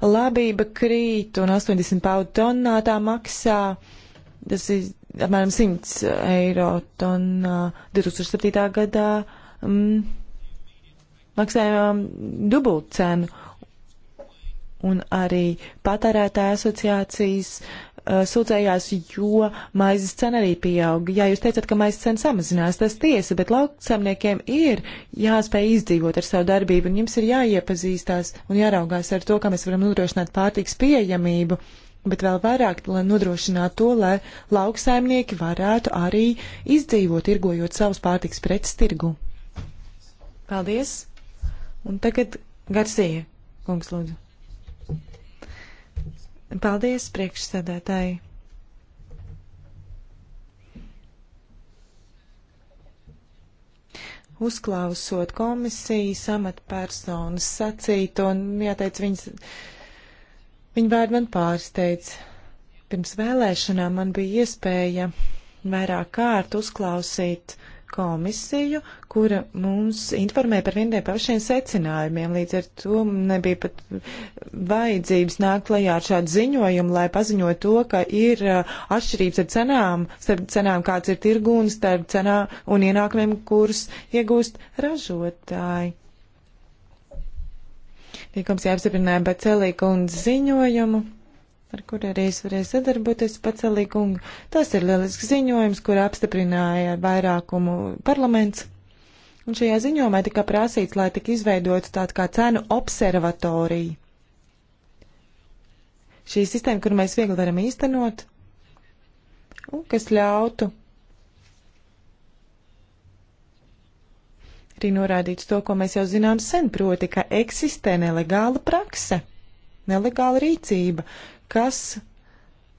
labība krīt un 80 paudu tonnā tā maksā. Tas ir apmēram 100 eiro tonnā 2007. gadā. Mm, maksājām dubult cenu. Un arī patērētāja asociācijas uh, Uh, sūdzējās, jo maizes cena arī pieauga. Jā, jūs teicat, ka maizes cena samazinās, tas tiesa, bet lauksaimniekiem ir jāspēj izdzīvot ar savu darbību, un jums ir jāiepazīstās un jāraugās ar to, kā mēs varam nodrošināt pārtiks pieejamību, bet vēl vairāk, lai nodrošinātu to, lai lauksaimnieki varētu arī izdzīvot, tirgojot savus pārtiks preces tirgu. Paldies! Un tagad Garcija, kungs, lūdzu. Paldies, priekšsēdētāji! Uzklausot komisijas amatpersonas sacīto, un jāteic, viņas, viņa vārdi man pārsteidz. Pirms vēlēšanām man bija iespēja vairāk kārt uzklausīt uh, komisiju, kura mums informēja par vieniem pašiem secinājumiem. Līdz ar to nebija pat vajadzības nākt klajā ar šādu ziņojumu, lai paziņotu to, ka ir uh, atšķirības ar cenām, starp cenām, kāds ir tirgu un starp cenām un ienākumiem, kurus iegūst ražotāji. Tikums jāapstiprināja Bacelīka un ziņojumu ar kur arī es varēju sadarboties pacelīgumu. Tas ir lielisks ziņojums, kur apstiprināja vairākumu parlaments. Un šajā ziņojumā tika prasīts, lai tik izveidotu tādu kā cenu observatoriju. Šī sistēma, kuru mēs viegli varam īstenot, un kas ļautu arī norādīt to, ko mēs jau zinām sen, proti, ka eksistē nelegāla prakse, nelegāla rīcība, kas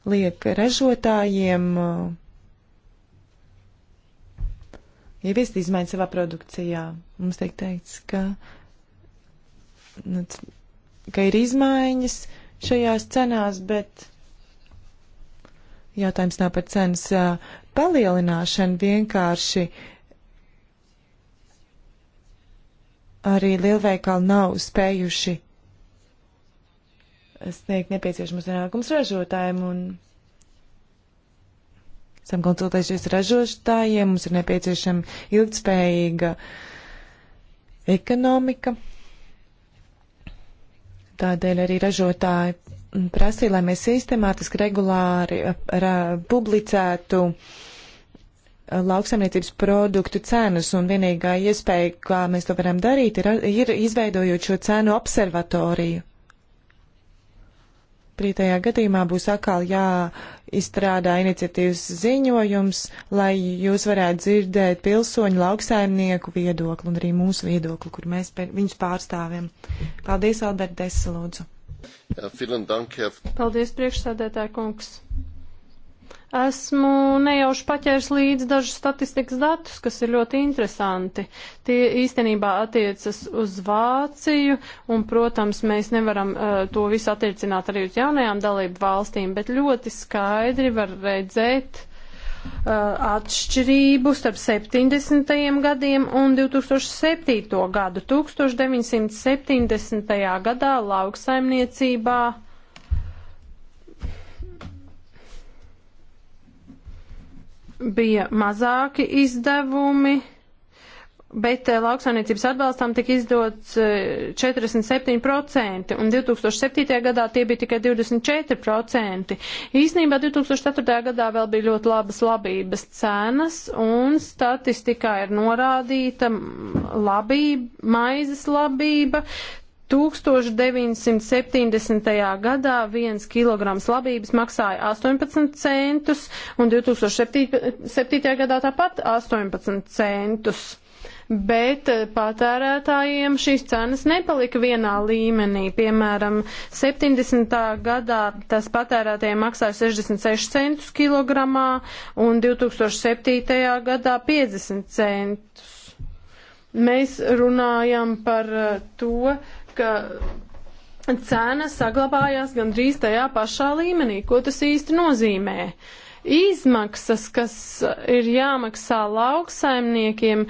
liek ražotājiem uh, ieviest ja izmaiņas savā produkcijā. Mums tiek teikts, ka, nu, ka ir izmaiņas šajās cenās, bet jautājums nav par cenas uh, palielināšanu vienkārši. Arī lielveikali nav spējuši sniegt nepieciešamas ienākums ražotājiem. Un esam konsultējušies ar ražotājiem, mums ir nepieciešama ilgtspējīga ekonomika. Tādēļ arī ražotāji prasīja, lai mēs sistemātiski regulāri publicētu lauksaimniecības produktu cenas, un vienīgā iespēja, kā mēs to varam darīt, ir, ir izveidojot šo cenu observatoriju. Pretējā gadījumā būs atkal jāizstrādā iniciatīvas ziņojums, lai jūs varētu dzirdēt pilsoņu lauksaimnieku viedokli un arī mūsu viedokli, kur mēs viņus pārstāvjam. Paldies, Albert Deslūdzu. Paldies, priekšsādētāja kungs esmu nejauši paķēris līdz dažus statistikas datus, kas ir ļoti interesanti. Tie īstenībā attiecas uz Vāciju, un, protams, mēs nevaram uh, to visu attiecināt arī uz jaunajām dalību valstīm, bet ļoti skaidri var redzēt uh, atšķirību starp 70. gadiem un 2007. gadu. 1970. gadā lauksaimniecībā bija mazāki izdevumi, bet eh, lauksaimniecības atbalstām tika izdots 47%, eh, un 2007. gadā tie bija tikai 24%. Īsnībā 2004. gadā vēl bija ļoti labas labības cenas, un statistikā ir norādīta labība, maizes labība, 1970. gadā viens kilograms labības maksāja 18 centus un 2007. gadā tāpat 18 centus. Bet eh, patērētājiem šīs cenas nepalika vienā līmenī. Piemēram, 70. gadā tas patērētājiem maksāja 66 centus kilogramā un 2007. gadā 50 centus mēs runājam par eh, to, ka cena saglabājās gandrīz tajā pašā līmenī. Ko tas īsti nozīmē? Izmaksas, kas ir jāmaksā lauksaimniekiem,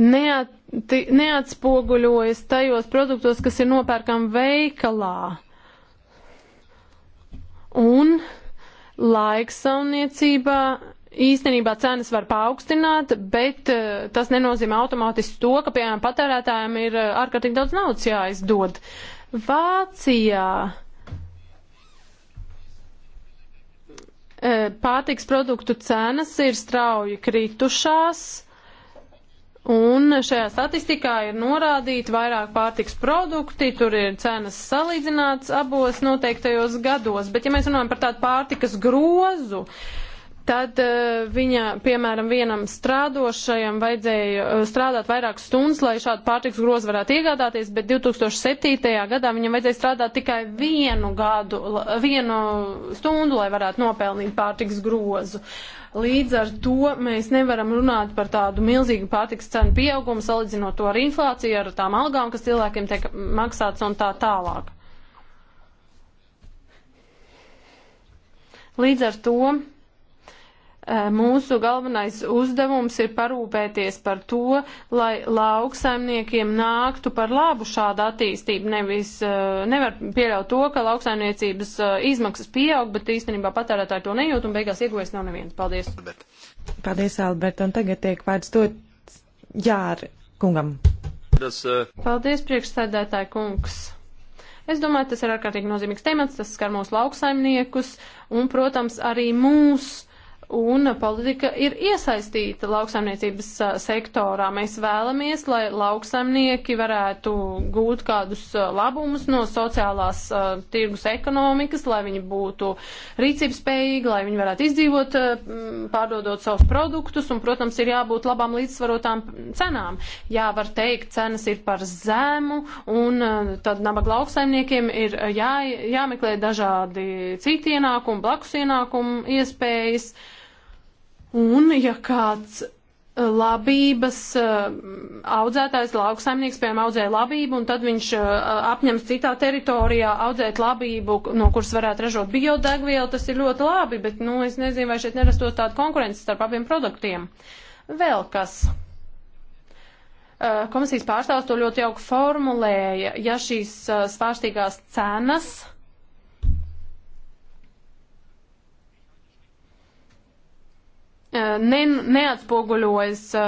neat, neatspoguļojas tajos produktos, kas ir nopērkam veikalā. Un laiksauniecībā Īstenībā cenas var paaugstināt, bet eh, tas nenozīmē automātiski to, ka, piemēram, patērētājiem ir eh, ārkārtīgi daudz naudas jāizdod. Vācijā eh, pārtiks produktu cenas ir strauji kritušās. Un šajā statistikā ir norādīti vairāk pārtiks produkti, tur ir cenas salīdzināts abos noteiktajos gados, bet ja mēs runājam par tādu pārtikas grozu, uh, tad eh, viņa, piemēram, vienam strādošajam vajadzēja eh, strādāt vairākas stundas, lai šādu pārtiks grozu varētu iegādāties, bet 2007. gadā viņam vajadzēja strādāt tikai vienu gadu, vienu stundu, lai varētu nopelnīt pārtiks grozu. Līdz ar to mēs nevaram runāt par tādu milzīgu pārtiks cenu pieaugumu, salīdzinot to ar inflāciju, ar tām algām, kas cilvēkiem tiek maksāts un tā tālāk. Līdz ar to Eh, mūsu galvenais uzdevums ir parūpēties par to, lai lauksaimniekiem nāktu par labu šāda attīstība. Nevis, eh, nevar pieļaut to, ka lauksaimniecības eh, izmaksas pieaug, bet īstenībā patērētāji to nejūt un beigās ieguvējis nav neviens. Paldies. Paldies, Albert. Un tagad tiek vārds to Jāri kungam. Tas, uh... Paldies, priekšsēdētāji kungs. Es domāju, tas ir ārkārtīgi nozīmīgs temats, tas skar mūsu lauksaimniekus un, protams, arī mūsu un politika ir iesaistīta lauksaimniecības sektorā. Mēs vēlamies, lai lauksaimnieki varētu gūt kādus labumus no sociālās uh, tirgus ekonomikas, lai viņi būtu rīcības spējīgi, lai viņi varētu izdzīvot, uh, pārdodot savus produktus, un, protams, ir jābūt labām līdzsvarotām cenām. Jā, var teikt, cenas ir par zemu, un uh, tad nabaga lauksaimniekiem ir jā, jāmeklē dažādi citi ienākumi, blakus ienākumi iespējas. Uh, Un, ja kāds eh, labības eh, audzētājs, lauksaimnieks, piemēram, audzē labību, un tad viņš eh, apņems citā teritorijā audzēt labību, no kuras varētu ražot biodegvielu, tas ir ļoti labi, bet, nu, es nezinu, vai šeit nerastos tāda konkurence starp abiem produktiem. Vēl kas komisijas pārstāvs to ļoti jauki formulēja, ja šīs svārstīgās cenas Eh, ne, neatspoguļojas eh,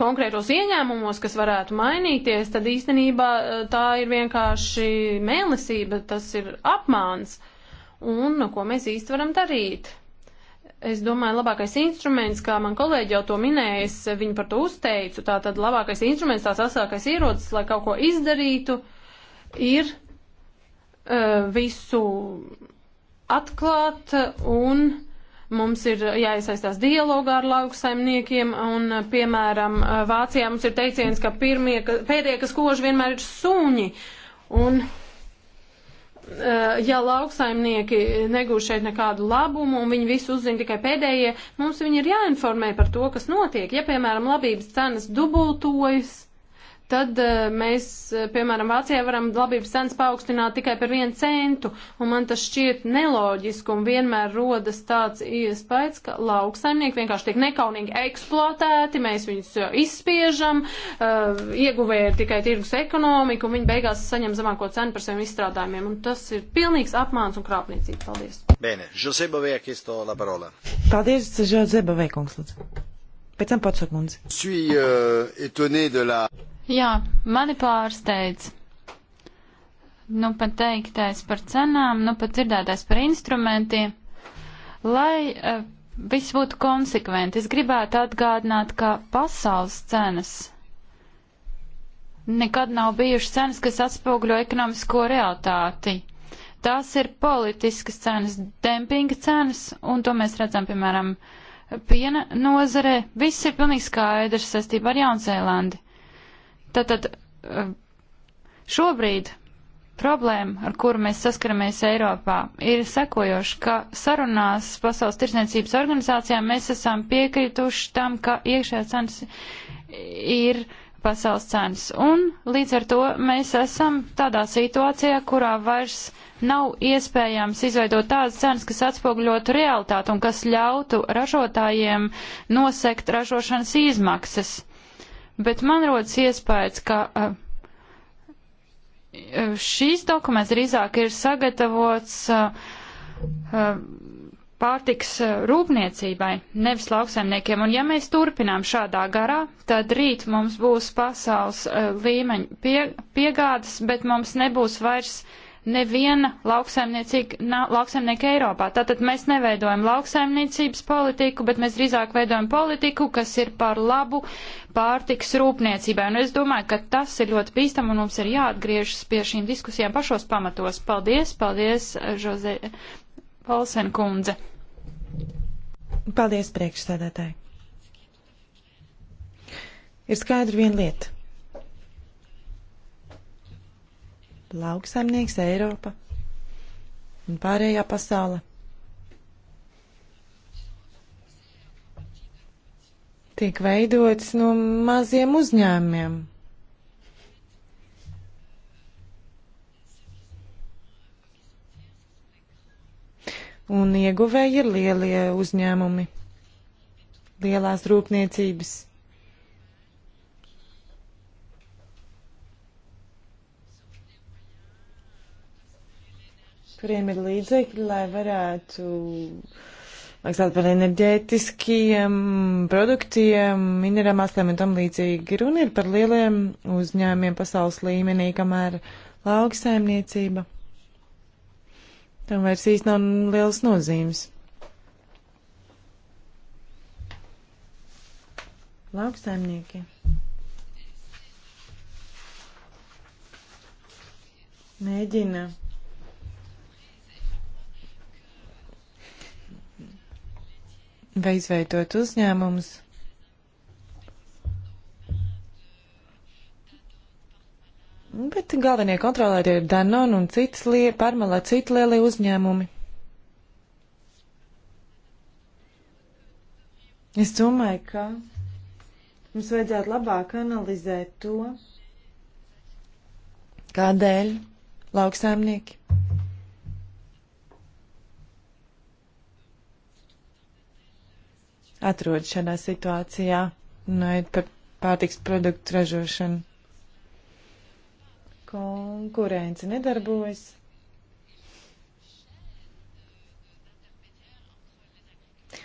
konkrētos ieņēmumos, kas varētu mainīties, tad īstenībā eh, tā ir vienkārši mēlesība, tas ir apmāns. Un no nu, ko mēs īsti varam darīt? Es domāju, labākais instruments, kā man kolēģi jau to minēja, es viņu par to uzteicu, tā tad labākais instruments, tās asākais ierocis, lai kaut ko izdarītu, ir uh, visu atklāt un Mums ir eh, jāiesaistās dialogā ar lauksaimniekiem, un, eh, piemēram, eh, Vācijā mums ir teiciens, ka pirmie, ka, pēdējie, kas kož, vienmēr ir suņi. Un, ja lauksaimnieki negūs šeit nekādu labumu un viņi visu uzzina tikai pēdējie, mums viņi ir jāinformē par to, kas notiek. Ja, piemēram, labības cenas dubultojas, tad eh, mēs, eh, piemēram, Vācijā varam labības cenas paaugstināt tikai par vienu centu, un man tas šķiet neloģiski, un vienmēr rodas tāds iespējas, ka lauksaimnieki vienkārši tiek nekaunīgi eksploatēti, mēs viņus eh, izspiežam, ieguvēja ir tikai tirgus ekonomika, un viņi beigās saņem zemāko cenu par saviem izstrādājumiem, un tas ir pilnīgs apmāns un krāpniecība. Paldies! Bene, Joseba Vekis, to la parola. Paldies, Joseba Vekungs. Pēc tam pats sekundes. Euh, Jā, mani pārsteidz. Nu, pat teiktais par cenām, nu, pat dzirdētais par instrumentiem. Lai uh, viss būtu konsekventi, es gribētu atgādināt, ka pasaules cenas nekad nav bijušas cenas, kas atspoguļo ekonomisko realitāti. Tās ir politiskas cenas, dempinga cenas, un to mēs redzam, piemēram, uh, piena nozarē, viss ir pilnīgi skaidrs saistībā ar Jaunzēlandi. Tātad eh, šobrīd problēma, ar kuru mēs saskaramies Eiropā, ir sekojoša, ka sarunās Pasaules tirsniecības organizācijām mēs esam piekrituši tam, ka iekšējā cenas ir uh, pasaules cenas. Un līdz ar to mēs esam tādā situācijā, kurā vairs nav iespējams izveidot tādas cenas, kas atspoguļotu realitāti un kas ļautu ražotājiem nosekt ražošanas izmaksas. Bet man rodas iespējas, ka eh, eh, šīs dokuments drīzāk ir sagatavots eh, pārtiks eh, rūpniecībai, nevis lauksaimniekiem. Un ja mēs turpinām šādā garā, tad rīt mums būs pasaules eh, līmeņa pie, piegādes, bet mums nebūs vairs neviena lauksaimnieka Eiropā. Tātad mēs neveidojam lauksaimniecības politiku, bet mēs drīzāk veidojam politiku, kas ir par labu pārtiks rūpniecībai. Un es domāju, ka tas ir ļoti bīstam un mums ir jāatgriežas pie šīm diskusijām pašos pamatos. Paldies, paldies, Žoze eh, Polsen kundze. Paldies, priekšsēdētāji. Ir skaidra viena lieta. Lauksaimnieks Eiropa un pārējā pasaule. Tiek veidots no maziem uzņēmumiem, un ieguvēji ir lielie uzņēmumi, lielās rūpniecības. kuriem ir līdzekļi, lai varētu maksāt par enerģētiskiem produktiem, minerām, astēm un tam līdzīgi. Runa ir par lieliem uzņēmiem pasaules līmenī, kamēr lauksaimniecība Tam vairs īsti nav liels nozīmes. Lauksaimnieki. Mēģina vai izveidot uzņēmumus, Bet galvenie kontrolēti ir Danone un citas lietas, pārmalā citi lielie uzņēmumi. Es domāju, ka mums vajadzētu labāk analizēt to, kādēļ lauksaimnieki atrodas šādā situācijā, nu, runājot par pārtiks produktu ražošanu konkurence nedarbojas.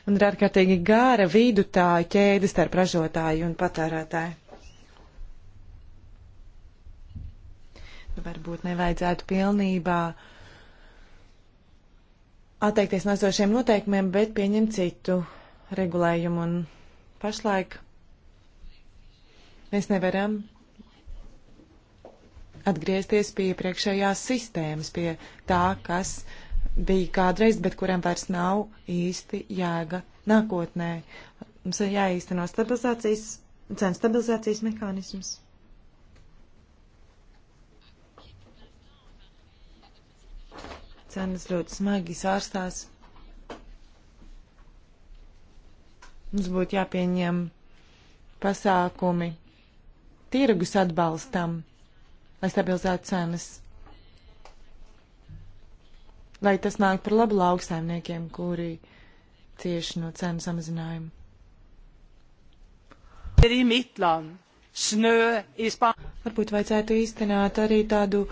Un ir ārkārtīgi gāra vidutāja ķēde starp ražotāju un patērētāju. Nu, varbūt nevajadzētu pilnībā atteikties no esošiem noteikumiem, bet pieņemt citu regulējumu. Un pašlaik mēs nevaram atgriezties pie priekšējās sistēmas, pie tā, kas bija kādreiz, bet kuram vairs nav īsti jēga nākotnē. Mums ir jāīsteno stabilizācijas, cenu stabilizācijas mehānisms. Cenas ļoti smagi sārstās. Mums būtu jāpieņem pasākumi tirgus atbalstam lai stabilizētu cenas. Lai tas nāk par labu lauksaimniekiem, kuri cieši no cenu samazinājuma. Arī Mitlan, snö, Ispānija. Varbūt vajadzētu īstenāt arī tādu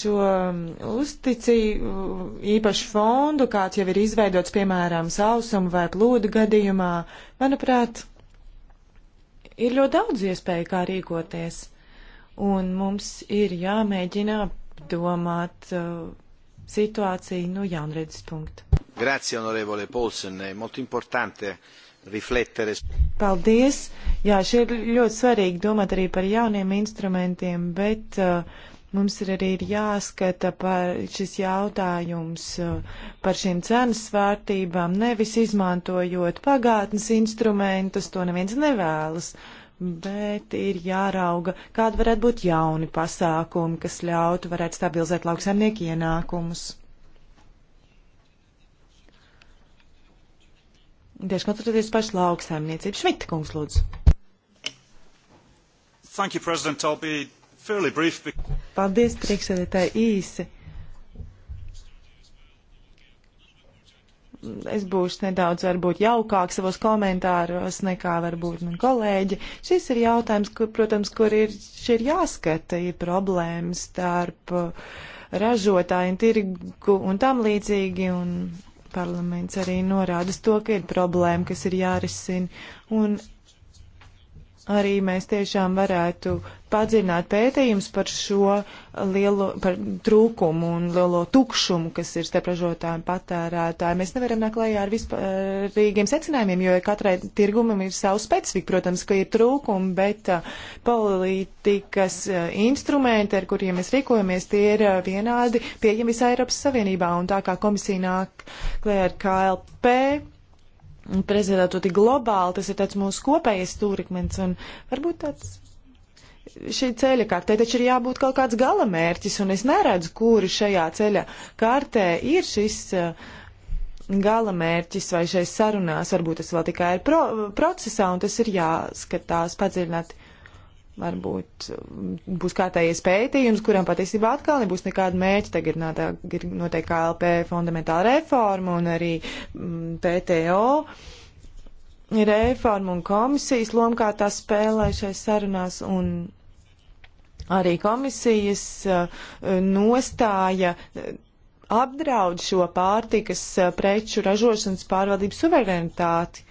šo um, uztici īpašu fondu, kāds jau ir izveidots, piemēram, sausuma vai plūdu gadījumā. Manuprāt, ir ļoti daudz iespēju, kā rīkoties un mums ir jāmēģina apdomāt uh, situāciju no jaunredzes punkta. Grazie, onorevole Polsen, molto importante riflettere. Paldies! Jā, šie ir ļoti svarīgi domāt arī par jauniem instrumentiem, bet uh, mums ir arī jāskata par šis jautājums uh, par šīm cenas svārtībām, nevis izmantojot pagātnes instrumentus, to neviens nevēlas. Uh, bet ir jārauga, kāda varētu būt jauni pasākumi, kas ļautu varētu stabilizēt lauksaimnieku ienākumus. Tieši koncentrēties pašu lauksaimniecību. Šmita kungs, lūdzu. Thank you, President. I'll be fairly brief. Paldies, priekšsēdētāji, īsi es būšu nedaudz varbūt jaukāk savos komentāros nekā varbūt man kolēģi. Šis ir jautājums, kur, protams, kur ir, ir jāskata, ir problēmas starp uh, ražotāju un tirgu un tam līdzīgi. Un parlaments arī norādas to, ka ir problēma, kas ir jārisina. Un arī mēs tiešām varētu padzināt pētījums par šo lielo par trūkumu un lielo tukšumu, kas ir starp ražotājiem patērētājiem. Mēs nevaram nākt klajā ar vispārīgiem secinājumiem, jo katrai tirgumam ir savu specifiku. Protams, ka ir trūkumi, bet uh, politikas uh, instrumenti, ar kuriem mēs rīkojamies, tie ir uh, vienādi pieejami visā Eiropas Savienībā. Un tā kā komisija nāk klajā ar KLP, prezentēt to tik globāli, tas ir tāds mūsu kopējais stūrikmens un varbūt tāds šī ceļa kartē taču ir jābūt kaut kāds galamērķis, un es neredzu, kuri šajā ceļa kartē ir šis uh, galamērķis vai šais sarunās, varbūt tas vēl tikai ir pro procesā, un tas ir jāskatās padziļināti varbūt um, būs kārtējies pētījums, kuram patiesībā atkal nebūs nekāda mērķa. Tagad ir noteikti KLP fundamentāla reforma un arī mm, PTO reforma un komisijas loma, kā tā spēlē šais sarunās. Un arī komisijas uh, nostāja uh, apdraud šo pārtikas uh, preču ražošanas pārvaldības suverenitāti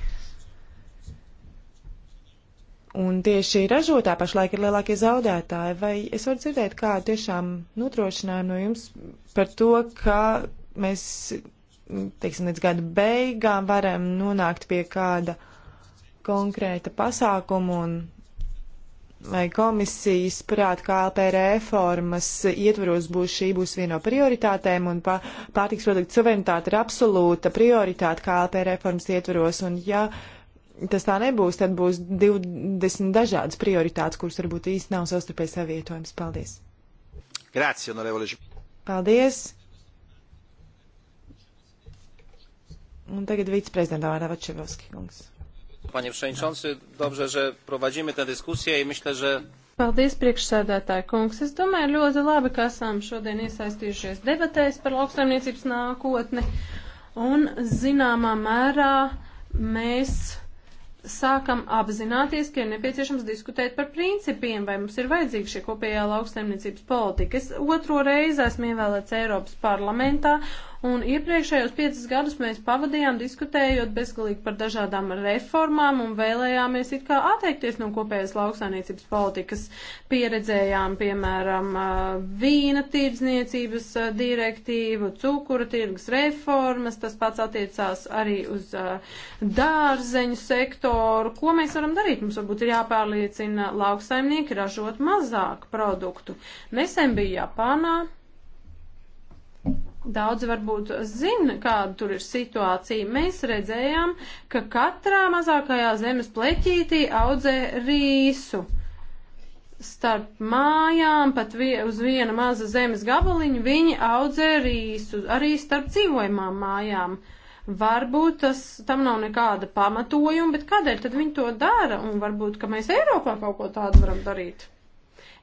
Un tieši ražotāji pašlaik ir lielākie zaudētāji. Vai es varu dzirdēt kādu tiešām nodrošinājumu no jums par to, ka mēs, teiksim, līdz gada beigām varam nonākt pie kāda konkrēta pasākuma un vai komisijas prāt, kā LP reformas ietvaros būs šī būs viena no prioritātēm un pārtiks produktu suverenitāte ir absolūta prioritāte kā LP reformas ietvaros. Un ja tas tā nebūs, tad būs 20 dažādas prioritātes, kuras varbūt īsti nav sastarpēji savietojams. Paldies! Grazie, onorevole. Paldies! Un tagad viceprezidenta Vārā Vačevovski kungs. Panie Przewodniczący, dobrze, że prowadzimy tę dyskusję i myślę, że... Paldies, priekšsēdētāji kungs. Es domāju, ļoti labi, ka esam šodien iesaistījušies debatēs par lauksaimniecības nākotni. Un zināmā mērā mēs sākam apzināties, ka ir nepieciešams diskutēt par principiem, vai mums ir vajadzīga šī kopējā lauksaimniecības politika. Es otro reizi esmu ievēlēts Eiropas parlamentā, Un iepriekšējos piecus gadus mēs pavadījām diskutējot bezgalīgi par dažādām reformām un vēlējāmies it kā atteikties no kopējas lauksainīcības politikas. Pieredzējām, piemēram, vīna tirdzniecības direktīvu, cukura tirgus reformas, tas pats attiecās arī uz dārzeņu sektoru. Ko mēs varam darīt? Mums varbūt ir jāpārliecina lauksaimnieki ražot mazāk produktu. Nesen bija Japānā. Daudz varbūt zina, kāda tur ir situācija. Mēs redzējām, ka katrā mazākajā zemes pleķītī audzē rīsu. Starp mājām, pat vie, uz viena maza zemes gabaliņa, viņi audzē rīsu, arī starp dzīvojumām mājām. Varbūt tas tam nav nekāda pamatojuma, bet kādēļ tad viņi to dara? Un varbūt, ka mēs Eiropā kaut ko tādu varam darīt.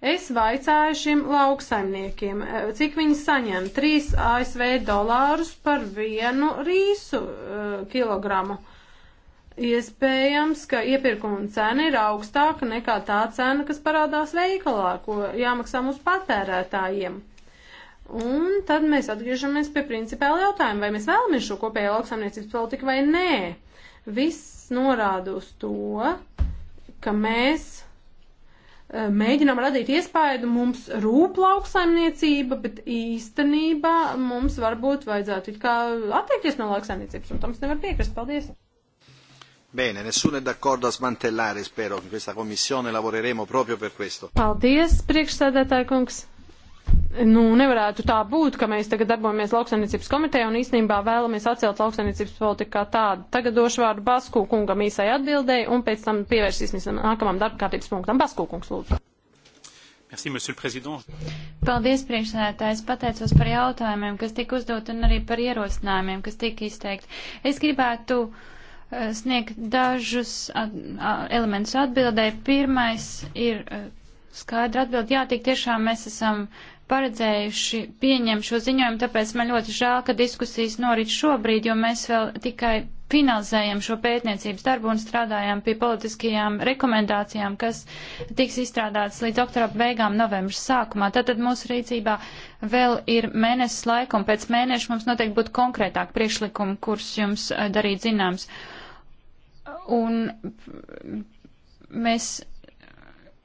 Es vaicāju šiem lauksaimniekiem, eh, cik viņi saņem 3 ASV dolārus par vienu rīsu eh, kilogramu. Iespējams, ka iepirkuma cena ir augstāka nekā tā cena, kas parādās veikalā, ko jāmaksā mūsu patērētājiem. Un tad mēs atgriežamies pie principāla jautājuma, vai mēs vēlamies šo kopējo lauksaimniecības politiku vai nē. Viss norāda uz to, ka mēs Eh, mēģinām radīt iespēju, mums rūp lauksaimniecība, bet īstenībā mums varbūt vajadzētu it kā attiekties no lauksaimniecības, un tam es nevaru piekrist. Paldies! Bene, nessuno è d'accordo a smantellare, spero, in questa commissione lavoreremo proprio per questo. Paldies, priekšsēdētāji kungs! nu, nevarētu tā būt, ka mēs tagad darbojamies lauksaimniecības komitejā un īstenībā vēlamies atcelt lauksaimniecības politiku kā tādu. Tagad došu vārdu Basku kungam īsai atbildēji un pēc tam pievērsīsimies nākamam darba kārtības punktam. Basku kungs, lūdzu. Merci, monsieur le président. Paldies, priekšsēdētājs. Pateicos par jautājumiem, kas tika uzdot un arī par ierosinājumiem, kas tika izteikti. Es gribētu eh, sniegt dažus at, elementus atbildē. Pirmais ir eh, skaidra atbildi. Jā, tik tiešām mēs esam paredzējuši pieņemt šo ziņojumu, tāpēc man ļoti žēl, ka diskusijas norit šobrīd, jo mēs vēl tikai finalizējam šo pētniecības darbu un strādājam pie politiskajām rekomendācijām, kas tiks izstrādātas līdz oktobra beigām novembrs sākumā. Tātad mūsu rīcībā vēl ir mēnesis laika, un pēc mēneša mums noteikti būtu konkrētāk priekšlikumi, kurus jums eh, darīt zināms. Un mm, mēs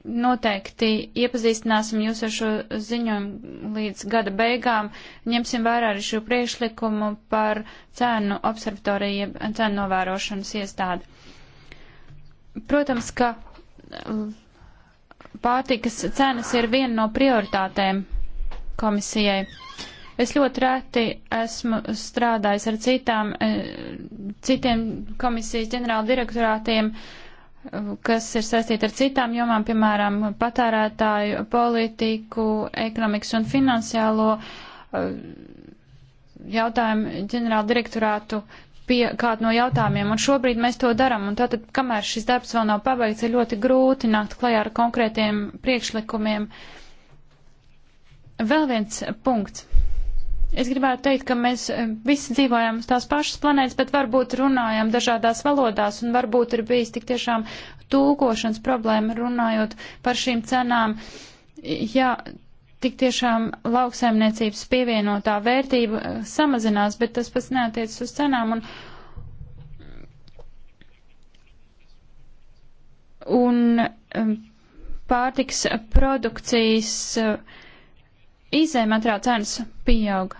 Noteikti iepazīstināsim jūs ar šo ziņojumu līdz gada beigām. Ņemsim vērā arī šo priešlikumu par cēnu observatoriju, cēnu novērošanas iestādi. Protams, ka pārtikas cenas ir viena no prioritātēm komisijai. Es ļoti reti esmu strādājis ar citām, eh, citiem komisijas ģenerāla direktorātiem. Uh, kas ir saistīti ar citām jomām, piemēram, patērētāju politiku, ekonomikas un finansiālo uh, jautājumu ģenerāla direktorātu pie kādu no jautājumiem, un šobrīd mēs to daram, un tātad, kamēr šis darbs vēl nav pabeigts, ir ļoti grūti nākt klajā ar konkrētiem priekšlikumiem. Vēl viens punkts. Es gribētu teikt, ka mēs eh, visi dzīvojam uz tās pašas planētas, bet varbūt runājam dažādās valodās un varbūt ir bijis tik tiešām tulkošanas problēma runājot par šīm cenām. Jā, tik tiešām lauksaimniecības pievienotā vērtība eh, samazinās, bet tas pats neatiec uz cenām. Un, un eh, pārtiks produkcijas. Uh, izējumateriāla cenas pieaug.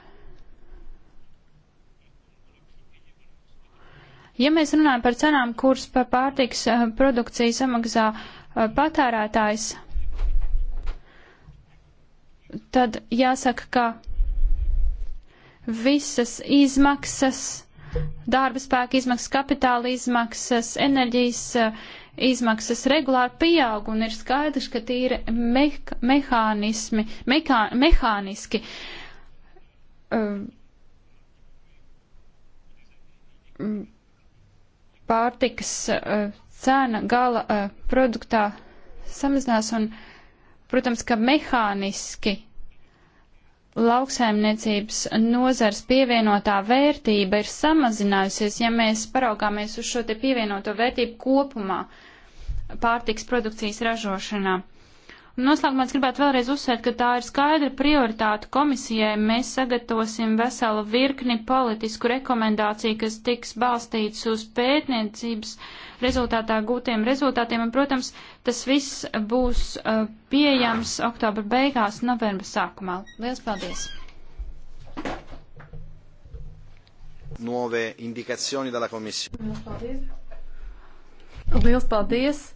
Ja mēs runājam par cenām, kuras par pārtiks eh, produkciju samaksā eh, patērētājs, tad jāsaka, ka visas izmaksas, darba spēka izmaksas, kapitāla izmaksas, enerģijas eh, izmaksas regulāri pieaug un ir skaidrs, ka tie ir me mehānismi, mekā mehāniski. Um, pārtikas uh, cena gala uh, produktā samazinās un, protams, ka mehāniski lauksaimniecības nozars pievienotā vērtība ir samazinājusies, ja mēs paraugāmies uz šo te pievienoto vērtību kopumā. Uh, pārtiks produkcijas ražošanā. Noslēgumā es gribētu vēlreiz uzsvērt, ka tā ir skaidra prioritāte komisijai. Mēs sagatavosim veselu virkni politisku rekomendāciju, kas tiks balstīts uz pētniecības rezultātā gūtiem rezultātiem. Un, protams, tas viss būs uh, pieejams oktobra beigās, novembra sākumā. Lielas paldies! Nuove indikazioni dalla Komisija. Lielas paldies! Lielas paldies.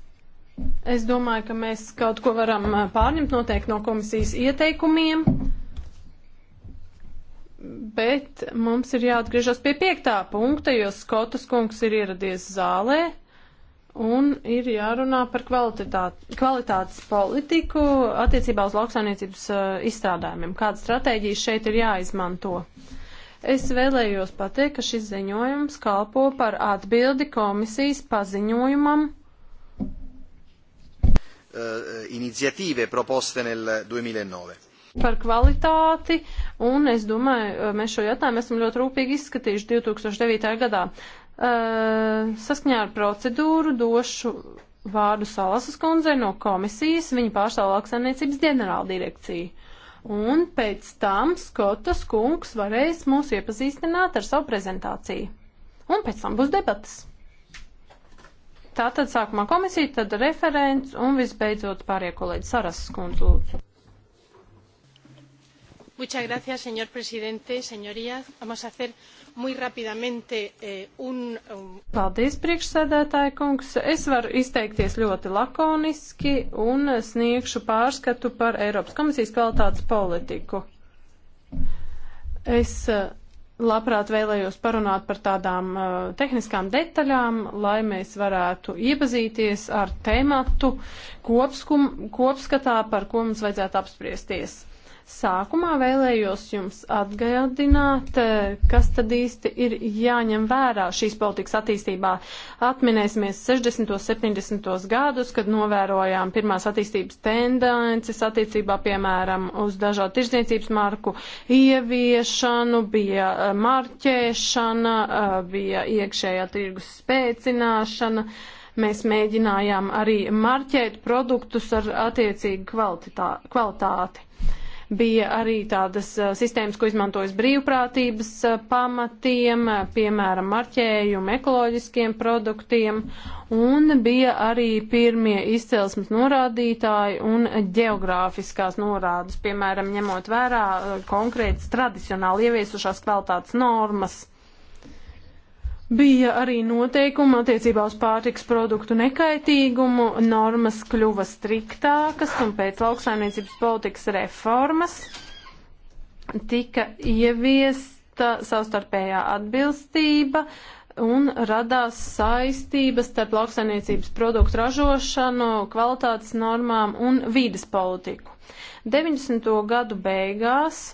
Es domāju, ka mēs kaut ko varam pārņemt noteikti no komisijas ieteikumiem, bet mums ir jāatgriežas pie piektā punkta, jo Skotas kungs ir ieradies zālē un ir jārunā par kvalitātes politiku attiecībā uz lauksainiecības uh, izstrādājumiem. Kāda stratēģija šeit ir jāizmanto? Es vēlējos pateikt, ka šis ziņojums kalpo par atbildi komisijas paziņojumam Eh, eh, iniziative proposte nel 2009 par kvalitāti, un es domāju, eh, mēs šo jautājumu esam ļoti rūpīgi izskatījuši 2009. gadā. Eh, saskaņā ar procedūru došu vārdu Salasas kundzei no komisijas, viņa pārstāv lauksaimniecības ģenerāldirekciju. Un pēc tam Skotas kungs varēs mūs iepazīstināt ar savu prezentāciju. Un pēc tam būs debatas. Tātad sākumā komisija, tad referents un visbeidzot pārējie kolēģi Sarasas kundze lūdzu. Muchas gracias, señor presidente, señorías. Vamos a hacer muy rápidamente eh, un, un. Paldies, priekšsēdētāji kungs. Es varu izteikties ļoti lakoniski un sniegšu pārskatu par Eiropas komisijas kvalitātes politiku. Es uh, labprāt vēlējos parunāt par tādām uh, tehniskām detaļām, lai mēs varētu iepazīties ar tēmatu kopskum, kopskatā, par ko mums vajadzētu apspriesties. Sākumā vēlējos jums atgādināt, e, kas tad īsti ir jāņem vērā šīs politikas attīstībā. Atminēsimies 60. un 70. gadus, kad novērojām pirmās attīstības tendences attiecībā, piemēram, uz dažādu tirzniecības marku ieviešanu, bija e, marķēšana, e, bija iekšējā tirgus spēcināšana. Mēs mēģinājām arī marķēt produktus ar attiecīgu kvalitā, kvalitāti. Bija arī tādas sistēmas, ko izmantojas brīvprātības pamatiem, piemēram, marķējumu ekoloģiskiem produktiem, un bija arī pirmie izcelsmes norādītāji un geogrāfiskās norādes, piemēram, ņemot vērā konkrētas tradicionāli ieviesušās kvalitātes normas. Bija arī noteikumi attiecībā uz pārtiks produktu nekaitīgumu, normas kļuva striktākas un pēc lauksaimniecības politikas reformas tika ieviesta savstarpējā atbilstība un radās saistības starp lauksaimniecības produktu ražošanu, kvalitātes normām un vīdes politiku. 90. gadu beigās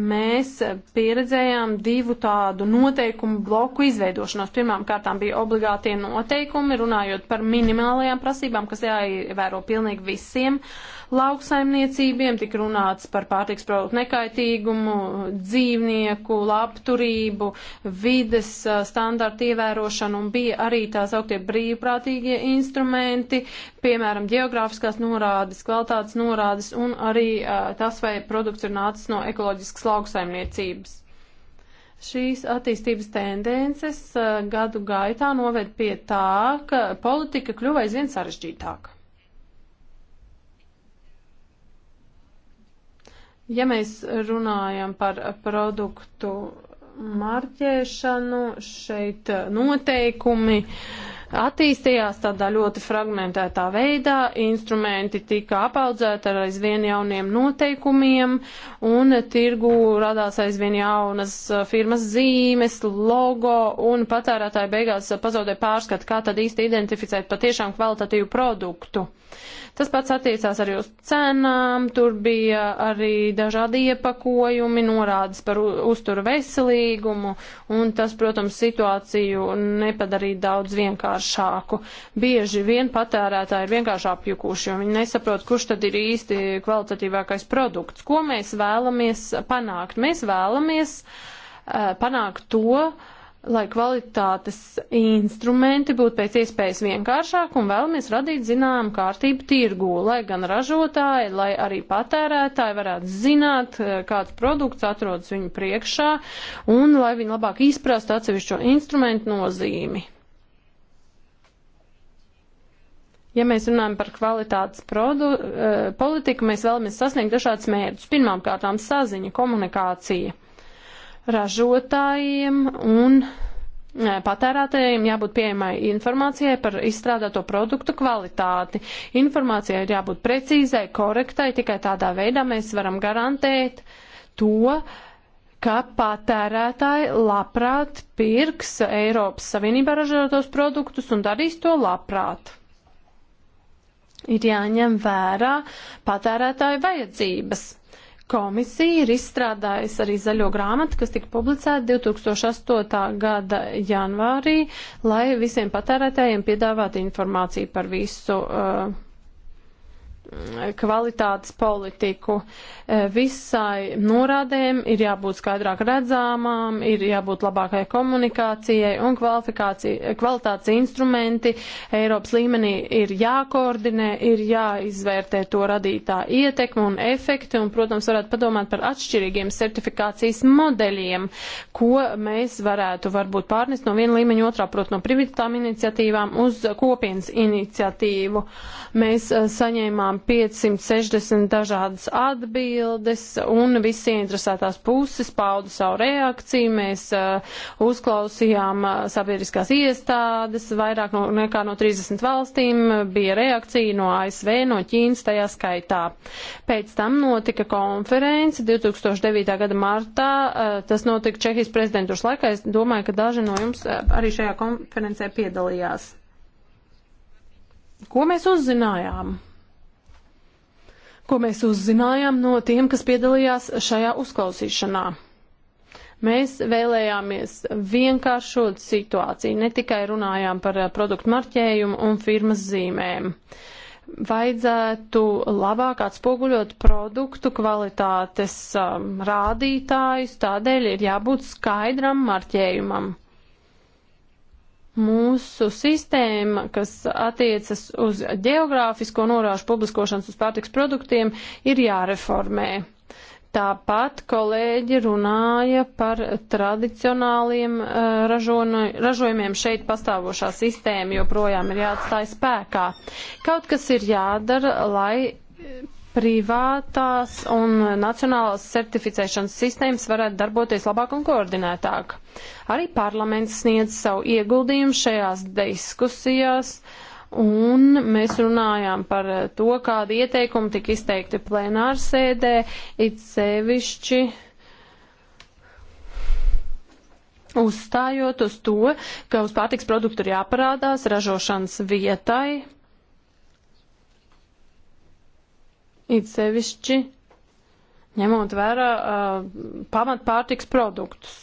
mēs pieredzējām divu tādu noteikumu bloku izveidošanos. Pirmām kārtām bija obligātie noteikumi, runājot par minimālajām prasībām, kas jāievēro pilnīgi visiem. Uh, lauksaimniecībiem, tik runāts par pārtiks produktu nekaitīgumu, dzīvnieku, labturību, vides standartu ievērošanu un bija arī tās augtie brīvprātīgie instrumenti, piemēram, geogrāfiskās norādes, kvalitātes norādes un arī uh, tas, vai produkts ir nācis no ekoloģiskas lauksaimniecības. Šīs attīstības tendences gadu gaitā noved pie tā, ka politika kļuva aizvien sarežģītāka. Ja mēs runājam par produktu marķēšanu, šeit noteikumi uh, attīstījās tādā ļoti fragmentētā veidā, instrumenti tika apaudzēti ar aizvien jauniem noteikumiem, un tirgu radās aizvien jaunas firmas zīmes, logo, un patērētāji beigās pazaudē pārskatu, kā tad īsti identificēt patiešām kvalitatīvu produktu. Tas pats attiecās arī uz cenām, tur bija arī dažādi iepakojumi, norādes par uzturu veselīgumu, un tas, protams, situāciju nepadarīja daudz vienkārši vienkāršāku. Bieži vien patērētāji ir vienkārši apjukuši, jo viņi nesaprot, kurš tad ir īsti kvalitatīvākais produkts. Ko mēs vēlamies panākt? Mēs vēlamies uh, panākt to, lai kvalitātes instrumenti būtu pēc iespējas vienkāršāk un vēlamies radīt zināmu kārtību tirgū, lai gan ražotāji, lai arī patērētāji varētu zināt, eh, kāds produkts atrodas viņu priekšā un lai viņi labāk izprastu atsevišķo instrumentu nozīmi. Ja mēs runājam par kvalitātes produ, e, politiku, mēs vēlamies sasniegt dažādas mērķus. Pirmām kārtām saziņa, komunikācija ražotājiem un e, patērētājiem jābūt pieejamai informācijai par izstrādāto produktu kvalitāti. Informācijai ir jābūt precīzai, korektai, tikai tādā veidā mēs varam garantēt to, ka patērētāji labprāt pirks Eiropas Savienībā ražotos produktus un darīs to labprāt ir jāņem vērā patērētāju vajadzības. Komisija ir izstrādājusi arī zaļo grāmatu, kas tika publicēta 2008. gada janvārī, lai visiem patērētājiem piedāvātu informāciju par visu uh, kvalitātes politiku. E, visai norādēm ir jābūt skaidrāk redzāmām, ir jābūt labākai komunikācijai un kvalitātes instrumenti Eiropas līmenī ir jākoordinē, ir jāizvērtē to radītā ietekme un efekti un, protams, varētu padomāt par atšķirīgiem certifikācijas modeļiem, ko mēs varētu varbūt pārnest no viena līmeņa otrā, protams, no privitām iniciatīvām uz kopienas iniciatīvu. Mēs e, saņēmām 560 dažādas atbildes, un visi interesētās puses pauda savu reakciju. Mēs uh, uzklausījām uh, sabiedriskās iestādes, vairāk no, nekā no 30 valstīm bija reakcija no ASV, no Ķīnas tajā skaitā. Pēc tam notika konference 2009. gada martā. Uh, tas notika Čehijas prezidentūras laikā. Es domāju, ka daži no jums uh, arī šajā konferencē piedalījās. Ko mēs uzzinājām? ko mēs uzzinājām no tiem, kas piedalījās šajā uzklausīšanā. Mēs vēlējāmies vienkāršot situāciju, ne tikai runājām par eh, produktu marķējumu un firmas zīmēm. Vajadzētu labāk atspoguļot produktu kvalitātes um, rādītājus, tādēļ ir jābūt skaidram marķējumam mūsu sistēma, kas attiecas uz geogrāfisko norāžu publiskošanas uz pārtiks produktiem, ir jāreformē. Tāpat kolēģi runāja par tradicionāliem uh, eh, ražonu, ražojumiem. Šeit pastāvošā sistēma joprojām ir jāatstāj spēkā. Kaut kas ir jādara, lai privātās un nacionālās certificēšanas sistēmas varētu darboties labāk un koordinētāk. Arī parlaments sniedz savu ieguldījumu šajās diskusijās, un mēs runājām par to, kādi ieteikumi tika izteikti plenārsēdē, it sevišķi uzstājot uz to, ka uz pārtiks produktu ir jāparādās ražošanas vietai It sevišķi ņemot vērā uh, pamatpārtiks produktus.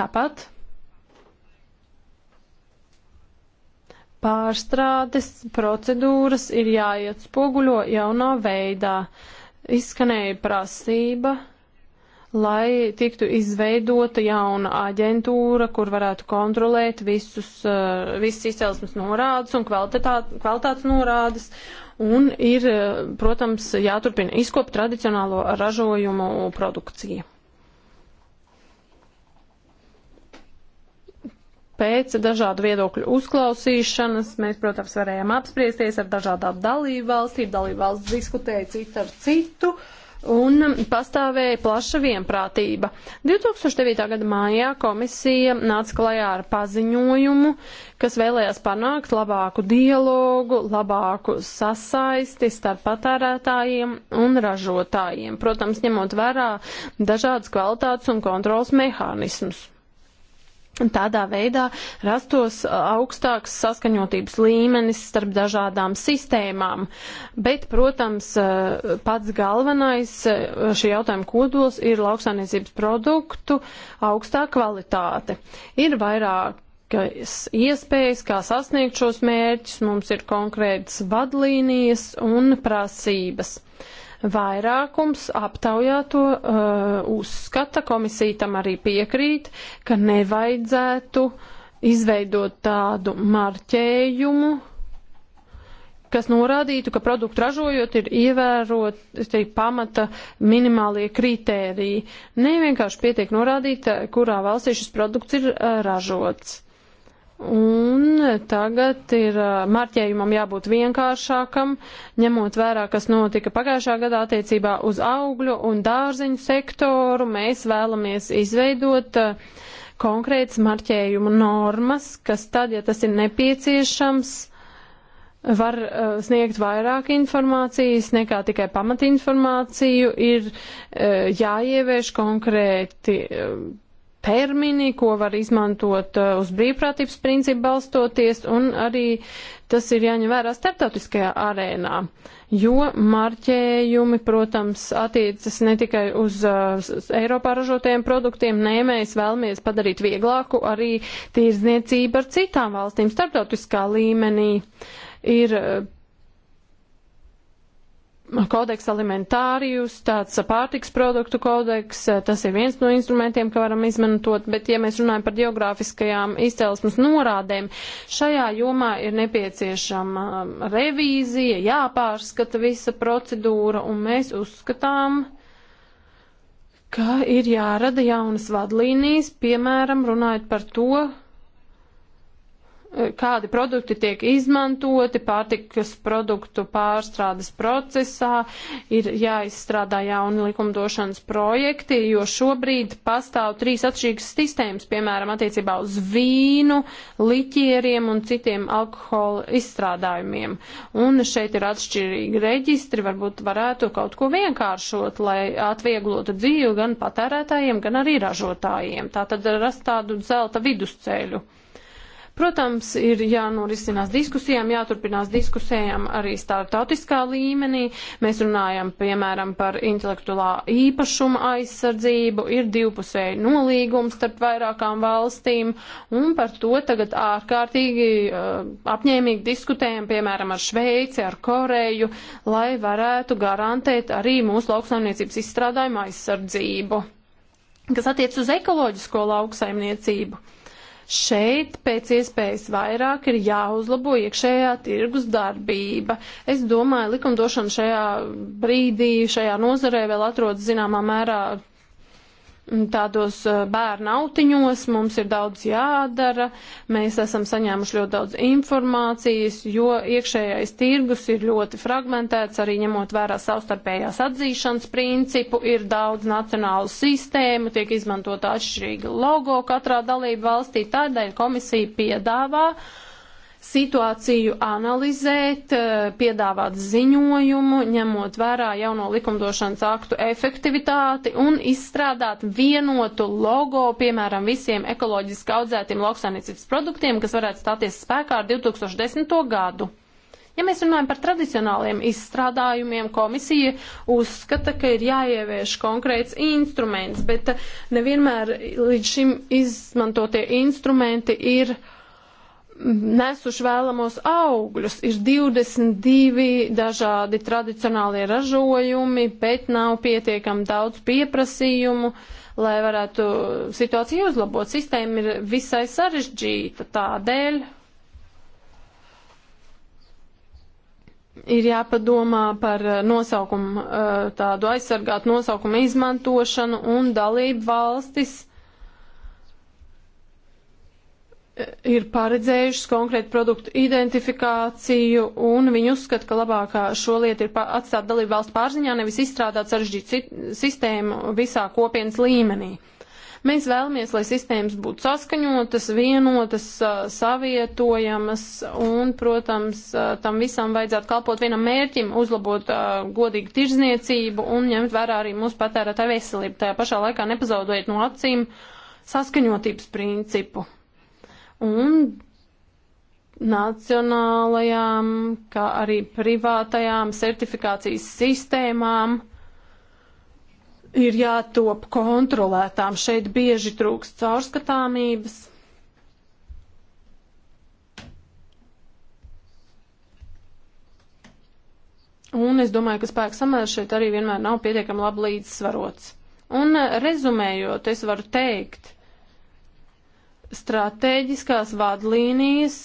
Tāpat pārstrādes procedūras ir jāiet spoguļo jaunā veidā. Izskanēja prasība lai tiktu izveidota jauna aģentūra, kur varētu kontrolēt visus, eh, visas izcelsmes norādes un kvalitātes norādes. Un ir, eh, protams, jāturpina izkopt tradicionālo ražojumu produkciju. Pēc dažādu viedokļu uzklausīšanas mēs, protams, varējām apspriesties ar dažādām dalību valstīm. Dalību valsts diskutēja citu ar citu. Uh, un pastāvēja plaša vienprātība. 2009. gada mājā komisija nāca klajā ar paziņojumu, kas vēlējās panākt labāku dialogu, labāku sasaisti starp patērētājiem un ražotājiem, protams, ņemot vērā dažādas kvalitātes un kontrols mehānismus. Tādā veidā rastos uh, augstāks saskaņotības līmenis starp dažādām sistēmām. Bet, protams, uh, pats galvenais uh, šī jautājuma kodols ir lauksainiecības produktu augstā kvalitāte. Ir vairāk iespējas, kā sasniegt šos mērķus, mums ir konkrētas vadlīnijas un prasības. Uh, Vairākums aptaujā to uh, uzskata, komisija tam arī piekrīt, ka nevajadzētu izveidot tādu marķējumu, kas norādītu, ka produktu ražojot ir ievēroti pamata minimālie kritēriji. Ne vienkārši pietiek norādīt, kurā valstī šis produkts ir uh, ražots. Un tagad ir marķējumam jābūt vienkāršākam, ņemot vērā, kas notika pagājušā gadā attiecībā uz augļu un dārziņu sektoru. Mēs vēlamies izveidot konkrētas marķējuma normas, kas tad, ja tas ir nepieciešams, var uh, sniegt vairāk informācijas nekā tikai pamatinformāciju, ir uh, jāievieš konkrēti uh, termini, ko var izmantot eh, uz brīvprātības principu balstoties, un arī tas ir jāņem vērā starptautiskajā arēnā, jo marķējumi, protams, attiecas ne tikai uz eh, Eiropā ražotajiem produktiem, nē, mēs vēlamies padarīt vieglāku arī tirzniecību ar citām valstīm starptautiskā līmenī. Ir eh, kodeks alimentārijus, tāds pārtiks produktu kodeks, tas ir viens no instrumentiem, ka varam izmantot, bet ja mēs runājam par geogrāfiskajām izcelsmes norādēm, šajā jomā ir nepieciešama um, revīzija, jāpārskata visa procedūra, un mēs uzskatām, ka ir jārada jaunas vadlīnijas, piemēram, runājot par to, kādi produkti tiek izmantoti pārtikas produktu pārstrādes procesā, ir jāizstrādā jauni likumdošanas projekti, jo šobrīd pastāv trīs atšķirīgas sistēmas, piemēram, attiecībā uz vīnu, liķieriem un citiem alkohola izstrādājumiem. Un šeit ir atšķirīgi reģistri, varbūt varētu kaut ko vienkāršot, lai atvieglotu dzīvi gan patērētājiem, gan arī ražotājiem. Tā tad rast tādu zelta vidusceļu. Protams, ir jānorisinās diskusijām, jāturpinās diskusējām arī startautiskā līmenī. Mēs runājam, piemēram, par intelektuālā īpašuma aizsardzību, ir divpusēji nolīgums starp vairākām valstīm, un par to tagad ārkārtīgi uh, apņēmīgi diskutējam, piemēram, ar Šveici, ar Koreju, lai varētu garantēt arī mūsu lauksaimniecības izstrādājumu aizsardzību, kas attiec uz ekoloģisko lauksaimniecību. Šeit pēc iespējas vairāk ir jāuzlabo iekšējā tirgus darbība. Es domāju, likumdošana šajā brīdī, šajā nozarē vēl atrodas zināmā mērā Mm, tādos uh, bērnu autiņos, mums ir daudz jādara, mēs esam saņēmuši ļoti daudz informācijas, jo iekšējais tirgus ir ļoti fragmentēts, arī ņemot vērā savstarpējās atzīšanas principu, ir daudz nacionālu sistēmu, tiek izmantota atšķirīga logo katrā dalību valstī, tādēļ komisija piedāvā uh, situāciju analizēt, eh, piedāvāt ziņojumu, ņemot vērā jauno likumdošanas aktu efektivitāti un izstrādāt vienotu logo, piemēram, visiem ekoloģiski audzētiem lauksainicības produktiem, kas varētu stāties spēkā ar 2010. gadu. Ja mēs runājam par tradicionāliem izstrādājumiem, komisija uzskata, ka ir jāievieš konkrēts instruments, bet nevienmēr līdz šim izmantotie instrumenti ir uh, nesuši vēlamos augļus. Ir 22 dažādi tradicionālie ražojumi, bet nav pietiekami daudz pieprasījumu, lai varētu situāciju uzlabot. Sistēma ir visai sarežģīta tādēļ. Ir jāpadomā par nosaukumu, eh, tādu aizsargātu nosaukumu izmantošanu un dalību valstis ir paredzējušas konkrētu produktu identifikāciju, un viņi uzskata, ka labākā šo lietu ir atstāt dalību valstu pārziņā, nevis izstrādāt sarežģītu sistēmu visā kopienas līmenī. Mēs vēlamies, lai sistēmas būtu saskaņotas, vienotas, savietojamas, un, protams, tam visam vajadzētu kalpot vienam mērķim, uzlabot godīgu tirzniecību un ņemt vērā arī mūsu patērētāju veselību. Tajā pašā laikā nepazaudojot no acīm saskaņotības principu un nacionālajām, kā arī privātajām certifikācijas sistēmām ir jātop kontrolētām. Šeit bieži trūks caurskatāmības. Un es domāju, ka spēka samērs šeit arī vienmēr nav pietiekami labi līdzsvarots. Un eh, rezumējot, es varu teikt, Stratēģiskās vadlīnijas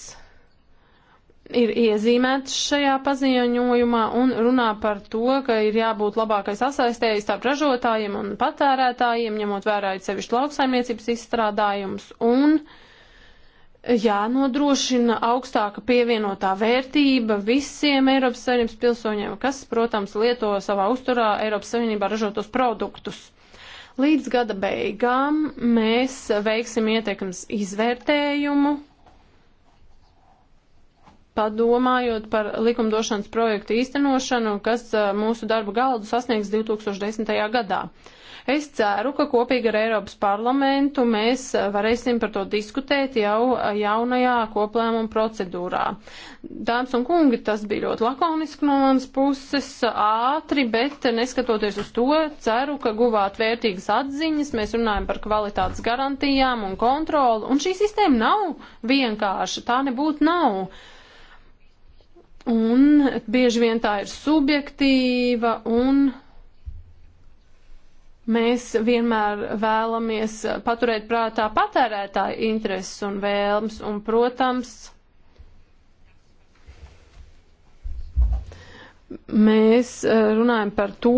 ir iezīmēts šajā paziņojumā un runā par to, ka ir jābūt labākai sasaistēji starp ražotājiem un patērētājiem, ņemot vērā ir sevišķi lauksaimniecības izstrādājums un jānodrošina augstāka pievienotā vērtība visiem Eiropas Savienības pilsoņiem, kas, protams, lieto savā uzturā Eiropas Savienībā ražotos produktus. Līdz gada beigām mēs veiksim ietekmes izvērtējumu, padomājot par likumdošanas projektu īstenošanu, kas mūsu darba galdu sasniegs 2010. gadā. Uh, Es ceru, ka kopīgi ar Eiropas parlamentu mēs eh, varēsim par to diskutēt jau eh, jaunajā koplēmuma procedūrā. Dāmas un kungi, tas bija ļoti lakoniski no manas puses, ātri, bet neskatoties uz to, ceru, ka guvāt vērtīgas atziņas, mēs runājam par kvalitātes garantijām un kontroli, un šī sistēma nav vienkārša, tā nebūtu nav. Un bieži vien tā ir subjektīva un Mēs vienmēr vēlamies paturēt prātā patērētāju intereses un vēlmes, un, protams, mēs eh, runājam par to,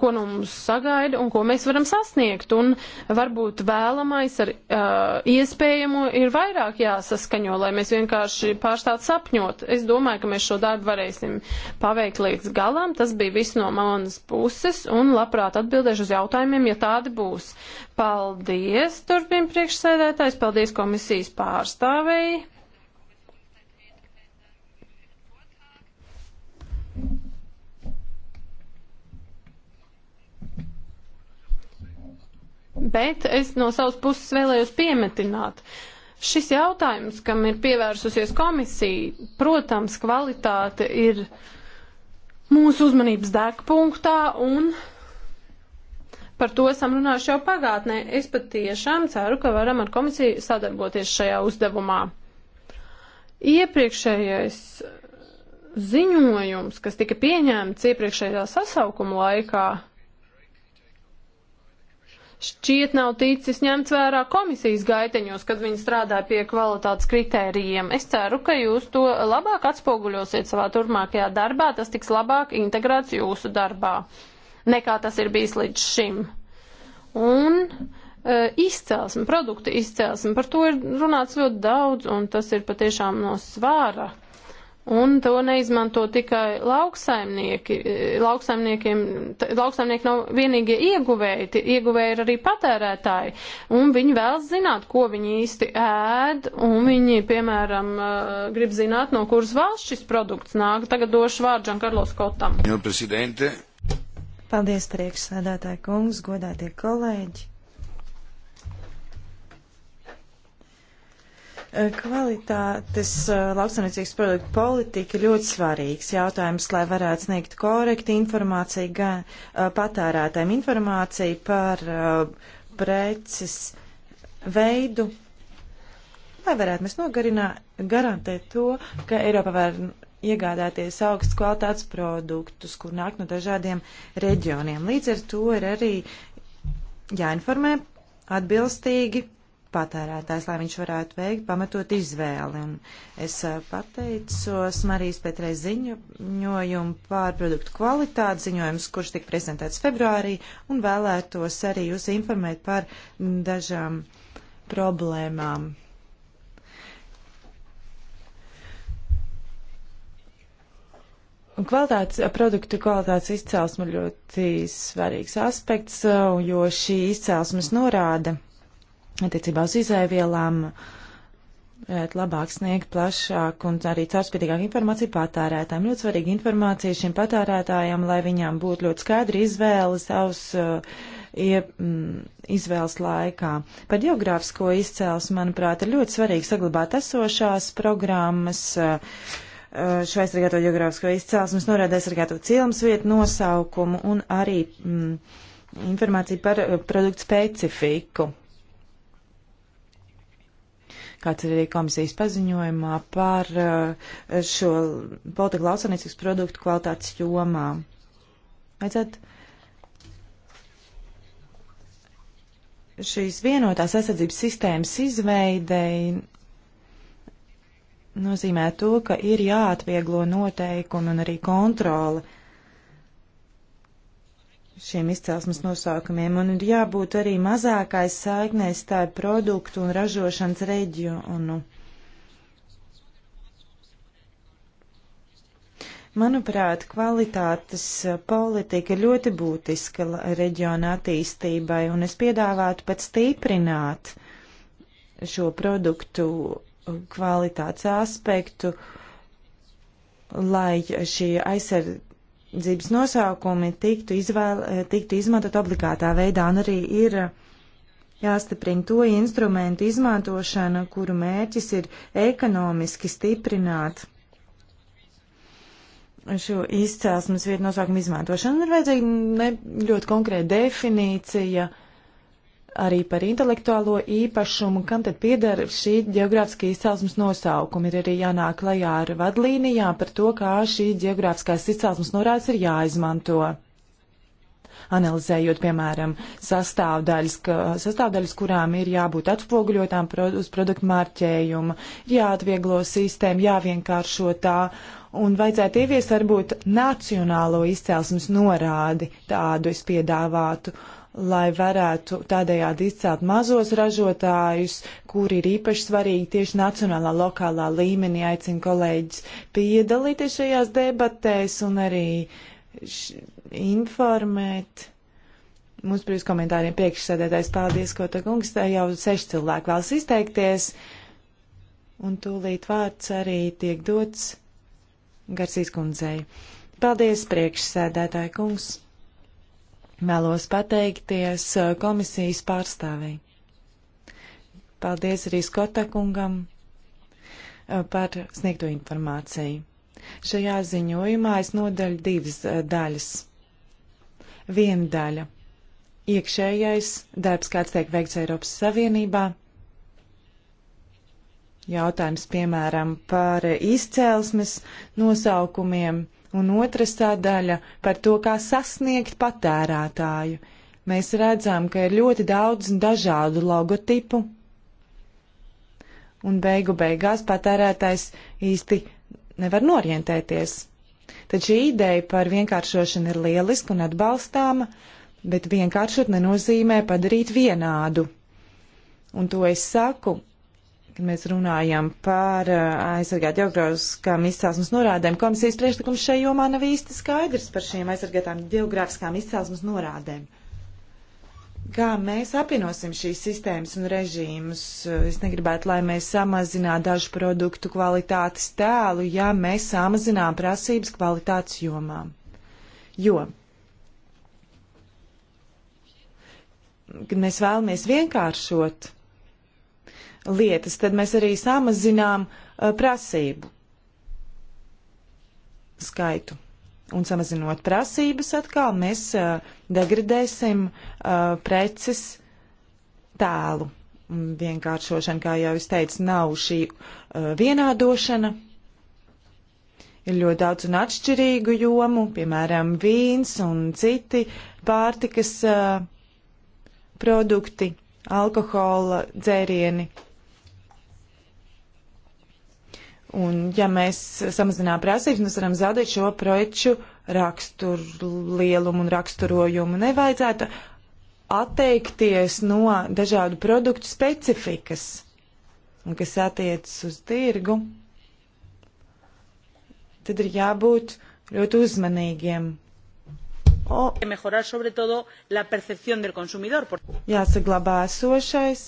ko no mums sagaida un ko mēs varam sasniegt. Un varbūt vēlamais ar uh, iespējamo ir vairāk jāsaskaņo, lai mēs vienkārši pārstāt sapņot. Es domāju, ka mēs šo darbu varēsim paveikt līdz galam. Tas bija viss no manas puses un labprāt atbildēšu uz jautājumiem, ja tādi būs. Paldies, turpina priekšsēdētājs, paldies komisijas pārstāvēji. Thank you. Bet es no savas puses vēlējos piemetināt. Šis jautājums, kam ir pievērsusies komisija, protams, kvalitāte ir mūsu uzmanības degpunktā un par to esam runājuši jau pagātnē. Es pat tiešām ceru, ka varam ar komisiju sadarboties šajā uzdevumā. Iepriekšējais ziņojums, kas tika pieņemts iepriekšējā sasaukuma laikā, šķiet nav ticis ņemts vērā komisijas gaiteņos, kad viņi strādāja pie kvalitātes kritērijiem. Es ceru, ka jūs to labāk atspoguļosiet savā turpmākajā darbā, tas tiks labāk integrēts jūsu darbā, nekā tas ir bijis līdz šim. Un e, izcelsme, produkta izcelsme, par to ir runāts ļoti daudz, un tas ir patiešām no svāra, un to neizmanto tikai lauksaimnieki. Lauksaimniekiem, lauksaimnieki nav vienīgie ieguvēji, ieguvēji ir arī patērētāji, un viņi vēlas zināt, ko viņi īsti ēd, un viņi, piemēram, grib zināt, no kuras valsts šis produkts nāk. Tagad došu vārdu Žankarlos Kotam. Paldies, priekšsēdētāji kungs, godātie kolēģi! Kvalitātes eh, lauksaimniecības produktu politika ļoti svarīgs jautājums, lai varētu sniegt korekti informāciju gan eh, patērētājiem informāciju par eh, preces veidu, lai varētu mēs nogarināt, garantēt to, ka Eiropa var iegādāties augsts kvalitātes produktus, kur nāk no dažādiem reģioniem. Līdz ar to ir arī jāinformē atbilstīgi patērētājs, lai viņš varētu veikt pamatot izvēli. Un es pateicos Marijas Petrei ziņojumu pār produktu kvalitāti ziņojums, kurš tika prezentēts februārī, un vēlētos arī jūs informēt par dažām problēmām. Un kvalitātes, produktu kvalitātes izcelsme ļoti svarīgs aspekts, jo šī izcelsmes norāda attiecībā uz izēvielām, varētu labāk sniegt plašāk un arī caurspīdīgāk informāciju patērētājiem. Ļoti svarīga informācija šim patērētājam, lai viņām būtu ļoti skaidra izvēle savus uh, ie, mm, izvēles laikā. Par geogrāfisko izcēlus, manuprāt, ir ļoti svarīgi saglabāt esošās programmas. Šo aizsargāto geogrāfisko izcelsmes norāda aizsargāto cilmas vietu nosaukumu un arī mm, informāciju par produktu specifiku kāds ir arī komisijas paziņojumā par eh, šo politiku lauksanīcības produktu kvalitātes jomā. Vajadzētu šīs vienotās aizsardzības sistēmas izveidei nozīmē to, ka ir jāatvieglo noteikumi un arī kontrole šiem izcelsmes nosaukumiem, un ir jābūt arī mazākai saiknei starp produktu un ražošanas reģionu. Manuprāt, kvalitātes politika ļoti būtiska reģiona attīstībai, un es piedāvātu pat stiprināt šo produktu kvalitātes aspektu, lai šī aizsardzība dzīves nosaukumi tiktu, izvēl, eh, tiktu izmantot obligātā veidā, un arī ir eh, jāstiprina to instrumentu izmantošana, kuru mērķis ir ekonomiski stiprināt šo izcelsmes vietu nosaukumu izmantošanu. Ir vajadzīga ne, ļoti konkrēta definīcija. Uh, arī par intelektuālo īpašumu, kam tad pieder šī geogrāfiskā izcelsmes nosaukuma. Ir arī jānāk klajā ar vadlīnijām par to, kā šī geogrāfiskās izcelsmes norādes ir jāizmanto. Analizējot, piemēram, sastāvdaļas, ka, sastāvdaļas kurām ir jābūt atspoguļotām pro, uz produktu mārķējumu, jāatvieglo sistēmu, jāvienkāršo tā, un vajadzētu ieviest varbūt nacionālo izcelsmes norādi, tādu es piedāvātu. Uh, lai varētu tādējādi izcelt mazos ražotājus, kuri ir īpaši svarīgi tieši nacionālā, lokālā līmenī. Aicinu kolēģis piedalīties šajās debatēs un arī informēt. Mums pirms komentāriem priekšsēdētājs paldies, ko te kungs, tā jau seši cilvēki vēlas izteikties. Un tūlīt vārds arī tiek dots Garsīs kundzei. Paldies, priekšsēdētāji kungs! Vēlos pateikties eh, komisijas pārstāvei. Paldies arī Skota kungam eh, par sniegto informāciju. Šajā ziņojumā es nodaļu divas eh, daļas. Viena daļa - iekšējais darbs, kāds tiek veikts Eiropas Savienībā. Jautājums, piemēram, par izcēlesmes nosaukumiem Un otra sadaļa par to, kā sasniegt patērētāju. Mēs redzam, ka ir ļoti daudz dažādu logotipu, un beigu beigās patērētājs īsti nevar norientēties. Tad šī ideja par vienkāršošanu ir lieliska un atbalstāma, bet vienkāršot nenozīmē padarīt vienādu. Un to es saku Kad mēs runājam par uh, aizsargāt geogrāfiskām izcelsmes norādēm, komisijas priekšlikums šai jomā nav īsti skaidrs par šīm aizsargātām geogrāfiskām izcelsmes norādēm. Kā mēs apvienosim šīs sistēmas un režīmus? Uh, es negribētu, lai mēs samazinātu dažu produktu kvalitātes tēlu, ja mēs samazinām prasības kvalitātes jomā. Jo kad mēs vēlamies vienkāršot lietas, tad mēs arī samazinām uh, prasību skaitu. Un samazinot prasības atkal, mēs uh, degradēsim uh, preces tēlu. Un vienkāršošana, kā jau es teicu, nav šī uh, vienādošana. Ir ļoti daudz un atšķirīgu jomu, piemēram, vīns un citi pārtikas uh, produkti, alkohola dzērieni. Un ja mēs samazinām prasības, mēs varam zaudēt šo preču raksturu lielumu un raksturojumu. Nevajadzētu atteikties no dažādu produktu specifikas, un kas attiecas uz tirgu. Tad ir jābūt ļoti uzmanīgiem Oh. mejorar sobre todo la percepción del consumidor. Jāsaglabā esošais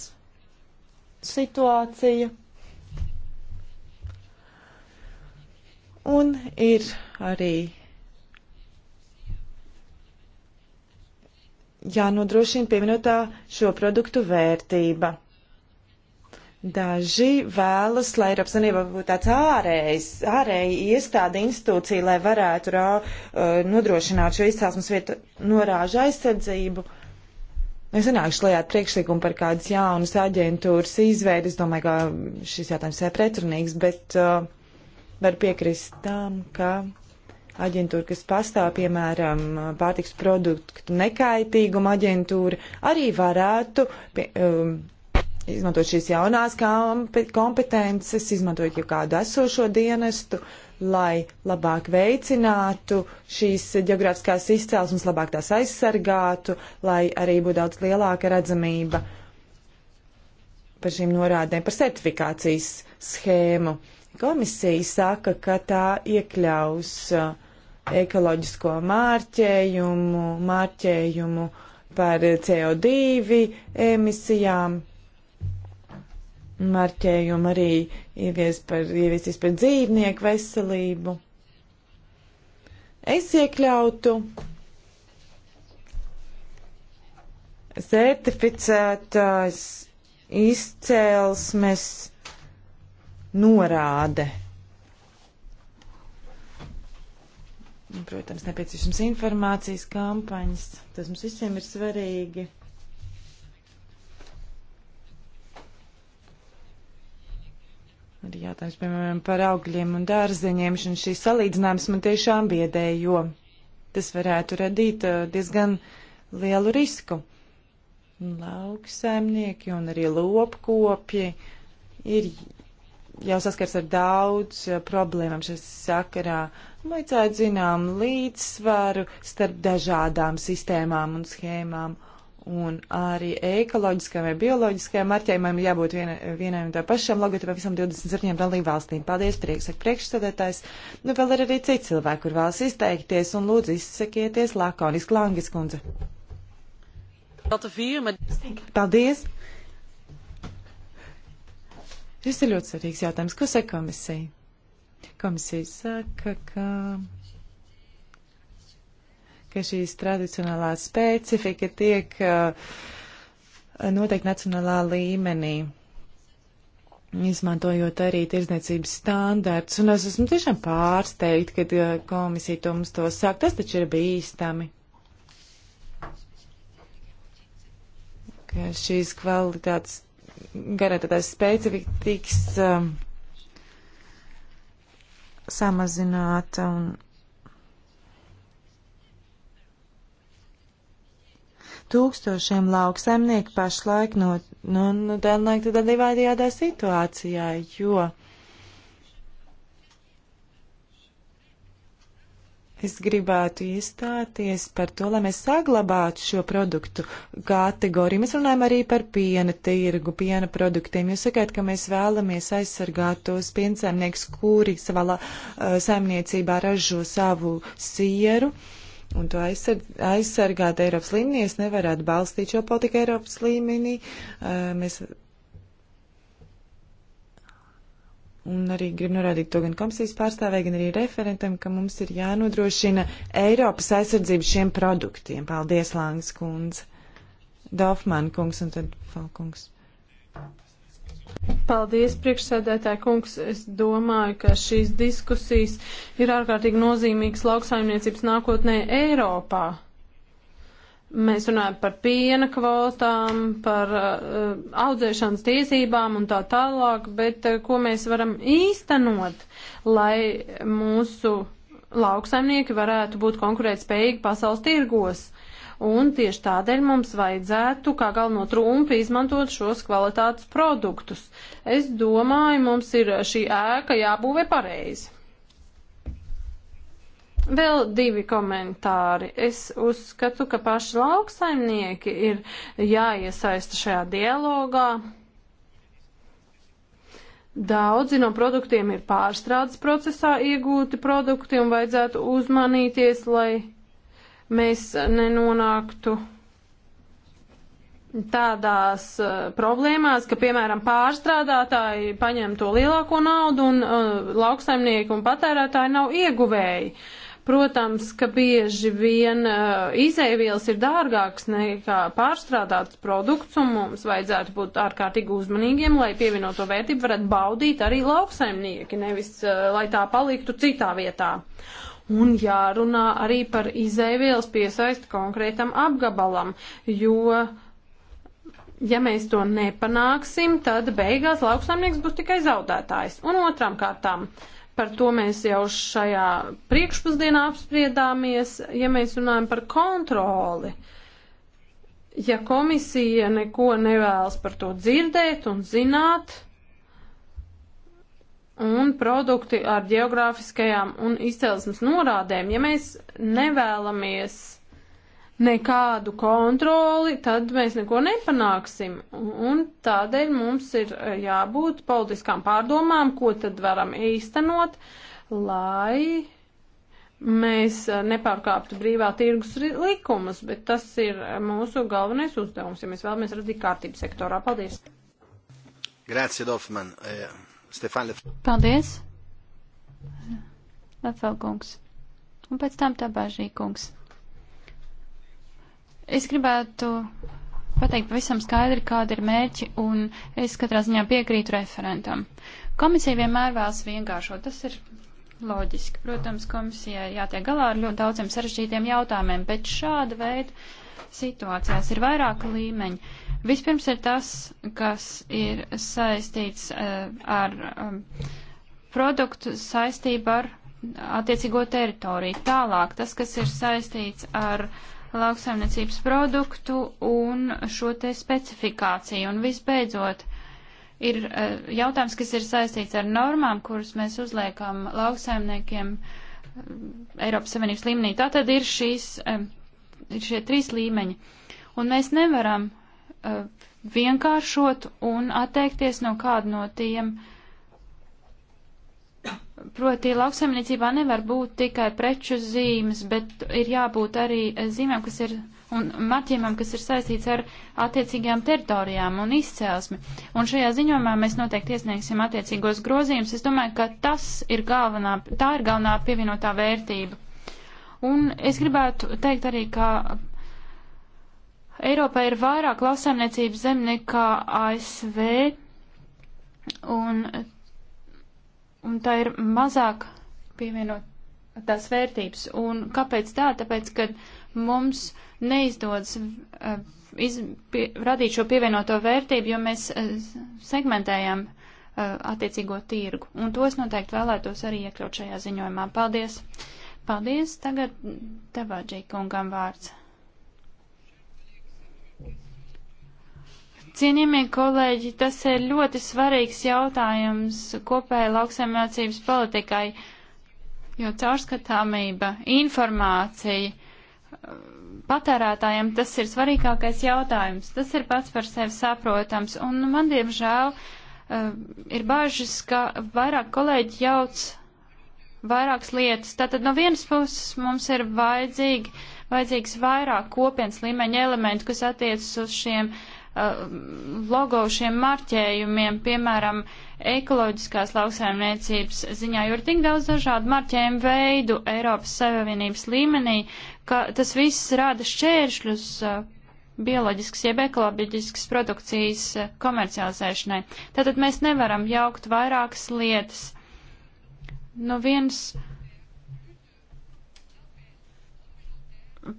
situācija. Un ir arī jānodrošina pieminotā šo produktu vērtība. Daži vēlas, lai Eiropas Savienība būtu tāds ārējs, ārēji iestāde institūcija, lai varētu rā, uh, nodrošināt šo izcelsmes vietu norāžu aizsardzību. Es nāku klajā priekšlikumu par kādas jaunas aģentūras izveidi. Es domāju, ka šis jautājums ir pretrunīgs, bet uh, var piekrist tam, ka aģentūra, kas pastāv, piemēram, pārtiks produktu nekaitīguma aģentūra, arī varētu pie, um, izmantot šīs jaunās kompetences, izmantot jau kādu esošo dienestu, lai labāk veicinātu šīs geogrāfiskās izcelsmes, labāk tās aizsargātu, lai arī būtu daudz lielāka redzamība par šīm norādēm, par certifikācijas schēmu. Uh, Komisija saka, ka tā iekļaus uh, ekoloģisko mārķējumu, mārķējumu par CO2 emisijām, mārķējumu arī ievies par, ieviesīs par dzīvnieku veselību. Es iekļautu certificētās izcēlesmes norāde. Protams, nepieciešams informācijas kampaņas. Tas mums visiem ir svarīgi. Arī jautājums, piemēram, par augļiem un dārzeņiem. Un šīs salīdzinājums man tiešām biedē, jo tas varētu radīt uh, diezgan lielu risku. Lauksaimnieki un arī lopkopji ir jau saskars ar daudz eh, problēmām šajā sakarā. Vajadzētu nu, zinām līdzsvaru starp dažādām sistēmām un schēmām. Un arī ekoloģiskajām vai bioloģiskajām marķējumam jābūt viena, vienai un tā pašam logotipam visam 27 dalībvalstīm. Paldies, prieks, saka priekšstādētājs. Nu, vēl ir arī citi cilvēki, kur vēlas izteikties, un lūdzu izsakieties lakoniski, Langis kundze. Paldies! Šis ir ļoti svarīgs jautājums. Ko saka komisija? Komisija saka, ka, ka šīs tradicionālā specifika tiek uh, noteikti nacionālā līmenī, izmantojot arī tirdzniecības standārts. Un es esmu tiešām pārsteigta, ka uh, komisija to mums to saka. Tas taču ir bīstami. Ka šīs kvalitātes garantētais specifika tiks um, samazināta un tūkstošiem lauksaimnieku pašlaik no, no, no, no tādā nevajadījādā situācijā, jo Es gribētu iestāties par to, lai mēs saglabātu šo produktu kategoriju. Mēs runājam arī par piena tirgu, piena produktiem. Jūs sakāt, ka mēs vēlamies aizsargāt tos piensaimnieks, kuri savā la, eh, saimniecībā ražo savu sieru. Un to aizsargāt Eiropas līmenī. Es nevaru atbalstīt šo politiku Eiropas līmenī. Eh, mēs Un arī gribu norādīt to gan komisijas pārstāvē, gan arī referentam, ka mums ir jānodrošina Eiropas aizsardzība šiem produktiem. Paldies, Lāngas kundze, Dofman kungs un tad Falkungs. Paldies, priekšsēdētāji kungs. Es domāju, ka šīs diskusijas ir ārkārtīgi nozīmīgas lauksaimniecības nākotnē Eiropā. Mēs runājam par piena kvotām, par uh, audzēšanas tiesībām un tā tālāk, bet uh, ko mēs varam īstenot, lai mūsu lauksaimnieki varētu būt konkurētspējīgi pasaules tirgos. Un tieši tādēļ mums vajadzētu kā galveno trumpu izmantot šos kvalitātes produktus. Es domāju, mums ir šī ēka jābūvē pareizi. Vēl divi komentāri. Es uzskatu, ka paši lauksaimnieki ir jāiesaista šajā dialogā. Daudzi no produktiem ir pārstrādes procesā iegūti produkti un vajadzētu uzmanīties, lai mēs nenonāktu tādās uh, problēmās, ka, piemēram, pārstrādātāji paņem to lielāko naudu un uh, lauksaimnieki un patērētāji nav ieguvēji. Uh, Protams, ka bieži vien uh, izēvielas ir dārgākas nekā pārstrādāts produkts, un mums vajadzētu būt ārkārtīgi uzmanīgiem, lai pievienoto vērtību varētu baudīt arī lauksaimnieki, nevis uh, lai tā paliktu citā vietā. Un jārunā arī par izēvielas piesaistu konkrētam apgabalam, jo. Ja mēs to nepanāksim, tad beigās lauksaimnieks būs tikai zaudētājs. Un otram kārtām. Uh, par to mēs jau šajā priekšpusdienā apspriedāmies, ja mēs runājam par kontroli. Ja komisija neko nevēlas par to dzirdēt un zināt, un produkti ar geogrāfiskajām un izcelsmes norādēm, ja mēs nevēlamies nekādu kontroli, tad mēs neko nepanāksim. Un tādēļ mums ir eh, jābūt politiskām pārdomām, ko tad varam īstenot, lai mēs eh, nepārkāptu brīvā tirgus likumus, bet tas ir eh, mūsu galvenais uzdevums, ja mēs vēlamies radīt kārtību sektorā. Paldies! Grazie, Dofman. Stefan Lef. Paldies! Lefelkungs. Un pēc tam tā bāžīkungs. Es gribētu pateikt pavisam skaidri, kāda ir mērķi, un es katrā ziņā piekrītu referentam. Komisija vienmēr vēlas vienkāršot, tas ir loģiski. Protams, komisijai jātiek galā ar ļoti daudziem sarežģītiem jautājumiem, bet šāda veida situācijās ir vairāka līmeņa. Vispirms ir tas, kas ir saistīts uh, ar um, produktu saistību ar attiecīgo teritoriju. Tālāk tas, kas ir saistīts ar uh, lauksaimniecības produktu un šo te specifikāciju. Un visbeidzot, ir e, jautājums, kas ir saistīts ar normām, kuras mēs uzliekam lauksaimniekiem e, Eiropas Savienības līmenī. Tā tad ir, šīs, e, ir šie trīs līmeņi. Un mēs nevaram vienkāršot un atteikties no kādu no tiem uh, Proti, lauksaimniecībā nevar būt tikai preču zīmes, bet ir jābūt arī zīmēm, kas ir un marķējumam, kas ir saistīts ar attiecīgajām teritorijām un izcēlesmi. Un šajā ziņojumā mēs noteikti iesniegsim attiecīgos grozījumus. Es domāju, ka tas ir galvenā, tā ir galvenā pievienotā vērtība. Un es gribētu teikt arī, ka Eiropā ir vairāk lauksaimniecības zem nekā ASV. Un un tā ir mazāk pievienot tās vērtības. Un kāpēc tā? Tāpēc, ka mums neizdodas eh, iz, pie, radīt šo pievienoto vērtību, jo mēs eh, segmentējam eh, attiecīgo tirgu. Un tos noteikti vēlētos arī iekļaut šajā ziņojumā. Paldies! Paldies! Tagad mm, tevā, Džīkungam, vārds. Cienījamie kolēģi, tas ir ļoti svarīgs jautājums kopēja lauksaimniecības politikai, jo caurskatāmība, informācija patērētājiem tas ir svarīgākais jautājums. Tas ir pats par sevi saprotams. Un man, diemžēl, eh, ir bažas, ka vairāk kolēģi jauc vairākas lietas. Tātad no vienas puses mums ir vajadzīgi, vajadzīgs vairāk kopienas līmeņa elementu, kas attiecas uz šiem uh, Uh, logo šiem marķējumiem, piemēram, ekoloģiskās lauksaimniecības ziņā, jo ir tik daudz dažādu marķējumu veidu Eiropas Savienības līmenī, ka tas viss rada šķēršļus uh, bioloģiskas jeb ekoloģiskas produkcijas uh, komercializēšanai. Tātad mēs nevaram jaukt vairākas lietas. Nu viens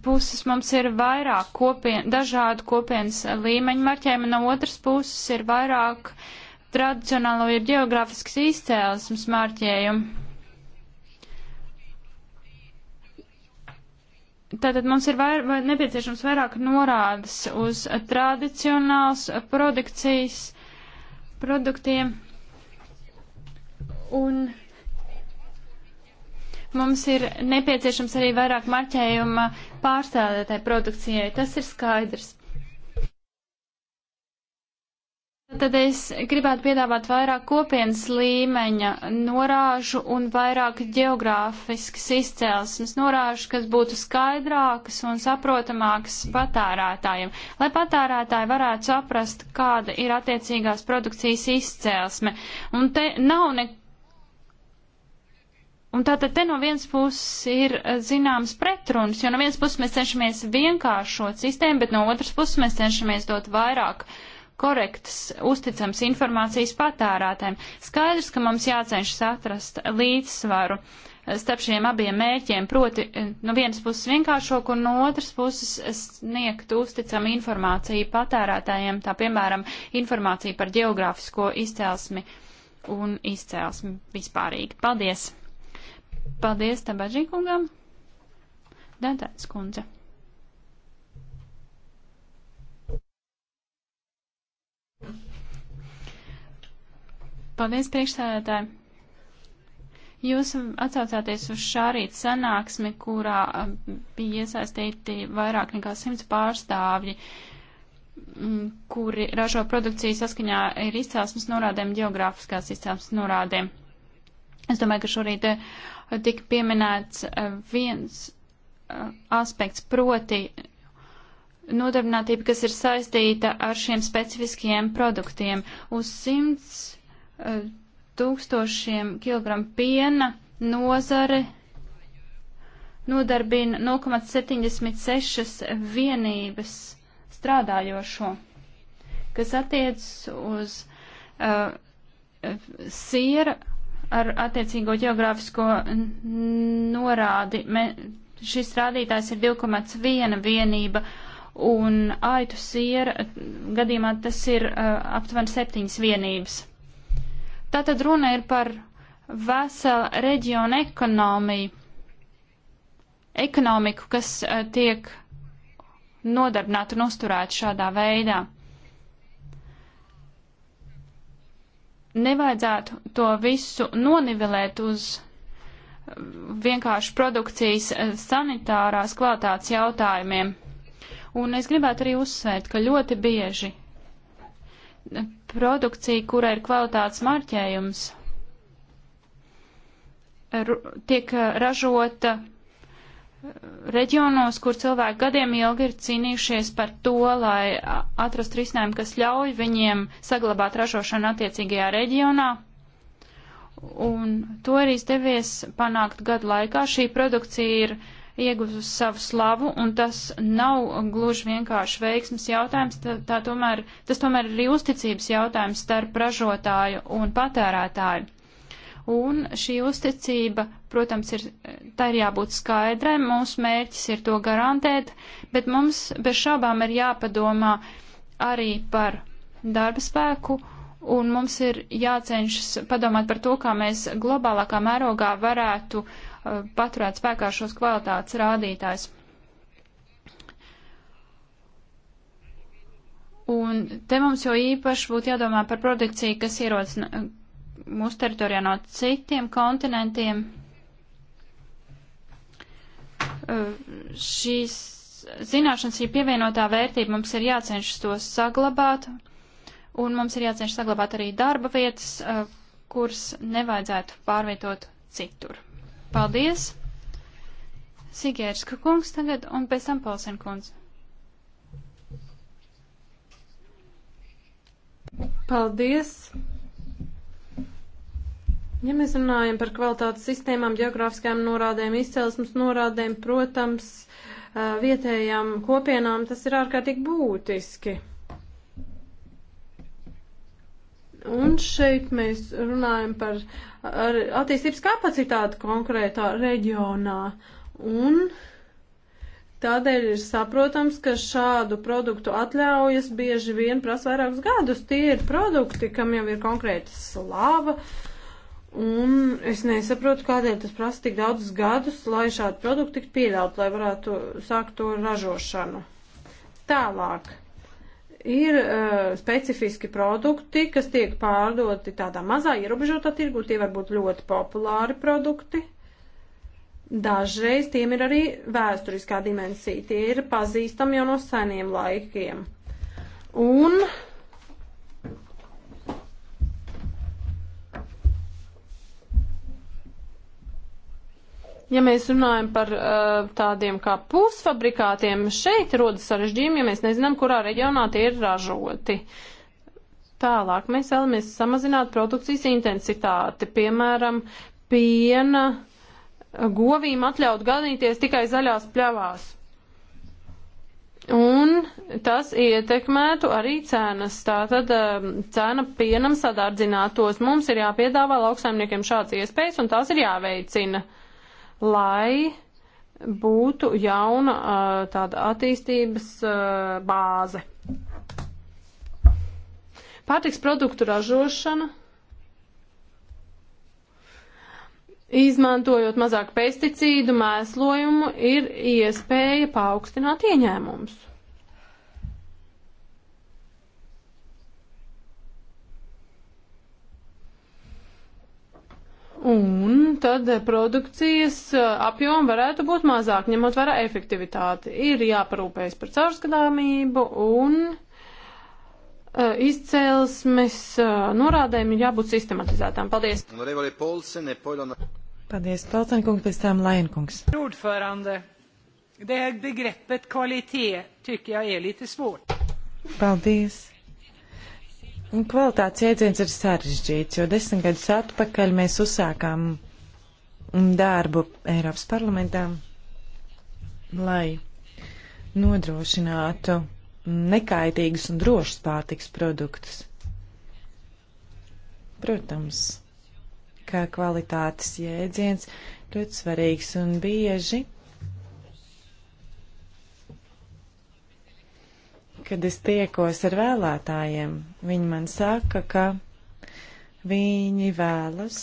puses mums ir vairāk kopien, dažādu kopienas līmeņu marķējumu, no otras puses ir vairāk tradicionālo ir geogrāfisks izcēlesmes marķējumu. Tātad mums ir vair, vai nepieciešams vairāk norādes uz tradicionāls produkcijas produktiem un Mums ir nepieciešams arī vairāk marķējuma pārstrādātai produkcijai. Tas ir skaidrs. Tad es gribētu piedāvāt vairāk kopienas līmeņa norāžu un vairāk geogrāfiskas izcelsmes norāžu, kas būtu skaidrākas un saprotamākas patērētājiem, lai patērētāji varētu saprast, kāda ir attiecīgās produkcijas izcelsme. Un te nav nekāda Un tātad te no vienas puses ir eh, zināms pretruns, jo no vienas puses mēs cenšamies vienkāršot sistēmu, bet no otras puses mēs cenšamies dot vairāk korektas, uzticams informācijas patērētēm. Skaidrs, ka mums jācenšas atrast līdzsvaru eh, starp šiem abiem mērķiem, proti eh, no vienas puses vienkāršok un no otras puses sniegt uzticamu informāciju patērētājiem, tā piemēram informāciju par geogrāfisko izcelsmi un izcelsmi vispārīgi. Paldies! Paldies Tabažīkungam. Dantēts kundze. Paldies priekšsēdētāji. Jūs atsaucāties uz šā rīta sanāksmi, kurā um, bija iesaistīti vairāk nekā simts pārstāvji, mm, kuri ražo produkciju saskaņā ar izcelsmes norādēm, geogrāfiskās izcelsmes norādēm. Es domāju, ka šorīt eh, tika pieminēts eh, viens eh, aspekts, proti nodarbinātība, kas ir saistīta ar šiem specifiskiem produktiem. Uz simts eh, tūkstošiem kilogramu piena nozare nodarbina 0,76 vienības strādājošo, kas attiecas uz uh, siera ar attiecīgo geogrāfisko norādi. Me, šis rādītājs ir 2,1 vienība un aitu siera gadījumā tas ir uh, aptuveni septiņas vienības. Tātad runa ir par veselu reģionu ekonomiju, ekonomiku, kas uh, tiek nodarbināta un uzturēta šādā veidā. nevajadzētu to visu nonivelēt uz vienkārši produkcijas eh, sanitārās kvalitātes jautājumiem. Un es gribētu arī uzsvērt, ka ļoti bieži produkcija, kura ir kvalitātes marķējums, tiek eh, ražota reģionos, kur cilvēki gadiem ilgi ir cīnījušies par to, lai atrastu risinājumu, kas ļauj viņiem saglabāt ražošanu attiecīgajā reģionā. Un to arī izdevies panākt gadu laikā. Šī produkcija ir ieguvusi savu slavu, un tas nav gluži vienkārši veiksmes jautājums, tā, tā tomēr, tas tomēr ir uzticības jautājums starp ražotāju un patērētāju. Un šī uzticība, protams, ir, tā ir jābūt skaidrai, mūsu mērķis ir to garantēt, bet mums bez šābām ir jāpadomā arī par darba spēku, un mums ir jācenšas padomāt par to, kā mēs globālākā mērogā varētu uh, paturēt spēkā šos kvalitātes rādītājs. Un te mums jau īpaši būtu jādomā par produkciju, kas ierodas mūsu teritorijā no citiem kontinentiem. Uh, šīs zināšanas, šī pievienotā vērtība mums ir jācenšas to saglabāt, un mums ir jācenšas saglabāt arī darba vietas, uh, kuras nevajadzētu pārvietot citur. Paldies! Sigērska kungs tagad, un pēc tam Polsen kungs. Paldies! Ja mēs runājam par kvalitātes sistēmām, geogrāfiskajām norādēm, izcelsmes norādēm, protams, vietējām kopienām tas ir ārkārtīgi būtiski. Un šeit mēs runājam par attīstības kapacitāti konkrētā reģionā. Un tādēļ ir saprotams, ka šādu produktu atļaujas bieži vien prasa vairākus gadus. Tie ir produkti, kam jau ir konkrēta slava. Uh, Un es nesaprotu, kādēļ tas prasa tik daudzus gadus, lai šādu produktu tiktu pieļaut, lai varētu sākt to ražošanu. Tālāk ir uh, specifiski produkti, kas tiek pārdoti tādā mazā ierobežotā tirgu, tie var būt ļoti populāri produkti. Dažreiz tiem ir arī vēsturiskā dimensija, tie ir pazīstami jau no seniem laikiem. Un uh, Ja mēs runājam par uh, tādiem kā pusfabrikātiem, šeit rodas sarežģījumi, ja mēs nezinām, kurā reģionā tie ir ražoti. Tālāk mēs vēlamies samazināt produkcijas intensitāti, piemēram, piena govīm atļaut ganīties tikai zaļās pļavās. Un tas ietekmētu arī cenas. Tātad eh, cena pienam sadardzinātos. Mums ir jāpiedāvā lauksaimniekiem šāds iespējas, un tās ir jāveicina. Uh, lai būtu jauna tāda attīstības bāze. Pārtiks produktu ražošana. Izmantojot mazāk pesticīdu mēslojumu, ir iespēja paaugstināt ieņēmumus. Un tad produkcijas uh, apjoma varētu būt mazāk, ņemot vērā efektivitāti. Ir jāparūpējas par caurskatāmību un uh, izcēlesmes uh, norādēm ir jābūt sistematizētām. Paldies! E Paldies, Paltenkungs, pēc tām Lainkungs. Paldies! Un kvalitātes iedziens ir sarežģīts, jo desmit gadus atpakaļ mēs uzsākām darbu Eiropas parlamentā, lai nodrošinātu nekaitīgus un drošus pārtiks produktus. Protams, ka kvalitātes jēdziens ļoti svarīgs un bieži Kad es tiekos ar vēlētājiem, viņi man saka, ka viņi vēlas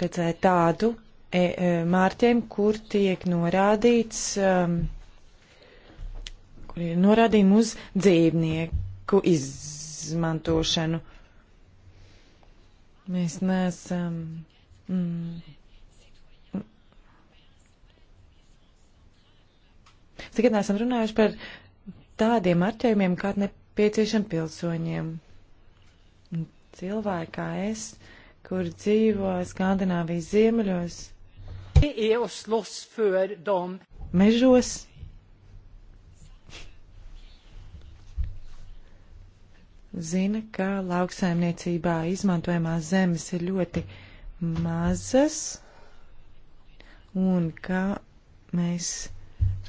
redzēt tādu e, e, mārķiem, kur tiek norādīts, um, kur ir norādījumi uz dzīvnieku izmantošanu. Mēs neesam. Mm, Tagad mm. esam runājuši par tādiem marķējumiem, kādi nepieciešami pilsoņiem. Cilvēki kā es, kur dzīvo Skandināvijas ziemeļos, er mežos, zina, ka lauksaimniecībā izmantojamās zemes ir ļoti mazas un ka mēs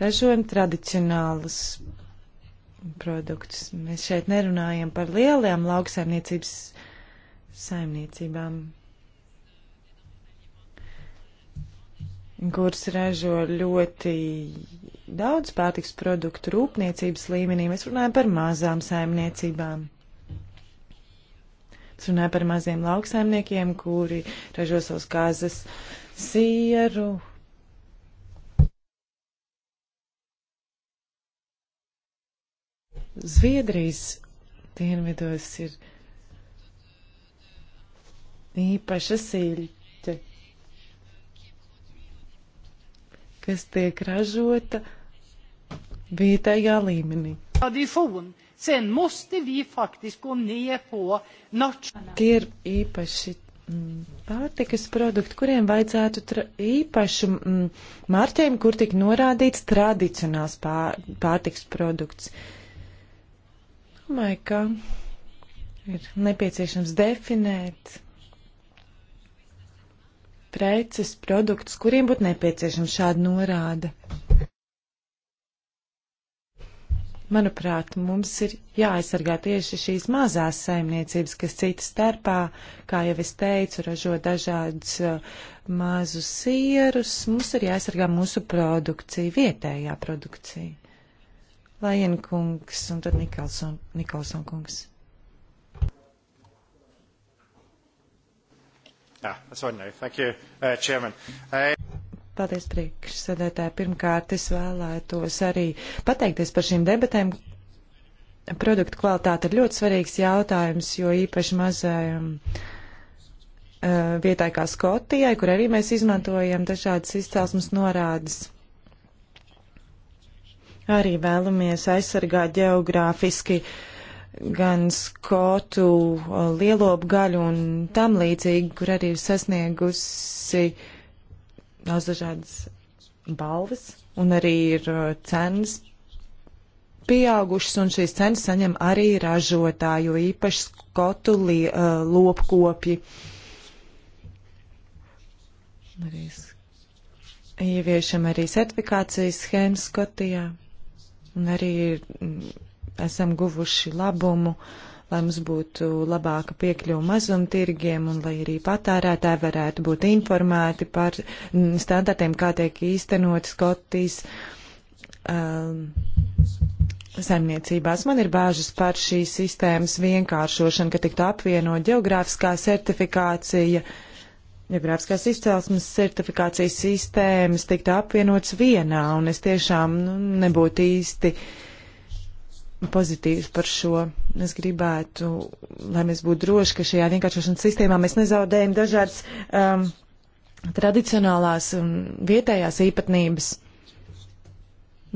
ražojam tradicionālus produktus. Mēs šeit nerunājam par lielām lauksaimniecības saimniecībām, kuras ražo ļoti daudz pārtiks produktu rūpniecības līmenī. Mēs runājam par mazām saimniecībām. Es runāju par maziem lauksaimniekiem, kuri ražo savus kāzas sieru, Zviedrijas dienvidos ir īpaša sīļķe, kas tiek ražota vietējā līmenī. Tie ir īpaši mm, pārtikas produkti, kuriem vajadzētu īpašu mm, marķējumu, kur tik norādīts tradicionāls pār, pārtikas produkts. Uh, Domāju, ka ir nepieciešams definēt preces, produktus, kuriem būtu nepieciešama šāda norāde. Manuprāt, mums ir jāaizsargā tieši šīs mazās saimniecības, kas citas starpā, kā jau es teicu, ražo dažādus uh, mazus sierus. Mums ir jāaizsargā mūsu produkcija, vietējā produkcija. Lajenkungs un tad Nikolson, Nikolson kungs. Yeah, that's one no. Thank you, uh, Chairman. Uh, Paldies, priekšsēdētāji. Pirmkārt, es vēlētos arī pateikties par šīm debatēm. Produktu kvalitāte ir ļoti svarīgs jautājums, jo īpaši mazajam uh, vietai kā Skotijai, kur arī mēs izmantojam dažādas izcelsmes norādes. Arī vēlamies aizsargāt geogrāfiski gan skotu uh, lielopgaļu un tam līdzīgi, kur arī ir sasniegusi daudz dažādas balvas un arī ir uh, cenas pieaugušas, un šīs cenas saņem arī ražotāji, jo īpaši skotu li, uh, lopkopji. Arī ieviešam arī certifikācijas schēmu Skotijā un arī mm, esam guvuši labumu, lai mums būtu labāka piekļuva mazumtirgiem un lai arī patērētāji varētu būt informēti par mm, standartiem, kā tiek īstenot Skotijas um, saimniecībās. Man ir bāžas par šīs sistēmas vienkāršošanu, ka tiktu apvienot geogrāfiskā certifikācija. Uh, geogrāfiskās izcelsmes certifikācijas sistēmas tiktu apvienots vienā, un es tiešām nu, nebūtu īsti pozitīvs par šo. Es gribētu, lai mēs būtu droši, ka šajā vienkāršošanas sistēmā mēs nezaudējam dažādas um, tradicionālās un vietējās īpatnības.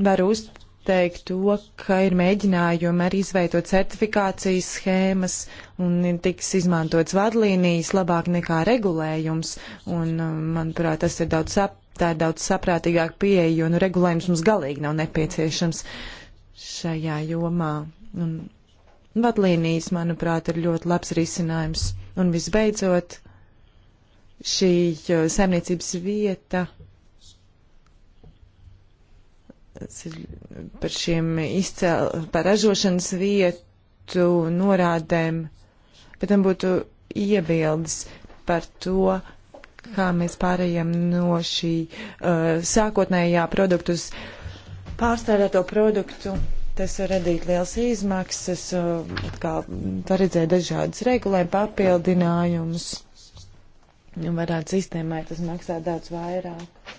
Var uz, teikt to, ka ir mēģinājumi arī izveidot certifikācijas schēmas un tiks izmantots vadlīnijas labāk nekā regulējums. Un, um, manuprāt, tas ir daudz, sap, tā ir daudz saprātīgāk pieeja, jo nu, regulējums mums galīgi nav nepieciešams šajā jomā. Un vadlīnijas, manuprāt, ir ļoti labs risinājums. Un visbeidzot, šī uh, saimniecības vieta par šiem izcēl, par ražošanas vietu norādēm, bet tam būtu iebildes par to, kā mēs pārējām no šī uh, sākotnējā produktu uz pārstrādāto produktu. Tas var radīt liels izmaksas, uh, kā var redzēt dažādas regulēm papildinājumus. Varētu sistēmai tas maksā daudz vairāk.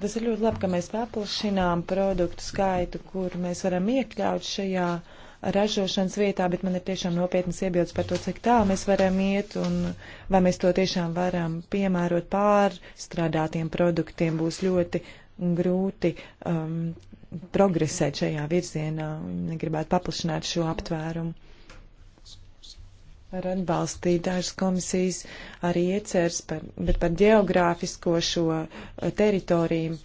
Tas ir ļoti labi, ka mēs paplašinām produktu skaitu, kur mēs varam iekļaut šajā ražošanas vietā, bet man ir tiešām nopietnas iebildes par to, cik tālu mēs varam iet un vai mēs to tiešām varam piemērot pārstrādātiem produktiem. Būs ļoti grūti um, progresēt šajā virzienā un gribētu paplašināt šo aptvērumu var atbalstīt dažas komisijas arī iecers, par, bet par geogrāfisko šo eh, teritoriju.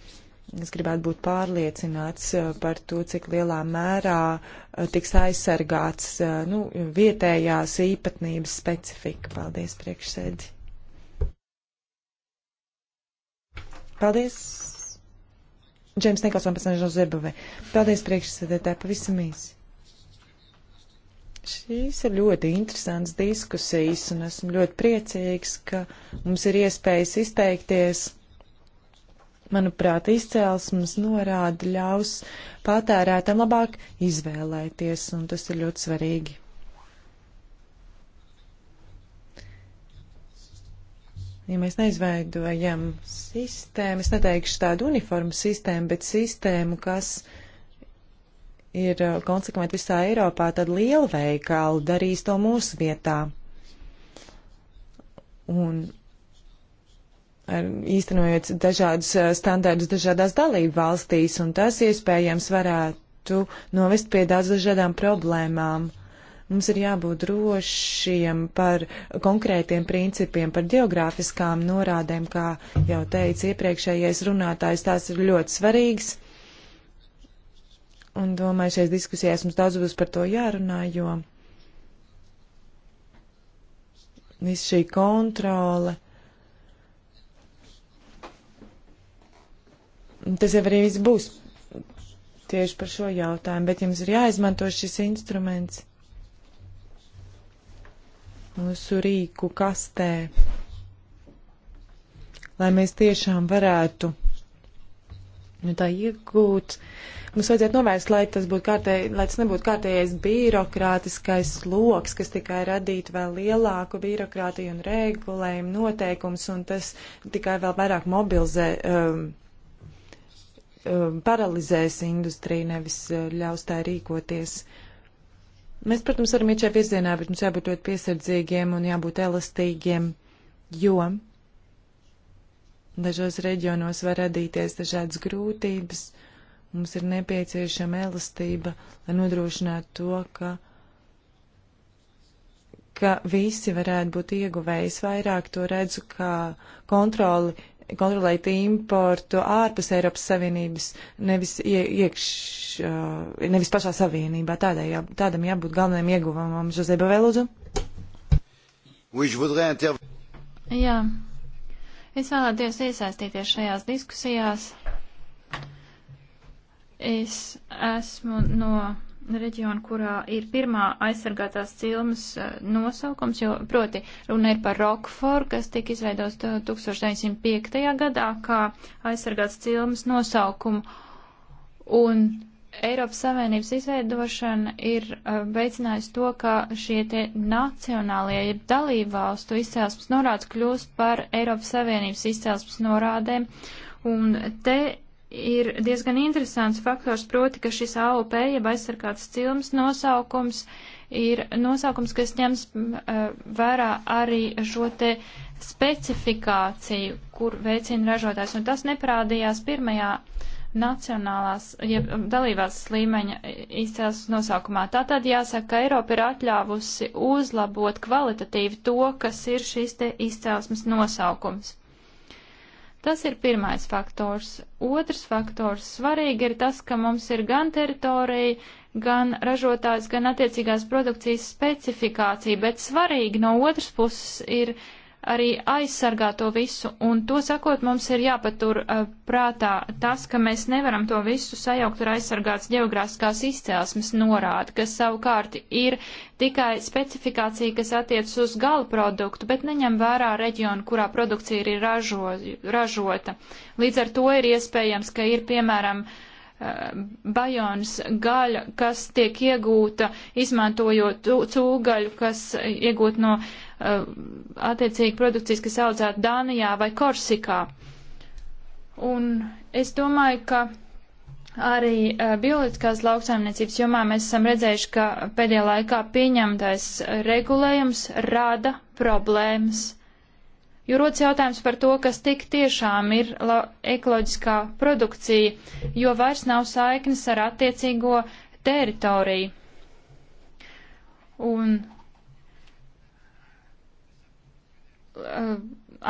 Es gribētu būt pārliecināts eh, par to, cik lielā mērā eh, tiks aizsargāts nu, vietējās īpatnības specifika. Paldies, priekšsēdi. Paldies, Džeims Nikolson, pēc tam Žozebavē. Paldies, priekšsēdētāji, pavisam īsi. Šīs ir ļoti interesants diskusijas, un esmu ļoti priecīgs, ka mums ir iespējas izteikties. Manuprāt, izcēlesmes norāda ļaus patērētam labāk izvēlēties, un tas ir ļoti svarīgi. Ja mēs neizveidojam sistēmu, es neteikšu tādu uniformu sistēmu, bet sistēmu, kas uh, ir uh, konsekventi visā Eiropā, tad lielveikali darīs to mūsu vietā. Un ar, īstenojot dažādus uh, standārdus dažādās dalību valstīs, un tas iespējams varētu novest pie daudz dažādām problēmām. Mums ir jābūt drošiem par konkrētiem principiem, par geogrāfiskām norādēm, kā jau teica iepriekšējais runātājs, tās ir ļoti svarīgas Un domāju, šajās diskusijās mums daudz būs par to jārunā, jo viss šī kontrole. Tas jau arī viss būs tieši par šo jautājumu, bet jums ir jāizmanto šis instruments mūsu rīku kastē, lai mēs tiešām varētu nu, tā iegūt Mums vajadzētu novērst, lai tas, būtu kārtē, lai tas nebūtu kārtējais birokrātiskais sloks, kas tikai radītu vēl lielāku birokrātiju un regulējumu noteikumus, un tas tikai vēl vairāk mobilizē, um, um, paralizēs industriju, nevis uh, ļaus tā rīkoties. Mēs, protams, varam iet šajā virzienā, bet mums jābūt ļoti piesardzīgiem un jābūt elastīgiem, jo dažos reģionos var radīties dažādas grūtības. Uh, Mums ir nepieciešama elastība, lai nodrošinātu to, ka, ka visi varētu būt ieguvēji. Es vairāk to redzu, kā kontroli, kontrolēt importu ārpus Eiropas Savienības, nevis, ie, iekš, uh, nevis pašā Savienībā. Tādai, jā, tādam jābūt galvenajam ieguvumam. Žozeba Veludzu? Jā, es vēlētos iesaistīties šajās diskusijās. Es esmu no reģiona, kurā ir pirmā aizsargātās cilmas eh, nosaukums, jo proti runa ir par Rokforu, kas tika izveidots 1905. Eh, gadā kā aizsargāts cilmas nosaukumu. Un Eiropas Savienības izveidošana ir eh, veicinājusi to, ka šie te nacionālie, jeb dalībvalstu izcelsmes norādes kļūst par Eiropas Savienības izcelsmes norādēm. Un te ir diezgan interesants faktors, proti, ka šis AOP, jeb aizsargāts cilmas nosaukums, ir nosaukums, kas ņems e, vērā arī šo te specifikāciju, kur veicina ražotājs, un tas neparādījās pirmajā nacionālās, jeb dalībās līmeņa izcēlas nosaukumā. Tātad jāsaka, ka Eiropa ir atļāvusi uzlabot kvalitatīvi to, kas ir šis te izcēlesmes nosaukums. Tas ir pirmais faktors. Otrs faktors svarīgi ir tas, ka mums ir gan teritorija, gan ražotājs, gan attiecīgās produkcijas specifikācija, bet svarīgi no otras puses ir arī aizsargā to visu. Un to sakot, mums ir jāpatur uh, prātā tas, ka mēs nevaram to visu sajaukt ar aizsargāts geogrāfiskās izcelsmes norādi, kas savukārt ir tikai specifikācija, kas attiec uz galu produktu, bet neņem vērā reģionu, kurā produkcija ir ražo, ražota. Līdz ar to ir iespējams, ka ir piemēram eh, bajonas gaļa, kas tiek iegūta izmantojot cūgaļu, kas iegūt no uh, Uh, attiecīgi produkcijas, kas audzētu Dānijā vai Korsikā. Un es domāju, ka arī uh, bioloģiskās lauksaimniecības jomā mēs esam redzējuši, ka pēdējā laikā pieņemtais regulējums rada problēmas. Jo rodas jautājums par to, kas tik tiešām ir ekoloģiskā produkcija, jo vairs nav saiknes ar attiecīgo teritoriju. Un Uh,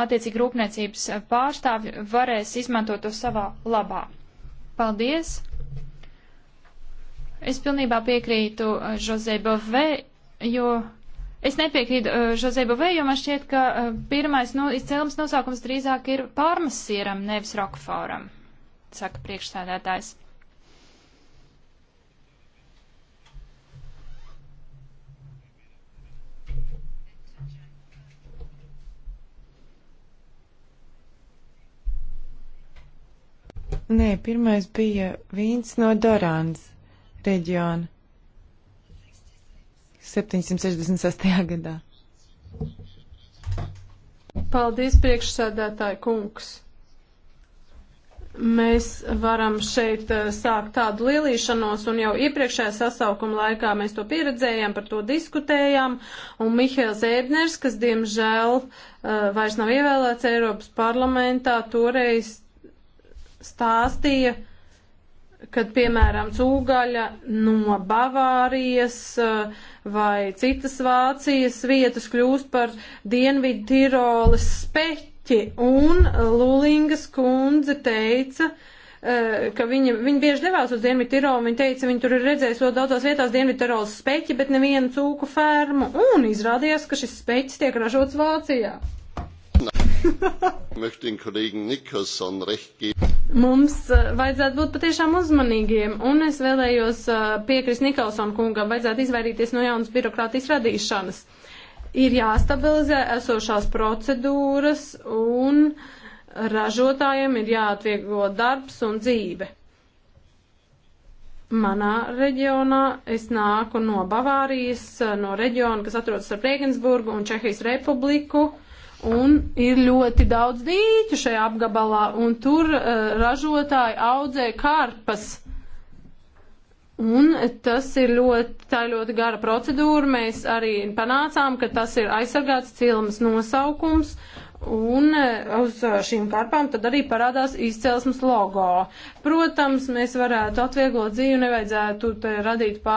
attiecīgi rūpniecības pārstāvi varēs izmantot to savā labā. Paldies! Es pilnībā piekrītu uh, Jose Bovē, jo es nepiekrītu uh, Jose Bovē, jo man šķiet, ka pirmais no, izcēlums nosaukums drīzāk ir pārmasieram, nevis rokforam, saka priekšsēdētājs. Nē, pirmais bija vīns no Dorāns reģiona 768. gadā. Paldies, priekšsēdētāji kungs! Mēs varam šeit eh, sākt tādu lielīšanos, un jau iepriekšējā sasaukuma laikā mēs to pieredzējām, par to diskutējām, un Mihails Ēdners, kas diemžēl eh, vairs nav ievēlēts Eiropas parlamentā, toreiz stāstīja, kad, piemēram, cūgaļa no Bavārijas eh, vai citas Vācijas vietas kļūst par Dienvidu Tiroles speķi, un Lulingas kundze teica, eh, ka viņa, viņa bieži devās uz Dienvidu Tirolu, viņa teica, viņa tur ir redzējusi ļoti daudzās vietās Dienvidu Tirolas speķi, bet nevienu cūku fermu, un izrādījās, ka šis speķis tiek ražots Vācijā. Mums äh, vajadzētu būt patiešām uzmanīgiem, un es vēlējos äh, piekrist Nikolsonu kungam, vajadzētu izvairīties no jaunas birokrātijas radīšanas. Ir jāstabilizē esošās procedūras, un ražotājiem ir jāatvieglo darbs un dzīve. Manā reģionā es nāku no Bavārijas, no reģiona, kas atrodas ar Regensburgu un Čehijas republiku un ir ļoti daudz dīķu šajā apgabalā, un tur uh, ražotāji audzē karpas. Un tas ir ļoti, tā ir ļoti gara procedūra. Mēs arī panācām, ka tas ir aizsargāts cilmas nosaukums, Un eh, uz eh, šīm karpām tad arī parādās izcelsmes logo. Protams, mēs varētu atvieglot dzīvi, nevajadzētu radīt pa,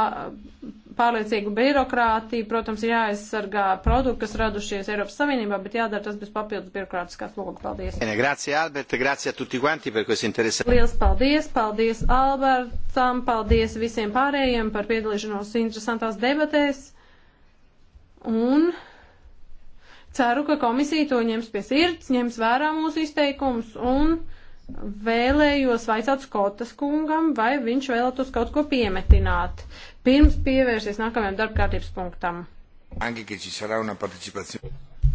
pārliecīgu birokrātiju. Protams, ir jāaizsargā produkti, kas radušies Eiropas Savienībā, bet jādara tas bez papildus birokrātiskās logas. Paldies! Grazie, Albert, grazie a tutti quanti par questo interesanti. Liels paldies, paldies Albertam, paldies visiem pārējiem par piedalīšanos interesantās debatēs. Un ceru, ka komisija to ņems pie sirds, ņems vērā mūsu izteikums un vēlējos vaicāt Skotas kungam, vai viņš vēlētos kaut ko piemetināt. Pirms pievērsties nākamajam darbkārtības punktam.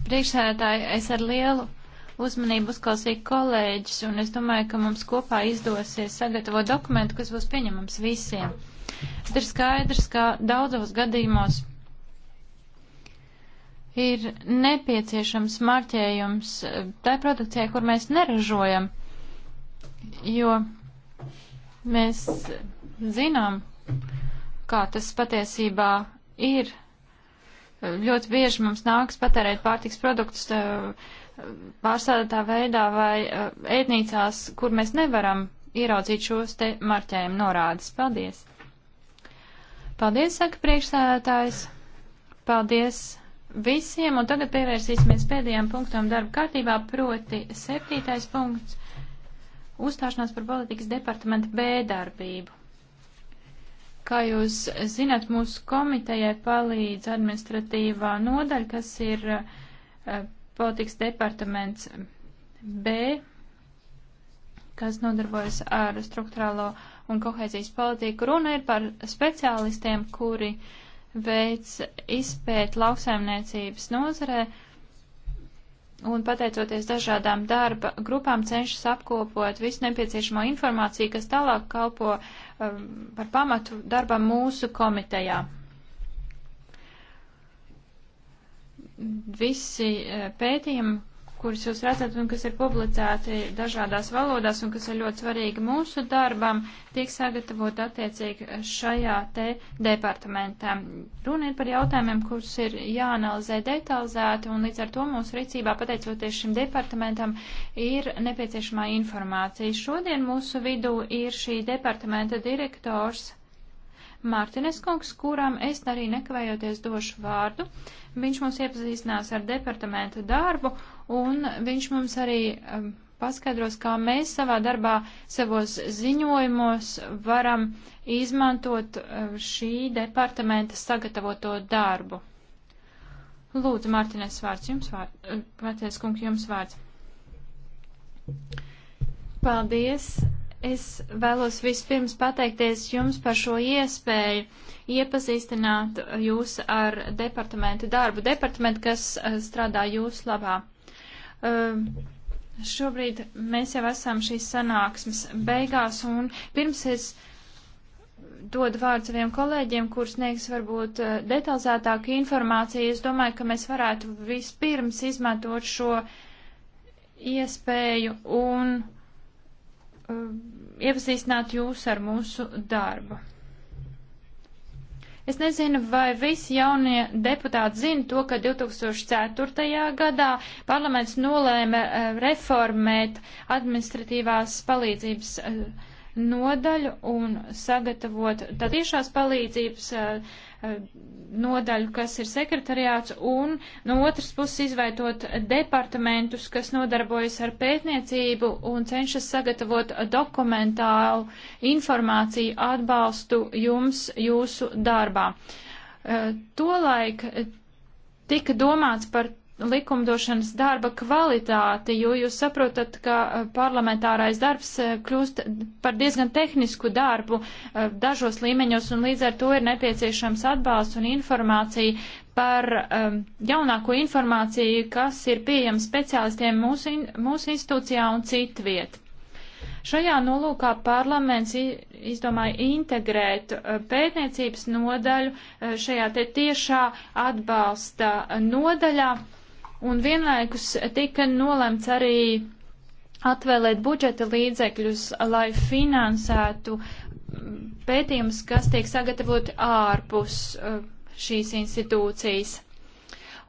Priekšsēdētāji, es ar lielu uzmanību uzklausīju kolēģis, un es domāju, ka mums kopā izdosies sagatavot dokumentu, kas būs pieņemams visiem. Bet ir skaidrs, ka daudzos gadījumos ir nepieciešams marķējums tai produkcijai, kur mēs neražojam, jo mēs zinām, kā tas patiesībā ir. Ļoti bieži mums nāks patērēt pārtiks produktus eh, pārsādātā veidā vai eh, ēdnīcās, kur mēs nevaram ieraudzīt šos te marķējumu norādes. Paldies! Paldies, saka priekšsēdētājs. Paldies visiem, un tagad pievērsīsimies pēdējām punktām darba kārtībā, proti septītais punkts - uzstāšanās par politikas departamenta B darbību. Kā jūs zināt, mūsu komitejai palīdz administratīvā nodaļa, kas ir uh, politikas departaments B, kas nodarbojas ar struktūrālo un kohēzijas politiku. Runa ir par speciālistiem, kuri veic izpēt lauksaimniecības nozarē, uh, un pateicoties dažādām darba grupām cenšas apkopot visu nepieciešamo informāciju, kas tālāk kalpo um, par pamatu darbam mūsu komitejā. Visi eh, pētījumi, kurus jūs redzat un kas ir publicēti dažādās valodās un kas ir ļoti svarīgi mūsu darbam, tiek sagatavot attiecīgi šajā te departamentā. Runa ir par jautājumiem, kurus ir jāanalizē detalizēti un līdz ar to mūsu rīcībā, pateicoties šim departamentam, ir nepieciešamā informācija. Šodien mūsu vidū ir šī departamenta direktors Mārtiņš Kungs, kuram es arī nekavējoties došu vārdu. Viņš mums iepazīstinās ar departamentu darbu un viņš mums arī um, paskaidros, kā mēs savā darbā, savos ziņojumos varam izmantot um, šī departamenta sagatavoto darbu. Lūdzu, Mārtiņēs vārds jums vārds, uh, Mārtiņēs kungs jums vārds. Paldies! Es vēlos vispirms pateikties jums par šo iespēju iepazīstināt jūs ar departamentu darbu, departamentu, kas uh, strādā jūsu labā. Ehm, šobrīd mēs jau esam šīs sanāksmes beigās, un pirms es dodu vārdu saviem kolēģiem, kurš sniegs varbūt eh, detalizētāku informāciju, es domāju, ka mēs varētu vispirms izmantot šo iespēju un ehm, iepazīstināt jūs ar mūsu darbu. Es nezinu, vai visi jaunie deputāti zina to, ka 2004. gadā parlaments nolēma eh, reformēt administratīvās palīdzības eh, nodaļu un sagatavot tad tiešās palīdzības eh, nodaļu, kas ir sekretariāts, un no otras puses izveidot departamentus, kas nodarbojas ar pētniecību un cenšas sagatavot dokumentālu informāciju atbalstu jums jūsu darbā. Eh, tolaik tika domāts par likumdošanas darba kvalitāti, jo jūs saprotat, ka eh, parlamentārais darbs eh, kļūst par diezgan tehnisku darbu eh, dažos līmeņos, un līdz ar to ir nepieciešams atbalsts un informācija par um, jaunāko informāciju, kas ir pieejama speciālistiem mūsu, in, mūsu institūcijā un citviet. Šajā nolūkā parlaments izdomāja integrēt pētniecības nodaļu šajā te tiešā atbalsta nodaļā. Uh, un vienlaikus tika nolemts arī atvēlēt budžeta līdzekļus, lai finansētu mm, pētījumus, kas tiek sagatavoti ārpus eh, šīs institūcijas.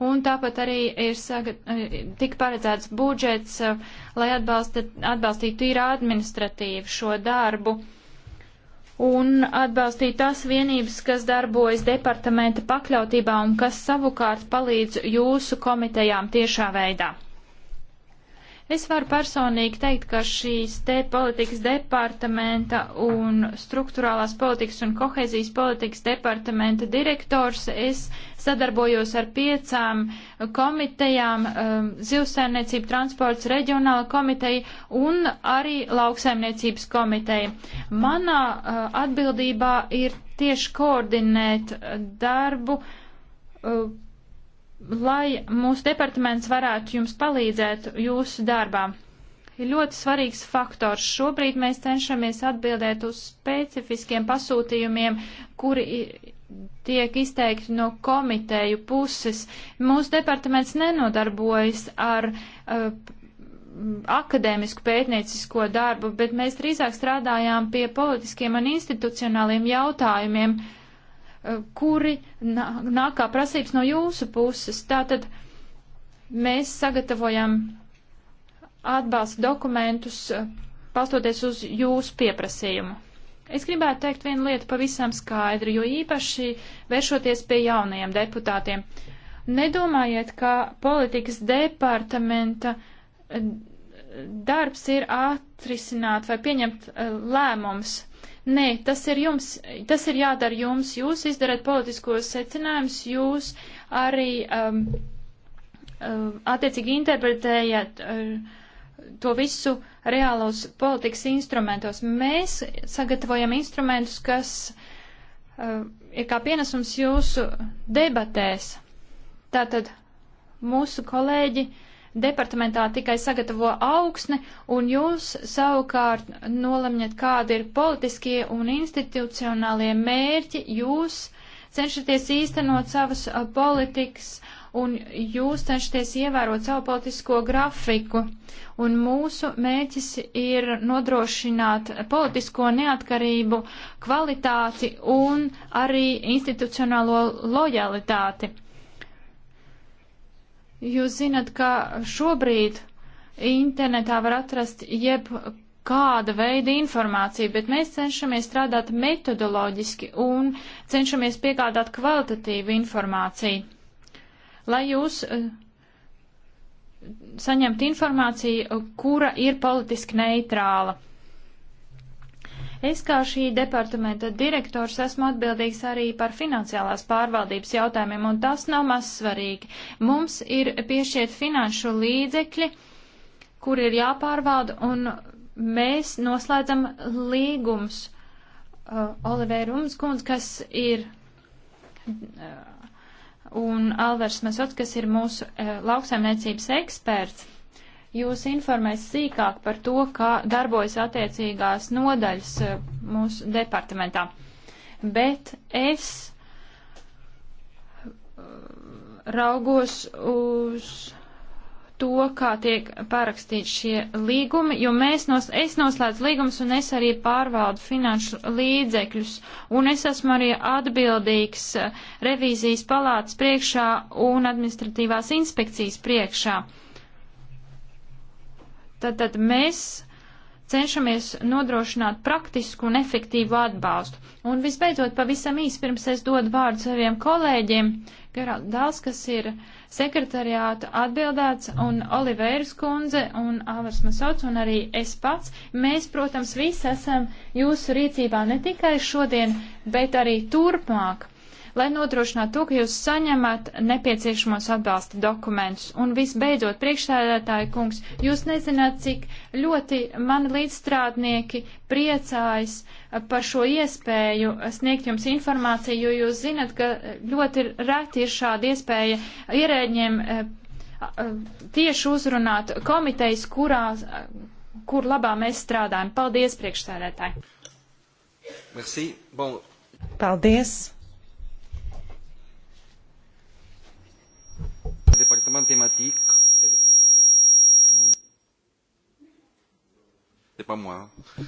Un tāpat arī ir sagat, eh, tika paredzēts budžets, eh, lai atbalsta, atbalstītu tīri administratīvu šo darbu un atbalstīt tās vienības, kas darbojas departamenta pakļautībā un kas savukārt palīdz jūsu komitejām tiešā veidā. Es varu personīgi teikt, ka šīs te politikas departamenta un struktūrālās politikas un kohēzijas politikas departamenta direktors es sadarbojos ar piecām komitejām um, - zivsēmniecība, transports, reģionāla komiteja un arī lauksēmniecības komiteja. Manā uh, atbildībā ir tieši koordinēt uh, darbu uh, lai mūsu departaments varētu jums palīdzēt jūsu darbā. Ir ļoti svarīgs faktors. Šobrīd mēs cenšamies atbildēt uz specifiskiem pasūtījumiem, kuri tiek izteikti no komiteju puses. Mūsu departaments nenodarbojas ar uh, akadēmisku pētniecisko darbu, bet mēs drīzāk strādājām pie politiskiem un institucionāliem jautājumiem. Uh, Eh, kuri nāk kā prasības no jūsu puses. Tātad mēs sagatavojam atbalsta dokumentus, pastoties eh, uz jūsu pieprasījumu. Es gribētu teikt vienu lietu pavisam skaidru, jo īpaši vēršoties pie jaunajiem deputātiem. Nedomājiet, ka politikas departamenta eh, darbs ir atrisināt vai pieņemt lēmums Nē, tas ir, jums, tas ir jādara jums. Jūs izdarat politiskos secinājumus, jūs arī um, uh, attiecīgi interpretējat uh, to visu reālos politikas instrumentos. Mēs sagatavojam instrumentus, kas uh, ir kā pienesums jūsu debatēs. Tātad mūsu kolēģi uh, departamentā tikai sagatavo augsni, un jūs savukārt nolemjat, kādi ir politiskie un institucionālie mērķi, jūs cenšaties īstenot savas politikas, un jūs cenšaties ievērot savu politisko grafiku. Un mūsu mērķis ir nodrošināt politisko neatkarību, kvalitāti un arī institucionālo lojalitāti. Jūs zinat, ka šobrīd internetā var atrast jeb kāda veida informāciju, bet mēs cenšamies strādāt metodoloģiski un cenšamies piegādāt kvalitatīvu informāciju, lai jūs eh, saņemtu informāciju, kura ir politiski neitrāla. Es kā šī departamenta direktors esmu atbildīgs arī par finansiālās pārvaldības jautājumiem, un tas nav maz svarīgi. Mums ir piešķiet finanšu līdzekļi, kur ir jāpārvalda, un mēs noslēdzam līgums. Uh, Olivēra Umskunds, kas ir uh, un Alvers Mesots, kas ir mūsu e, lauksaimniecības eksperts jūs informēs sīkāk par to, kā darbojas attiecīgās nodaļas eh, mūsu departamentā. Bet es eh, raugos uz to, kā tiek parakstīti šie līgumi, jo mēs nos, es noslēdzu līgumus un es arī pārvaldu finanšu līdzekļus, un es esmu arī atbildīgs eh, revīzijas palātas priekšā un administratīvās inspekcijas priekšā. Uh, Tātad mēs cenšamies nodrošināt praktisku un efektīvu atbalstu. Un visbeidzot, pavisam īsi pirms es dodu vārdu saviem kolēģiem, Geralds Dāls, kas ir sekretariāta atbildēts, un Oliveiras kundze, un Avars Masots, un arī es pats. Mēs, protams, visi esam jūsu rīcībā ne tikai šodien, bet arī turpmāk lai nodrošinātu to, ka jūs saņemat nepieciešamos atbalsta dokumentus. Un visbeidzot, priekšsēdētāji kungs, jūs nezināt, cik ļoti mani līdzstrādnieki priecājas uh, par šo iespēju uh, sniegt jums informāciju, jo jūs zinat, ka uh, ļoti reti ir šāda iespēja ierēģiem tieši uzrunāt komitejas, kurās, kur labā mēs strādājam. Paldies, priekšsēdētāji! Merci. Bon. Paldies! mathématique. C'est pas moi. Hein.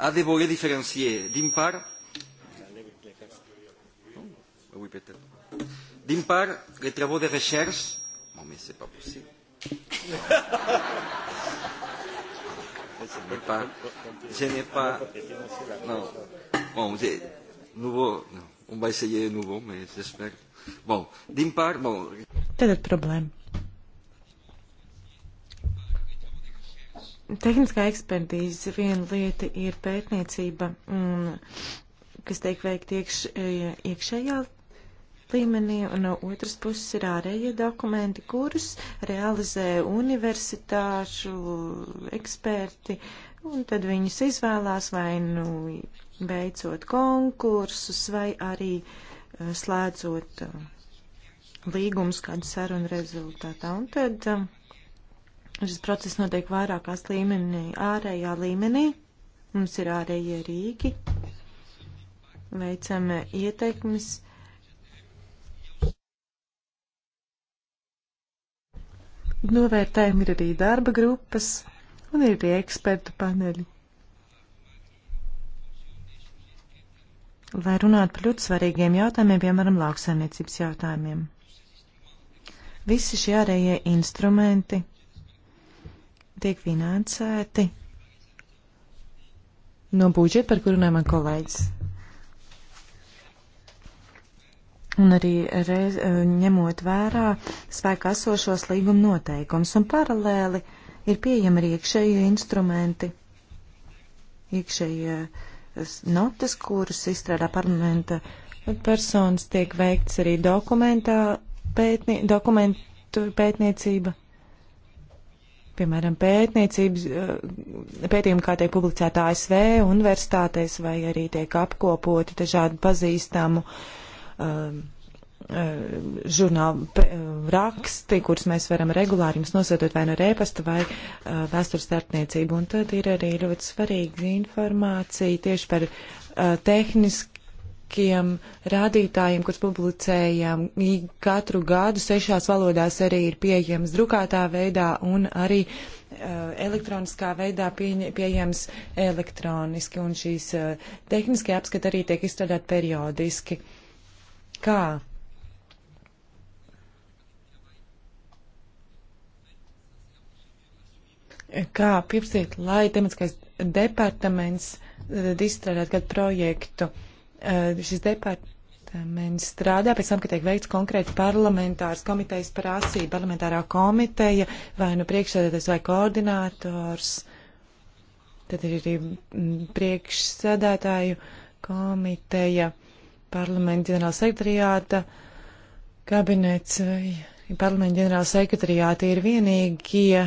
A ah, des volets différenciés. D'une part, oh, oui, peut-être. D'une part, les travaux de recherche. Non, mais c'est pas possible. je n'ai pas. Je n'ai pas. Non. Bon, nouveau. Non. On va essayer de nouveau, mais j'espère. Bon, d'une part, bon, Tad ir problēma. Tehniskā ekspertīze viena lieta ir pētniecība, un, kas tiek veikta iekš, iekšējā līmenī, un no otras puses ir ārējie dokumenti, kurus realizē universitāšu eksperti, un tad viņus izvēlās vai nu veicot konkursus, vai arī eh, slēdzot uh, līgumus kādu sarunu rezultātā. Un tad um, šis process notiek vairākās līmenī, ārējā līmenī. Mums ir ārējie rīki, veicam uh, ieteikmes. Novērtējumi ir arī darba grupas un ir arī ekspertu paneļi. Lai runātu par ļoti svarīgiem jautājumiem, piemēram, lauksaimniecības jautājumiem. Visi šie ārējie instrumenti tiek finansēti no budžeta, par kuru runāja man kolēģis. Un arī reiz, eh, ņemot vērā spēkā esošos līguma noteikums un paralēli ir pieejami arī iekšējie instrumenti, iekšējie notas, kuras izstrādā parlamenta personas, tiek veikts arī dokumentā pētni, dokumentu pētniecība. Piemēram, pētniecības, eh, pētījumi, kā tiek publicēta ASV universitātēs, vai arī tiek apkopoti dažādu pazīstamu um, eh, eh, žurnāla raksti, kurus mēs varam regulāri jums nosūtot vai no rēpasta vai uh, vēstures starpniecību. Un tad ir arī ļoti svarīga informācija tieši par uh, tehniski vairākiem rādītājiem, kurus publicējam katru gadu. Sešās valodās arī ir pieejams drukātā veidā un arī uh, elektroniskā veidā pie, pieejams elektroniski. Un šīs uh, tehniskie apskati arī tiek izstrādāt periodiski. Kā? Kā pirmsīt, lai tematiskais departaments e, izstrādāt kādu projektu? Uh, Eh, šis departaments strādā pēc tam, ka tiek veikts konkrēti parlamentārs komitejas prasība, parlamentārā komiteja vai nu priekšsēdētājs vai koordinators. Tad ir arī mm, priekšsēdētāju komiteja, parlamenta ģenerāla sekretariāta kabinets vai parlamenta ģenerāla sekretariāta ir vienīgie,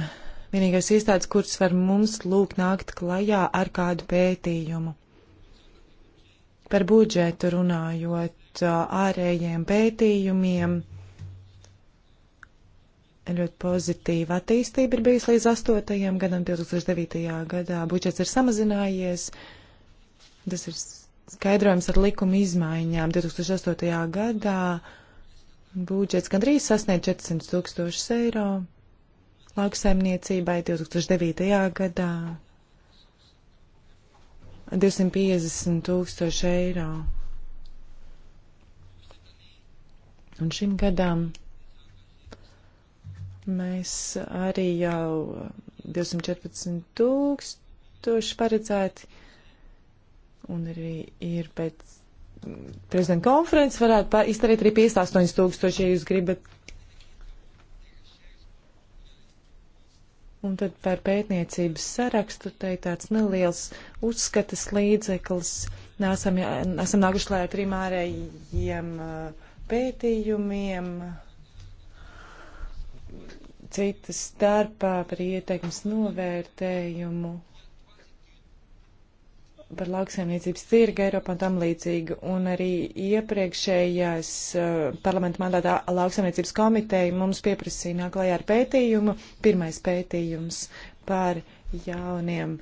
vienīgais iestādes, kuras var mums lūgt nākt klajā ar kādu pētījumu. Par budžetu runājot, ārējiem pētījumiem ļoti pozitīva attīstība ir bijusi līdz 8. gadam, 2009. gadā. Budžets ir samazinājies, tas ir skaidrojums ar likuma izmaiņām. 2008. gadā budžets gandrīz sasniedz 400 tūkstošus eiro, lauksaimniecībai 2009. gadā 250 tūkstoši eiro. Un šim gadam mēs arī jau 214 tūkstoši paredzēti, un arī ir pēc prezidenta konferences varētu izdarīt arī 58 tūkstoši, ja jūs gribat Un tad par pētniecības sarakstu te ir tāds neliels uzskatas līdzeklis. Nāsam, esam nākuši klāt ar trim ārējiem uh, pētījumiem, citas starpā par ietekmes novērtējumu par lauksaimniecības tirgu Eiropā un tam līdzīgi. Un arī iepriekšējās uh, parlamenta mandātā lauksaimniecības komiteja mums pieprasīja nāklājā ar pētījumu, pirmais pētījums par jauniem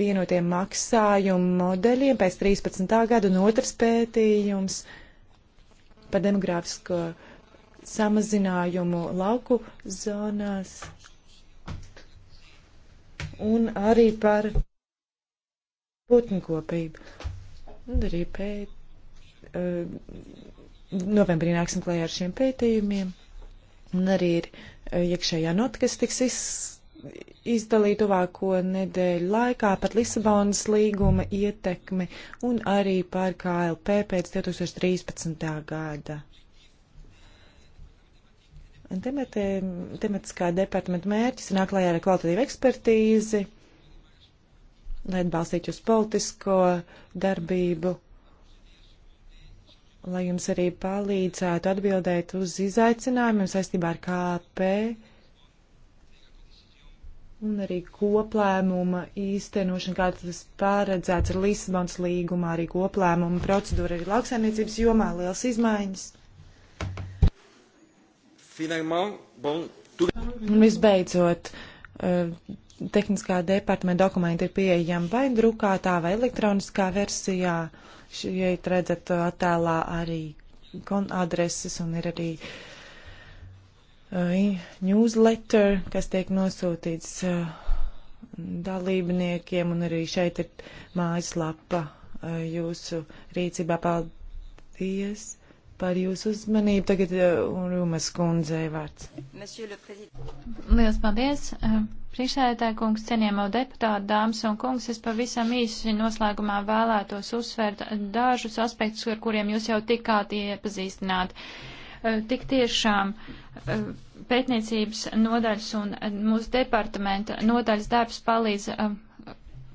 vienotiem maksājumu modeļiem pēc 13. gada un otrs pētījums par demogrāfisko samazinājumu lauku zonās un arī par putnkopība. Un arī pēt, uh, novembrī nāksim klajā ar šiem pētījumiem. Un arī ir eh, iekšējā nota, kas tiks iz, izdalīta tuvāko nedēļu laikā par Lisabonas līguma ietekmi un arī par KLP pēc 2013. gada. Tematē, tematiskā departamenta mērķis ir nāklājā ar kvalitatīvu ekspertīzi lai atbalstītu jūs politisko darbību, lai jums arī palīdzētu atbildēt uz izaicinājumiem saistībā ar KP un arī koplēmuma īstenošana, kā tas paredzēts ar Lisabonas līgumā, arī koplēmuma procedūra arī lauksaimniecības jomā, liels izmaiņas. Finalement, bon, tu... Un visbeidzot, uh, tehniskā departamenta dokumenti ir pieejami vai drukātā vai elektroniskā versijā. Šeit redzat attēlā arī adreses un ir arī uh, newsletter, kas tiek nosūtīts uh, dalībniekiem, un arī šeit ir mājaslapa uh, jūsu rīcībā. Paldies! par jūsu uzmanību. Tagad uh, Rūmas kundzei vārds. Lielas paldies. Uh, priekšsēdētāji kungs, cienījamo deputātu, dāmas un kungs, es pavisam īsi noslēgumā vēlētos uzsvērt dažus aspektus, ar kuriem jūs jau tikāt iepazīstināt. Uh, tik tiešām pētniecības nodaļas un mūsu departamenta nodaļas darbs palīdz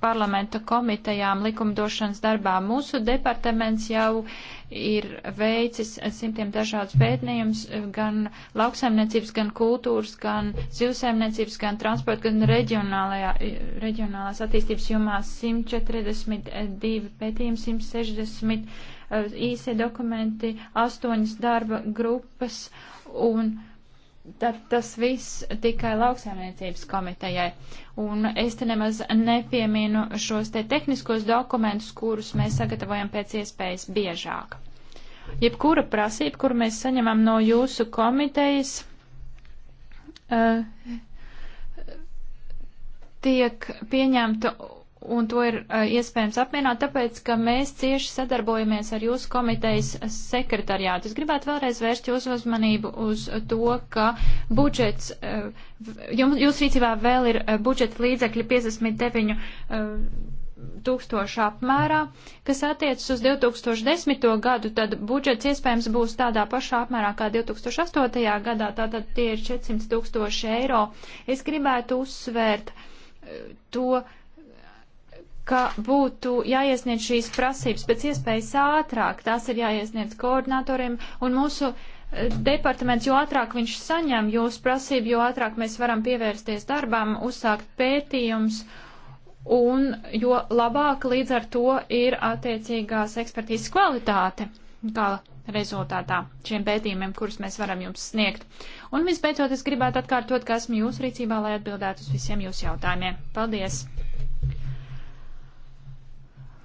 parlamenta komitejām likumdošanas darbā. Mūsu departaments jau ir veicis simtiem dažādus pētījumus gan lauksaimniecības, gan kultūras, gan zivsaimniecības, gan transporta, gan reģionālās attīstības jomā 142 pētījumi, 160 eh, īsie dokumenti, 8 darba grupas un tad tas viss tikai lauksaimniecības komitejai. Un es te nemaz nepieminu šos te tehniskos dokumentus, kurus mēs sagatavojam pēc iespējas biežāk. Jebkura prasība, kuru mēs saņemam no jūsu komitejas, uh, tiek pieņemta un to ir uh, iespējams apmienāt, tāpēc, ka mēs cieši sadarbojamies ar jūsu komitejas sekretariātu. Es gribētu vēlreiz vērst jūsu uzmanību uz to, ka budžets, uh, jums, jūs rīcībā vēl ir eh, budžeta līdzekļi 59 uh, tūkstošu apmērā, kas attiecas uz 2010. gadu, tad budžets iespējams būs tādā pašā apmērā kā 2008. gadā, tātad tie ir 400 tūkstoši eiro. Es gribētu uzsvērt to, uh, ka būtu jāiesniedz šīs prasības pēc iespējas ātrāk. Tās ir jāiesniedz koordinatoriem un mūsu eh, departaments, jo ātrāk viņš saņem jūsu prasību, jo ātrāk mēs varam pievērsties darbām, uzsākt pētījums un jo labāk līdz ar to ir attiecīgās ekspertīzes kvalitāte gala rezultātā šiem pētījumiem, kurus mēs varam jums sniegt. Un visbeidzot, es gribētu atkārtot, ka esmu jūsu rīcībā, lai atbildētu uz visiem jūsu jautājumiem. Paldies!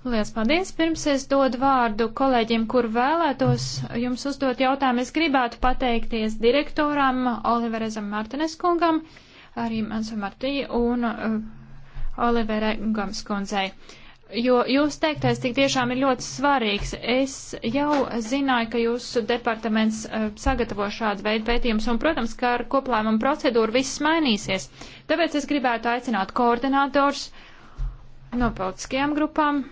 Lielas paldies! Pirms es dodu vārdu kolēģiem, kur vēlētos jums uzdot jautājumu, es gribētu pateikties direktoram Oliverezam Martineskungam, arī Mansam Martī un uh, Olivera Gamskundzei. Jo jūs teiktais tik tiešām ir ļoti svarīgs. Es jau zināju, ka jūsu departaments uh, sagatavo šādu veidu pētījumus, un, protams, ka ar koplēmumu procedūru viss mainīsies. Tāpēc es gribētu aicināt koordinātors no politiskajām grupām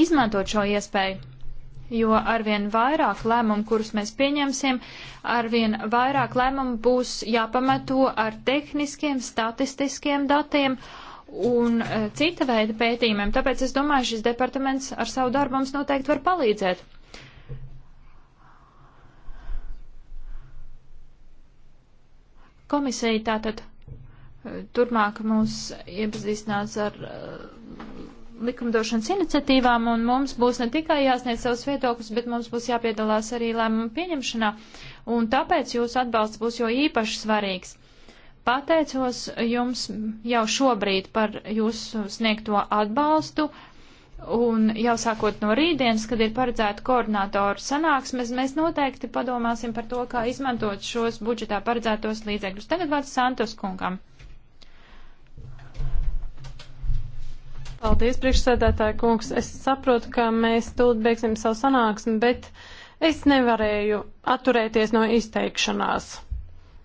izmantot šo iespēju, jo arvien vairāk lēmumu, kurus mēs pieņemsim, arvien vairāk lēmumu būs jāpamato ar tehniskiem, statistiskiem datiem un e, cita veida pētījumiem. Tāpēc es domāju, šis departaments ar savu darbu mums noteikti var palīdzēt. Komisija tātad e, turpmāk mūs iepazīstinās ar e, likumdošanas iniciatīvām, un mums būs ne tikai jāsniedz savus viedokļus, bet mums būs jāpiedalās arī lēmumu pieņemšanā, un tāpēc jūsu atbalsts būs jo īpaši svarīgs. Pateicos jums jau šobrīd par jūsu sniegto atbalstu, un jau sākot no rītdienas, kad ir paredzēta koordinātoru sanāksmes, mēs noteikti padomāsim par to, kā izmantot šos budžetā paredzētos līdzekļus. Tagad vārds Santos kungam. Paldies, priekšsēdētāja kungs. Es saprotu, ka mēs tūlīt beigsim savu sanāksmi, bet es nevarēju atturēties no izteikšanās.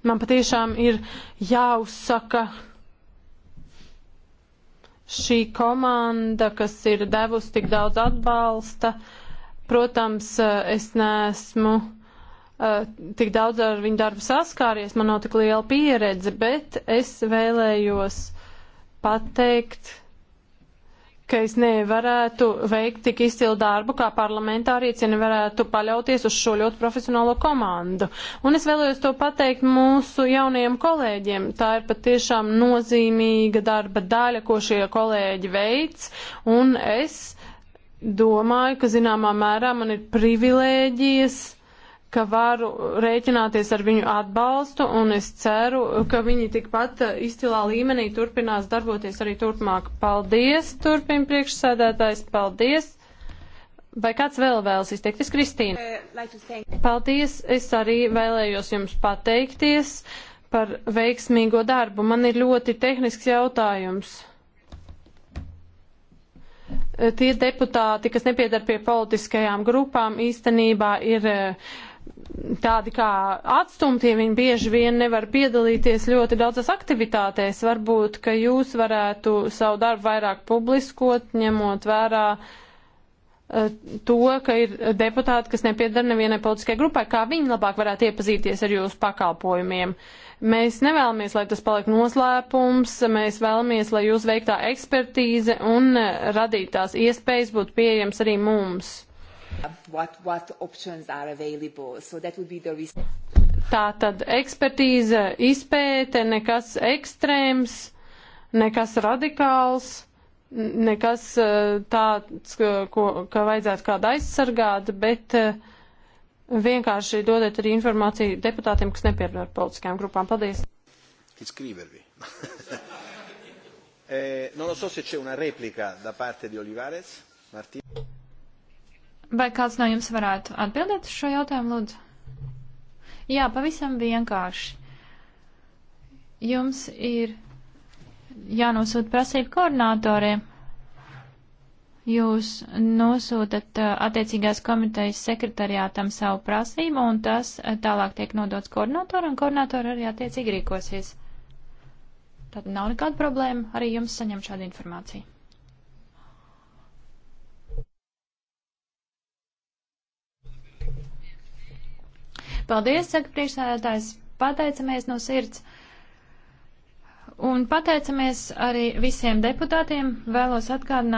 Man patiešām ir jāuzsaka šī komanda, kas ir devusi tik daudz atbalsta. Protams, es neesmu uh, tik daudz ar viņu darbu saskāries, man nav tik liela pieredze, bet es vēlējos pateikt, ka es nevarētu veikt tik izcilu darbu kā parlamentārietis, ja nevarētu paļauties uz šo ļoti profesionālo komandu. Un es vēlējos to pateikt mūsu jaunajiem kolēģiem. Tā ir patiešām nozīmīga darba daļa, ko šie kolēģi veids, un es domāju, ka zināmā mērā man ir privilēģijas ka varu rēķināties ar viņu atbalstu, un es ceru, ka viņi tikpat izcilā līmenī turpinās darboties arī turpmāk. Paldies, turpina priekšsēdētājs, paldies! Vai kāds vēl vēlas izteikties, Kristīna? Uh, paldies, es arī vēlējos jums pateikties par veiksmīgo darbu. Man ir ļoti tehnisks jautājums tie deputāti, kas nepiedar pie politiskajām grupām, īstenībā ir uh, tādi kā atstumtie, viņi bieži vien nevar piedalīties ļoti daudzas aktivitātēs. Varbūt, ka jūs varētu savu darbu vairāk publiskot, ņemot vērā eh, to, ka ir deputāti, kas nepiedara nevienai politiskai grupai, kā viņi labāk varētu iepazīties ar jūsu pakalpojumiem. Mēs nevēlamies, lai tas paliek noslēpums, mēs vēlamies, lai jūs veiktā ekspertīze un eh, radītās iespējas būtu pieejams arī mums what, what options are available. So that would be the risk. Tā tad ekspertīze, izpēte, nekas ekstrēms, nekas radikāls, nekas eh, tāds, ko, ka vajadzētu kādu aizsargāt, bet eh, vienkārši dodēt arī informāciju deputātiem, kas nepiedara politiskajām grupām. Paldies! Iscrivervi. eh, non lo so se c'è una replica da parte di Olivares. Martino. Vai kāds no jums varētu atbildēt uz šo jautājumu, lūdzu? Jā, pavisam vienkārši. Jums ir jānosūta prasība koordinātoriem. Jūs nosūtat uh, attiecīgās komitejas sekretariātam savu prasību, un tas uh, tālāk tiek nodots koordinātoram, un koordinātori arī attiecīgi rīkosies. Tad nav nekāda problēma arī jums saņemt šādu informāciju. Paldies, saka priekšsēdētājs, pateicamies no sirds. Un pateicamies arī visiem deputātiem, vēlos atgādināt.